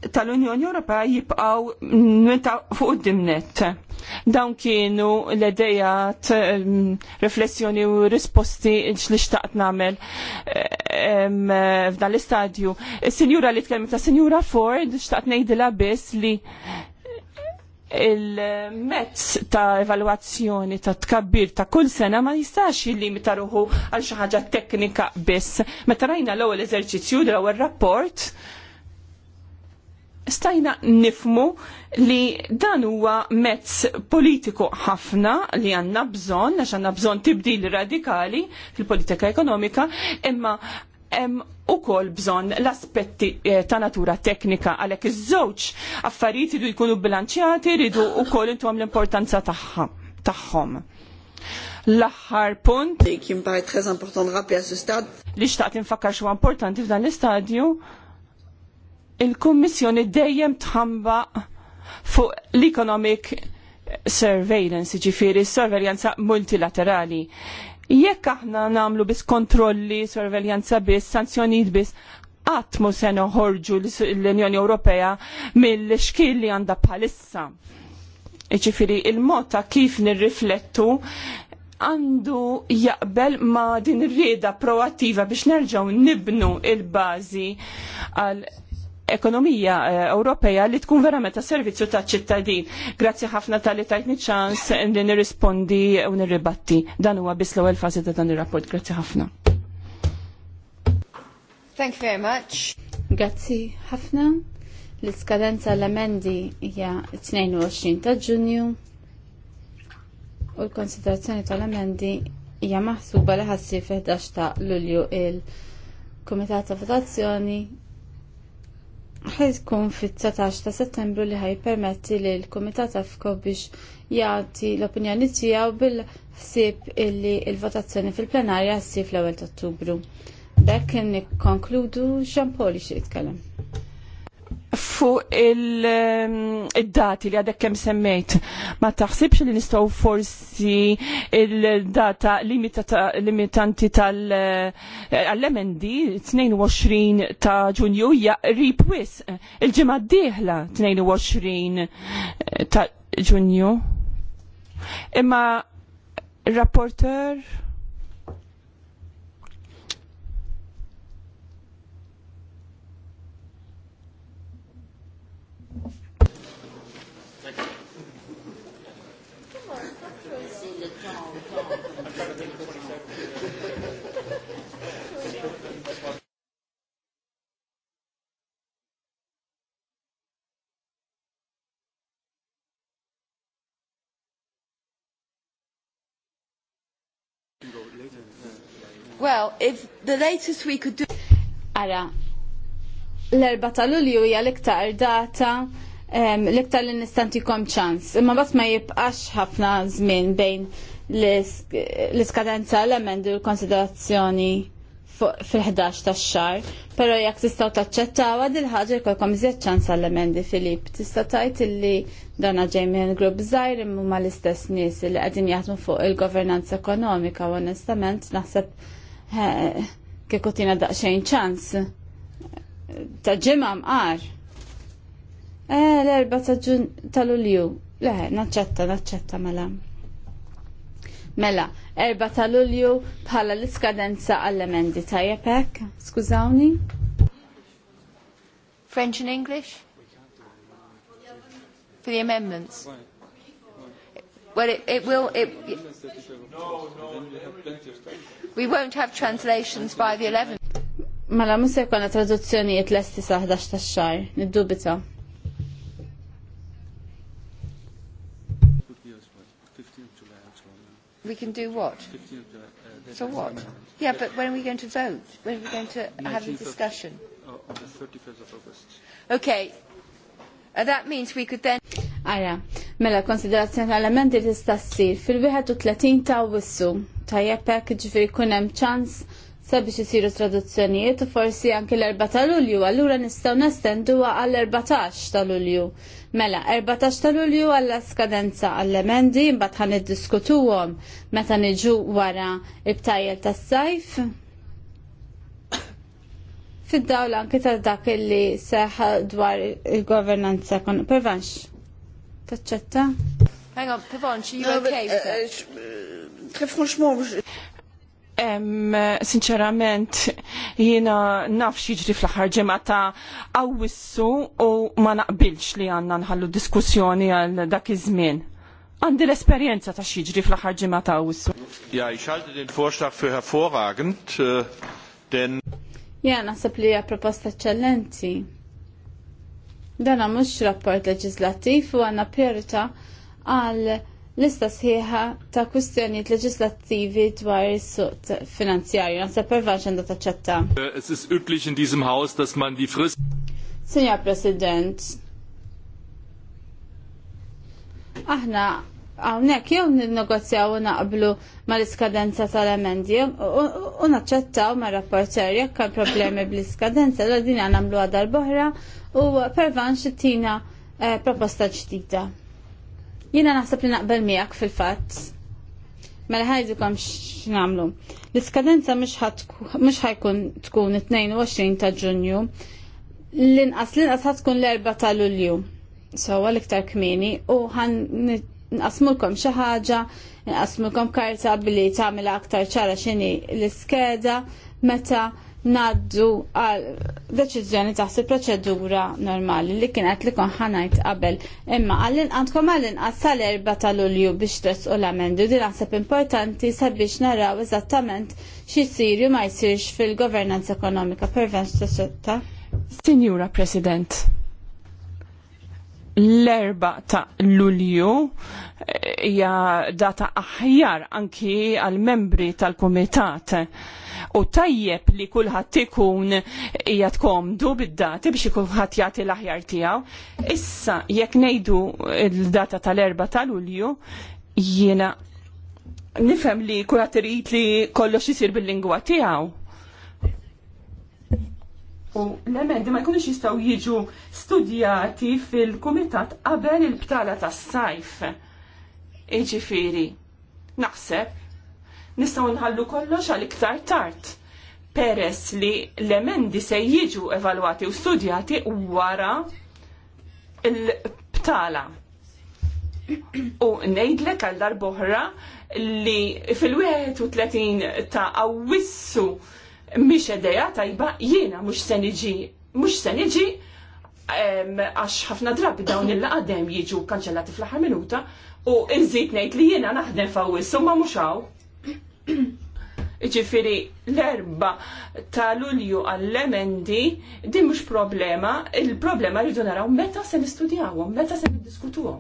tal-Unjoni Ewropea jibqaw fuq id-dimnet. Dawn kienu l-edejat, ehm, riflessjoni u risposti li xtaqt namel ehm, f'dan l-istadju. Sinjura li tkellmet ta' Sinjura Ford, xtaqt ngħidilha biss li il-mezz ta' evalwazzjoni ta' tkabbir ta' kull sena ma jistax il-limita ruħu għal xi ħaġa teknika biss. Meta rajna l-ewwel eżerċizzju l-ewwel rapport, stajna nifmu li dan huwa mezz politiku ħafna li għanna bżon, għax għanna bżon tibdil radikali fil-politika ekonomika, imma hemm ukoll bżonn l-aspetti eh, ta' natura teknika għalhekk iż-żewġ affarijiet iridu jkunu bilanċjati, iridu ukoll intuhom l-importanza tagħhom. L-aħħar punt li xtaqt infakkar xi importanti f'dan l-istadju il-Kummissjoni dejjem tħamba fuq l-economic surveillance, ġifiri sorveljanza multilaterali. Jekk aħna namlu bis kontrolli, sorveljanza bis, sanzjonijiet bis, qatt mu se noħorġu l-Unjoni Ewropea mill-xkil li għandha bħalissa. Ġifiri, il-mod ta' kif nirriflettu għandu jaqbel ma' din ir proattiva biex nerġgħu nibnu il-bażi għal ekonomija eh, Ewropea li tkun verament ta' servizzju ta' ċittadin. Grazzi ħafna tal-li tajtni ċans li nirrispondi u nirribatti. Dan huwa biss l-ewwel fażi ta' dan ir-rapport. Grazzi ħafna. Thank you very much. Grazzi ħafna. L-iskadenza l-emendi hija 22 ta' Ġunju u l-konsiderazzjoni tal-emendi hija maħsuba li ħassi fi 11 ta' Lulju il-Kumitat ta' Votazzjoni ħajkun fit-19 ta' settembru li ħajpermetti li l-Komitat Afko biex jagħti l-opinjoni tiegħu bil-ħsieb illi l-votazzjoni fil-plenarja ssir l ewwel ta' Ottubru. Bekk konkludu Jean Paul xi jitkellem fuq il-dati ehm, li għadek kem semmejt. Ma taħsibx li nistaw forsi il-data limitanti tal-emendi eh, 22 ta' ġunju ja wis il ġemad d-dieħla 22 eh, ta' ġunju. Imma rapporter Well, if the latest we could do... Ara, l-erba ta' lulju hija l-iktar data l-iktar li nistantikom ċans. Imma bas ma jibqax ħafna żmien bejn l-iskadenza l-emendi u l-konsiderazzjoni fil-11 ta' xar, pero jekk tistaw taċċettaw għad il-ħagġa kolkom iżjed ċans għall-emendi Filip. Tista' tajt illi dana ġejmien minn grupp żgħir imma l-istess nies li qegħdin jaħdmu fuq il-governanza ekonomika u onestament naħseb kiekotina daqxejn ċans ta' ġimma mqar. Eh, l-erba ta' ġun tal-ulju. Le, naċċetta, naċċetta mela. Mela, erba tal-ulju bħala l-iskadenza għall-emendi tajjeb hekk, skużawni. French and English? For the amendments. Well, it, it will. It, we won't have translations by the 11th. Mela mhux se jkollna traduzzjonijiet lesti sa 11 tax-xahar, niddubita. We can do what? So what? Yeah, but when are we going to vote? When are we going to have a discussion? on uh, the 31st of August. Okay. Uh, that means we could then... Ara, mela konsiderazzjoni tal-elementi tista' ssir fil-31 ta' wissu tajjeb hekk ġifieri jkun hemm ċans sabiex isiru traduzzjonijiet u forsi anke l-4 ta' Lulju, allura nistgħu nestenduha għall-14 ta' Lulju. Mela, 14 ta' Lulju għall skadenza għall-emendi mbagħad ħan iddiskutuhom meta niġu wara l-btajjel tas-sajf fid-dawla anke ta' dak illi seħħa dwar il-governanza kon Taċċetta? Hang on, Pivonċi, you okay? Tre franchement, Em, sinċerament, jina nafx jiġri fl-ħar ta' għawissu u ma naqbilx li għanna nħallu diskussjoni għal dak iż-żmien. Għandi l esperienza ta' xiġri fl-ħar ta' għawissu. Ja, ich din den fi für hervorragend, äh, denn. Ja, nasab li għaproposta ċellenti. Dana mhux rapport leġislattiv u għandna priorità għal lista sħiħa ta' kwistjonijiet leġislattivi dwar is-suq finanzjarju. Naħseb pervanx ta' taċċetta. Äh, es üblich in diesem Haus, dass man Frist. Signor President, aħna għawnek jew nil-negozjaw u naqblu mal-iskadenza tal-emendi u naċċettaw ma' rapporter jekk kan problemi bl-iskadenza l din għanamlu għadar boħra u pervan xittina eh, proposta ġdida. Jina naħseb li naqbel miegħek fil-fatt. Mela ħajdukom x'namlu. L-iskadenza mhux ħajkun tkun 22 ta' Ġunju. L-inqas l-inqas ħatkun l-4 ta' Lulju. So, l-iktar kmini u ħan nqasmulkom xi ħaġa, nqasmulkom karta billi tagħmilha aktar ċara x'inhi l-iskeda meta naddu għal deċiżjoni taħt proċedura normali li kienet li kon ħanajt qabel. Imma għallin għandkom għallin għassal erba tal-ulju biex tess l-amendu din naħseb importanti sabiex naraw eżattament xisir ma jisirx fil-governanza ekonomika pervenz ta' sotta. Signora President, l-erba ta' Lulju eh, hija data aħjar anki għal membri tal-kumitat. U tajjeb li kulħadd ikun hija tkomdu bid-dati biex kulħadd jagħti l-aħjar tiegħu. Issa jekk ngħidu l-data tal-erba ta' Lulju jiena nifhem li kulħadd irid li kollox isir bil-lingwa tiegħu u l-emendi ma jkunux jistaw jiġu studjati fil-kumitat qabel il-btala tas-sajf. Iġifiri, naħseb nistaw nħallu kollox għal iktar tard peress li l-emendi se jiġu evalwati u studjati wara il-btala. U nejdlek għal darboħra li fil-31 ta' awissu mhix idea tajba jiena mhux se niġi mhux se niġi għax ħafna drabi dawn il-laqadem jiġu kanċellati fl-aħħar minuta u nżid ngħid li jiena naħdem fawis u ma mhux hawn. Ġifiri l-erba ta' Lulju għall-emendi din mhux problema, il-problema rridu naraw meta se nistudjawhom, meta se niddiskutuhom.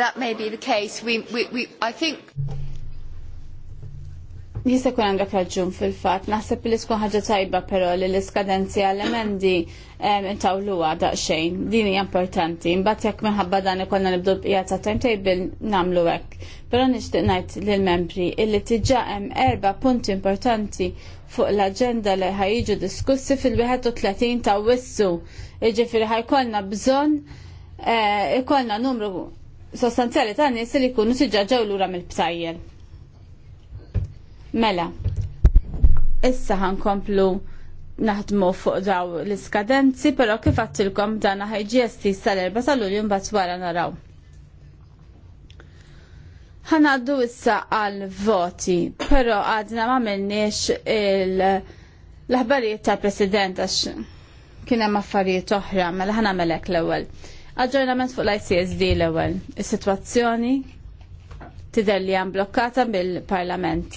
That may be the case. We, we, we, I think Jista' jkun għandek raġun fil-fatt, naħseb li tkun ħaġa tajba però li l-iskadenzi għall-emendi intawluha daqsxejn, din hija importanti. mbatt jekk minħabba dan ikollna nibdu bqija ta' timetable nagħmlu hekk. Però nixtieq ngħid lill-membri illi tiġà hemm erba' punti importanti fuq l agenda li ħajġu diskussi fil-31 ta' wissu. Jiġifieri ħajkollna bżonn eh, ikollna numru sostanzjali ta' nies li jkunu tiġà ġew lura mill-btajjel. Mela, issa ħankomplu naħdmu fuq daw l-iskadenzi, pero kif għattilkom dan ħajġiesti s erba sal-ulju mbagħad wara naraw. Ħanaddu issa għal voti, pero għadna ma minnix l-ħbarijiet tal-President għax kien hemm affarijiet oħra, mela ħana melek l-ewwel. Aġġornament fuq l-ICSD l-ewwel. Is-sitwazzjoni tidher li hemm blokkata bil-Parlament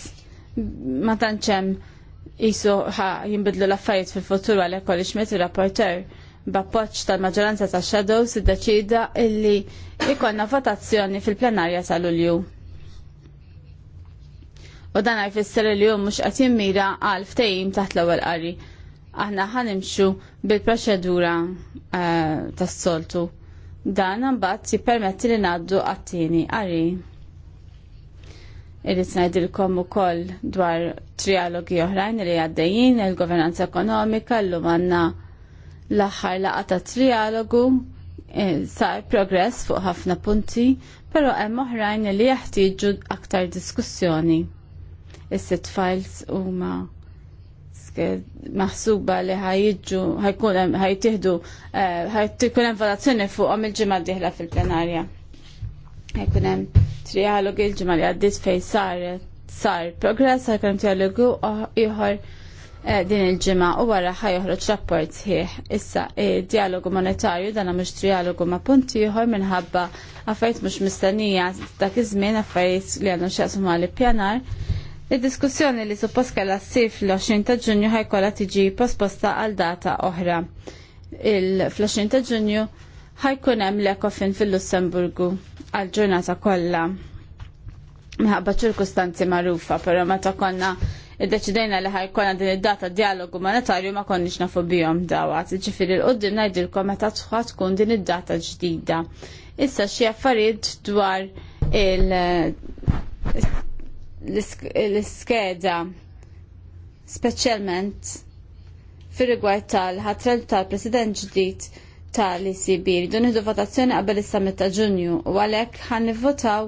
ma tantx hemm ħa jinbidlu l-affarijiet fil-futur għalhekk kollox met ir-rapporter b'appoġġ tal-maġġoranza tax shadows id-deċida illi jkollna votazzjoni fil-plenarja tal-Ulju. U dan jfisser li hu mhux qed jimmira għal ftehim taħt l-ewwel qari. Aħna ħanimxu bil-proċedura eh, tas-soltu. Dan mbagħad jippermetti li ngħaddu għat-tieni Irrid ngħidilkom ukoll dwar trialogi oħrajn li għaddejjin il-governanza ekonomika llum għandna l-aħħar laqgħa ta' trialogu eh, sar progress fuq ħafna punti, però hemm oħrajn li jeħtieġu aktar diskussjoni. Is-sit files huma maħsuba li ħajġu ħajkun ħajtieħdu eh, ħajkun hemm votazzjoni fuqhom il-ġimgħa d-dieħla fil-plenarja. Ekkun hemm trialog il-ġimgħa li għaddiet fejn sar sar progress sar kemm trialogu ieħor eh, din il-ġimgħa u għara ħaj joħroġ rapport sħiħ. Issa eh, dialogu monetarju dana mhux trialogu ma' punti ieħor minħabba għaffajt mhux mistennija dak iż-żmien affarijiet li għandhom x'jaqsmu mal pjanar Id-diskussjoni li suppost kellha ssir l 20 ta' Ġunju kolla tiġi posposta għal data oħra. Il-20 ta' Ġunju ħaj hemm l-ekofin fil-Lussemburgu għal-ġurnata kollha. Minħabba ċirkustanzi magħrufa, però meta konna id-deċidejna li ħajkonna din id-data dialogu monetarju ma konniex nafu bihom dawat. Ġifieri l-qudiem ngħidilkom meta tkun din id-data ġdida. Issa xi affarijiet dwar l-iskeda speċjalment fir rigward tal-ħatrel tal-President ġdid tal sibir. Dun iddu votazzjoni qabel is-summit ta' Ġunju u għalhekk ħan nivvotaw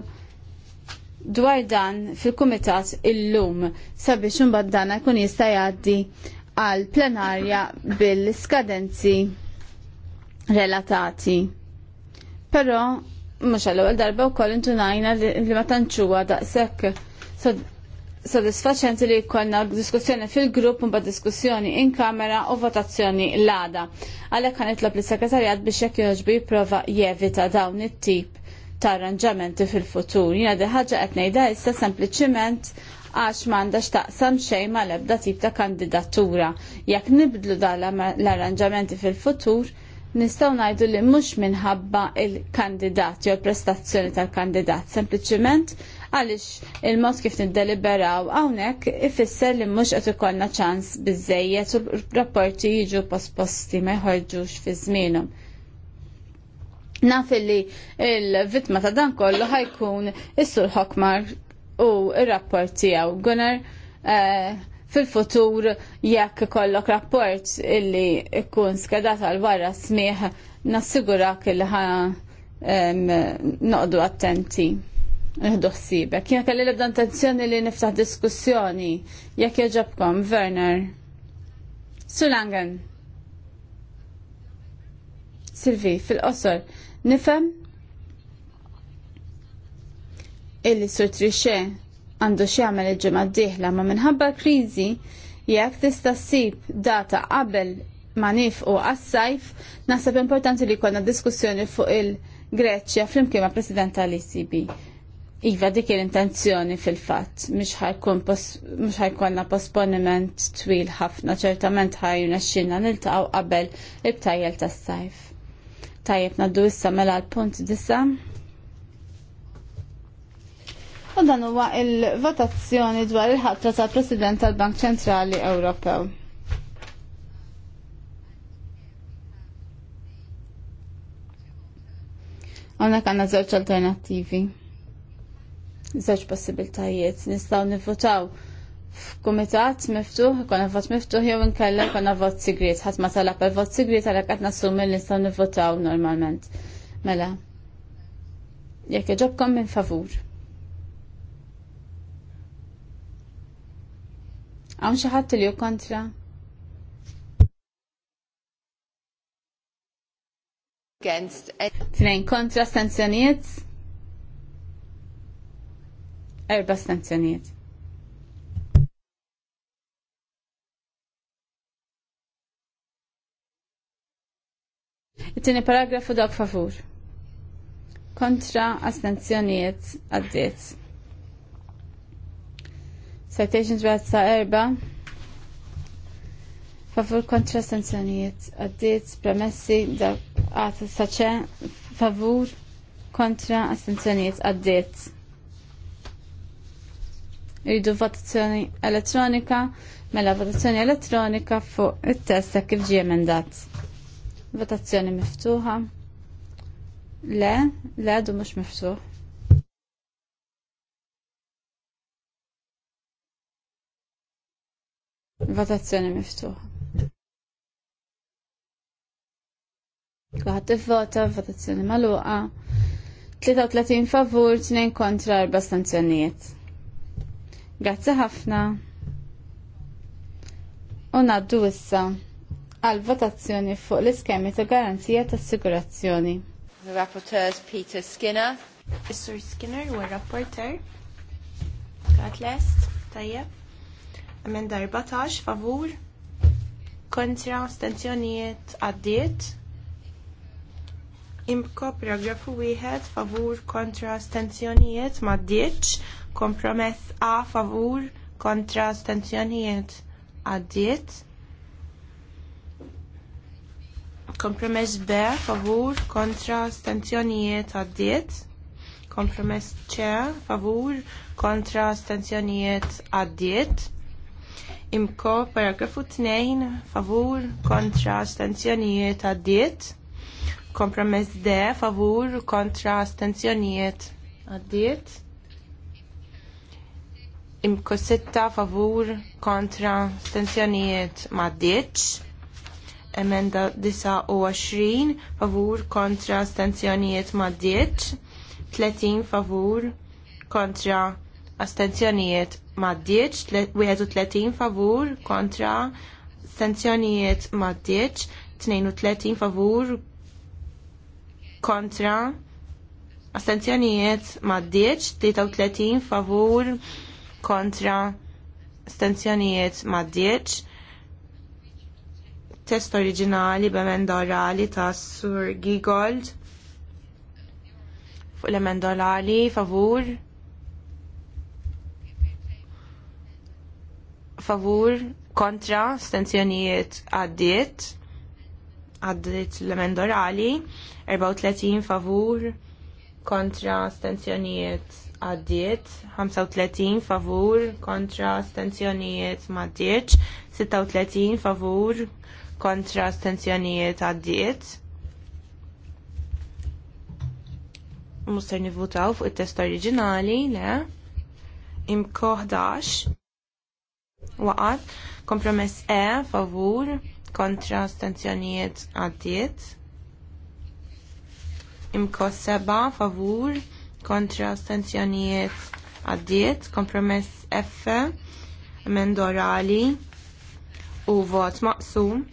dwar dan fil-kumitat illum sabiex imbagħad dan jkun jista' jgħaddi għal plenarja bil-skadenzi relatati. Però mhux għal ewwel darba wkoll intu ngħidna li ma tantxuha daqshekk sodisfaċenti li jkollna diskussjoni fil-grupp mbagħad diskussjoni in kamera u votazzjoni l-għada. Għalhekk ħanitlob li sekretarjat biex jekk jogħġbu jipprova jevita dawn it-tip ta' arranġamenti fil-futur. Jiena di ħaġa qed ngħidha issa sempliċiment għax m'għandax taqsam xejn ma l-ebda tip ta' kandidatura. Jekk nibdlu dan l-arranġamenti fil-futur, nistgħu ngħidu li mhux minħabba il-kandidat jew prestazzjoni tal-kandidat, sempliciment għaliex il-mod kif niddeliberaw hawnhekk ifisser li mhux qed ikollna ċans bizzejiet u rapporti jiġu posposti ma jħorġux fi żmienhom. Naf li il-vittma ta' dan kollu ħajkun is-sur Hokmar u il rapport tiegħu Gunnar eh, fil-futur jekk kollok rapport illi ikkun skedat għal wara smieħ nassigura kelli ħa noqdu attenti ħdossibek. Jena kelli l-ebda intenzjoni li niftaħ diskussjoni. Jekk jaġabkom, Werner. Sulangen. Silvi, fil-qosor, nifem? Illi sur trixe għandu xjamel il ġemad d ma minħabba krizi jekk tista' ssib data qabel ma nif għas-sajf, naħseb importanti li konna diskussjoni fuq il- Greċja flimkien ma' presidenta l-ICB. Iva dik l-intenzjoni fil-fatt, mhux ħajkonna posponiment twil ħafna, ċertament ħajjuna xina niltaqgħu qabel il-btajjel tas-sajf. Tajjeb naddu issa mela l-punt disa. U dan huwa il-votazzjoni dwar il-ħatra tal-President tal-Bank Ċentrali Ewropew. Għonek għanna zewċ alternativi żewġ possibiltajiet nistgħu nivvotaw f'kumitat miftuħ, konna vot miftuħ jew inkella konna vot sigriet, ħadd ma talab għal vot sigriet għalhekk qed nassumi li nistgħu nivvotaw normalment. Mela, jekk iġobkom minn favur. Għam xaħat li ju kontra? Against. Tnejn kontra stanzjoniet? erba stanzjoniet. It-tieni paragrafu dok favur. Kontra astenzjonijiet għaddiet. Citations razza erba. Favur kontra sanzjonijiet. Għaddiet premessi da għata saċe. Favur kontra sanzjonijiet. Għaddiet. Rridu votazzjoni elettronika mela votazzjoni elettronika fuq it-test kif ġie emendat. Votazzjoni miftuħa. Le, le du mhux miftuħ. Votazzjoni miftuħa. Kuħat t-vota, votazzjoni maluqa. 33 favur, 2 kontra, 4 stanzjonijiet. Grazzi ħafna. U naddu issa għal votazzjoni fuq l-iskemi ta' garanzija ta' assigurazzjoni. rapporteur Peter Skinner. Mr. sur Skinner u rapporter Kat lest, tajjeb. Emenda 14, favur. Kontra, stenzjonijiet, għaddiet. Imko paragrafu wieħed favur kontra stenzjonijiet ma' Kompromess A favur kontra astenzjonijiet għaddiet. Kompromess B favur kontra astenzjonijiet għaddiet. Kompromess C favur kontra astenzjonijiet għaddiet. Imko paragrafu 2 favur kontra astenzjonijiet għaddiet. Kompromess D favur kontra astenzjonijiet għaddiet imko favur kontra stenzjonijiet ma ditx. Emenda 29 favur kontra stenzjonijiet ma ditx. 30 favur kontra astenzjonijiet ma ditx. 31 favur kontra stenzjonijiet ma ditx. 32 favur kontra astenzjonijiet ma ditx. 33 favur kontra kontra stenzjonijiet maddieċ. Test oriġinali b'emenda orali ta' Sur Gigold fuq l-emenda orali favur favur kontra stenzjonijiet għaddiet għaddiet l-emenda orali 34 favur kontra stenzjonijiet għaddiet, 35 favur kontra astenzjonijiet ma 36 favur kontra astenzjonijiet għaddiet. Muster nivvutaw fuq it-test oriġinali, le? Imko 11. Waqat, kompromess E, favur, kontra astenzjonijiet għaddiet. Imko 7, favur, kontra astenzjonijiet għaddiet, kompromess F, emenda orali u vot maqsum.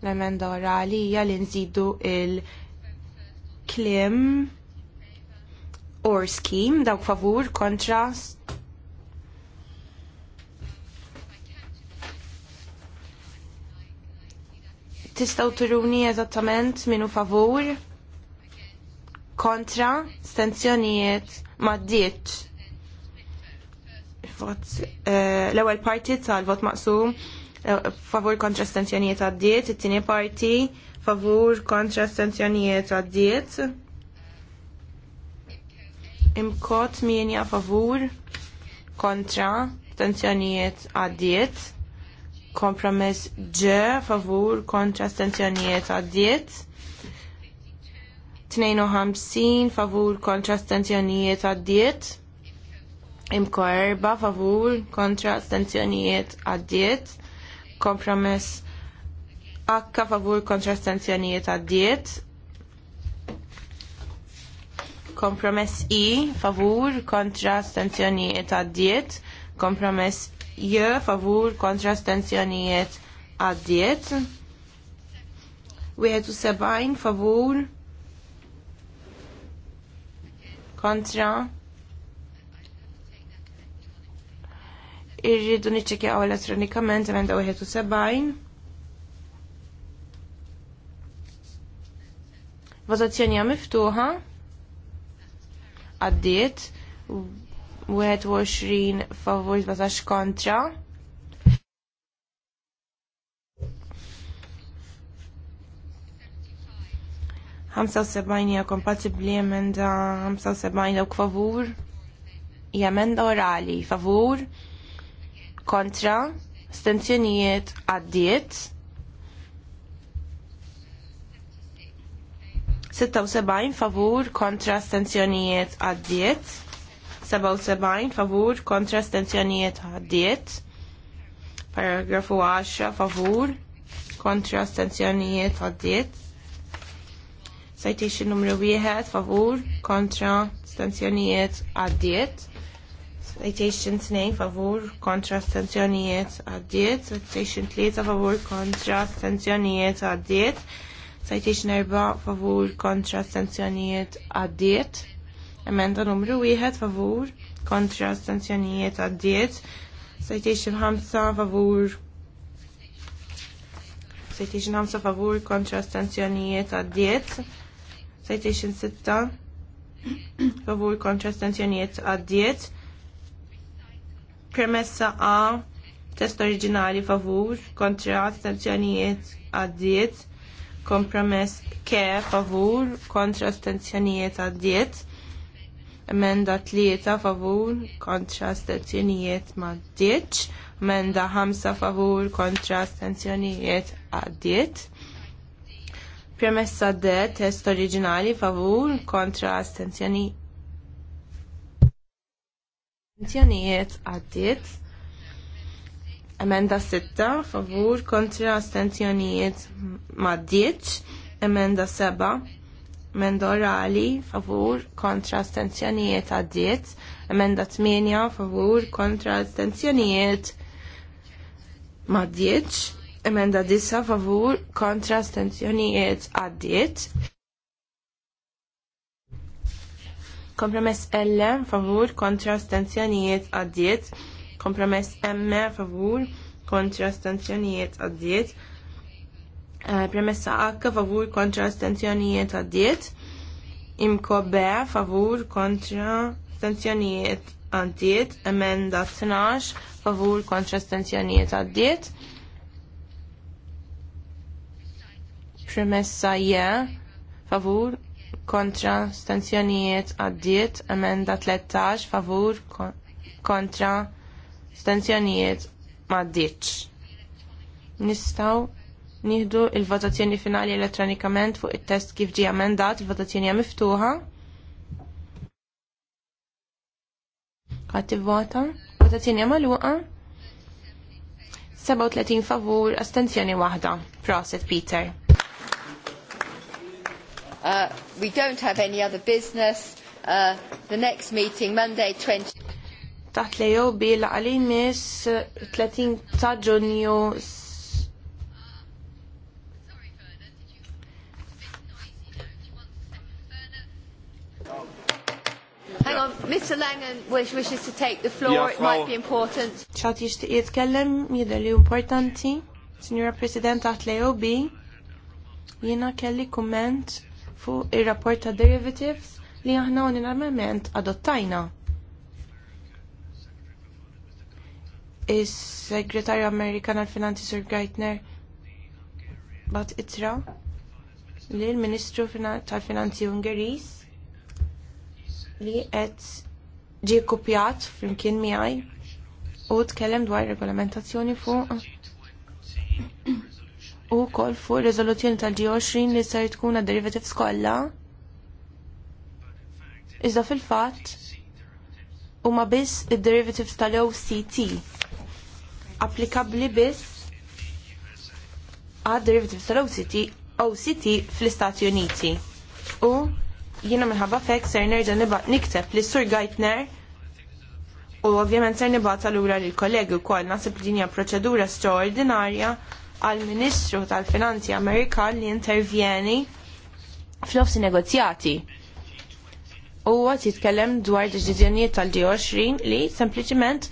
L-emenda orali hija li nżidu il-klim or scheme dawk favur kontra Tistaw turuni eżattament minu favur? Kontra? Stenzjonijiet? Maddiet? Vot, eh, l-ewel parti tal-vot maqsum eh, favur kontra stenzjonijiet għaddiet, it-tini parti favur kontra stenzjonijiet għaddiet. Imkot minja favur kontra stenzjonijiet għaddiet. Kompromess G favur kontra astenzjonijiet għaddiet. 52 favur kontra astenzjonijiet għaddiet. Imko erba favur kontra astenzjonijiet għaddiet. Kompromess H favur kontra astenzjonijiet għaddiet. Kompromess I favur kontra astenzjonijiet għaddiet. Kompromess je favur kontra stenzjonijiet għaddiet. 71 favur kontra irridu niċċekjaw elettronikament emenda 71. Votazzjoni miftuħa għaddiet 21 favur 17 kontra. Hamsa ja hija jemenda hamsa 75 dawk favur. Jemenda orali favur kontra stenzjonijiet għaddiet. 76 favur kontra stenzjonijiet għaddiet. 77 favur kontra astenzjonijiet għaddiet. Paragrafu 10 favur kontra astenzjonijiet għaddiet. Citation numru 1 favur kontra astenzjonijiet għaddiet. Citation 2 favur kontra astenzjonijiet għaddiet. Citation 3 favur kontra astenzjonijiet għaddiet. Citation 4 favur kontra astenzjonijiet għaddiet. Emenda numru 1 favur kontra astenzjonijiet għaddiet. Citation 5 favur Citation 5 favur kontra astenzjonijiet għaddiet. Citation 6 favur kontra astenzjonijiet għaddiet. Premessa A test oriġinali favur kontra astenzjonijiet għaddiet kompromess ke favur kontra astenzjonijiet għaddiet emenda tlieta favur kontra stenzjonijiet ma ddiċ, emenda ħamsa favur kontra astenzjonijiet għaddiet. Premessa D test oriġinali favur kontra stenzjonijiet Astenzjonijiet għaddiet. Emenda sitta favur kontra astenzjonijiet ma ddiċ. Emenda seba' mendorali orali, favur, kontra astenzjonijiet għaddiet. Emenda 8, favur, kontra astenzjonijiet maddiet. Emenda disa favur, kontra astenzjonijiet għaddiet. Kompromess L, favur, kontra astenzjonijiet għaddiet. Kompromess M, favur, kontra astenzjonijiet għaddiet Eh, premessa H favur kontra astenzjonijiet għaddiet. Imko B favur kontra astenzjonijiet għaddiet. Emenda 12 favur kontra astenzjonijiet għaddiet. Premessa J favur kontra astenzjonijiet għaddiet. Emenda 13 favur kontra astenzjonijiet ma' Nistaw nieħdu il-votazzjoni finali elettronikament fuq it-test kif ġie emendat, il-votazzjoni hija miftuħa. Ħadd ivvota, votazzjoni hija magħluqa. 37 favur, astenzjoni waħda. Proset Peter. Uh, we don't have any other business. Uh, the next meeting, Monday 20 taħt li jobbi laqalin mis 30 ta' ġunju Hang on, Mr. Langen wish, wishes to take the floor, it might be important. ċat jishtiq jitkellem, jidher li importanti, Signora President Atlejo B, jiena kelli kumment fuq ir-rapport ta' derivatives li aħna unilateralment adottajna. Is-Segretarju Amerikan għall finanzi Sir Geithner bat itra li l-Ministru tal-Finanzi Ungeris li qed ġie kopjat flimkien miegħi u tkellem dwar regolamentazzjoni fuq u wkoll fuq riżoluzzjoni tal-G20 li ser tkun derivatives kollha. Iżda fil-fatt huma biss id-derivatives tal-OCT applikabbli biss għad derivatives tal-OCT OCT fl-Istati Uniti. U jiena minħabba fek ser nerġa' nibgħat nikteb li Sur Geithner u ovvjament ser nibgħatha lura lill-kollegi wkoll naħseb li dinja proċedura straordinarja għall Ministru tal-Finanzi Amerikan li intervjeni fl-ofsi negozjati. Huwa jitkellem dwar deċiżjonijiet tal-G20 li sempliciment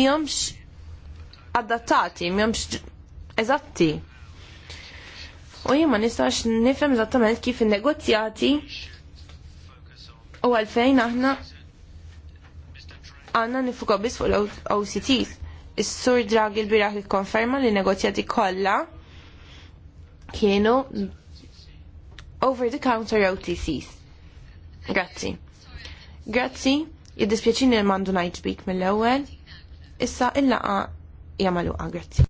mjomx adattati, mjomx eżatti. U jien nistax nifhem eżattament kif il negozjati U għalfejn aħna għanna nifuka bis fuq l-OCTs. Is-sur Dragi l-biraħ li konferma li negozjati kollha kienu over the counter OTCs. Grazzi. Grazzi, jiddispjaċini l-mandu najġbik mill-ewel. Issa il-laqa jamaluqa, grazzi.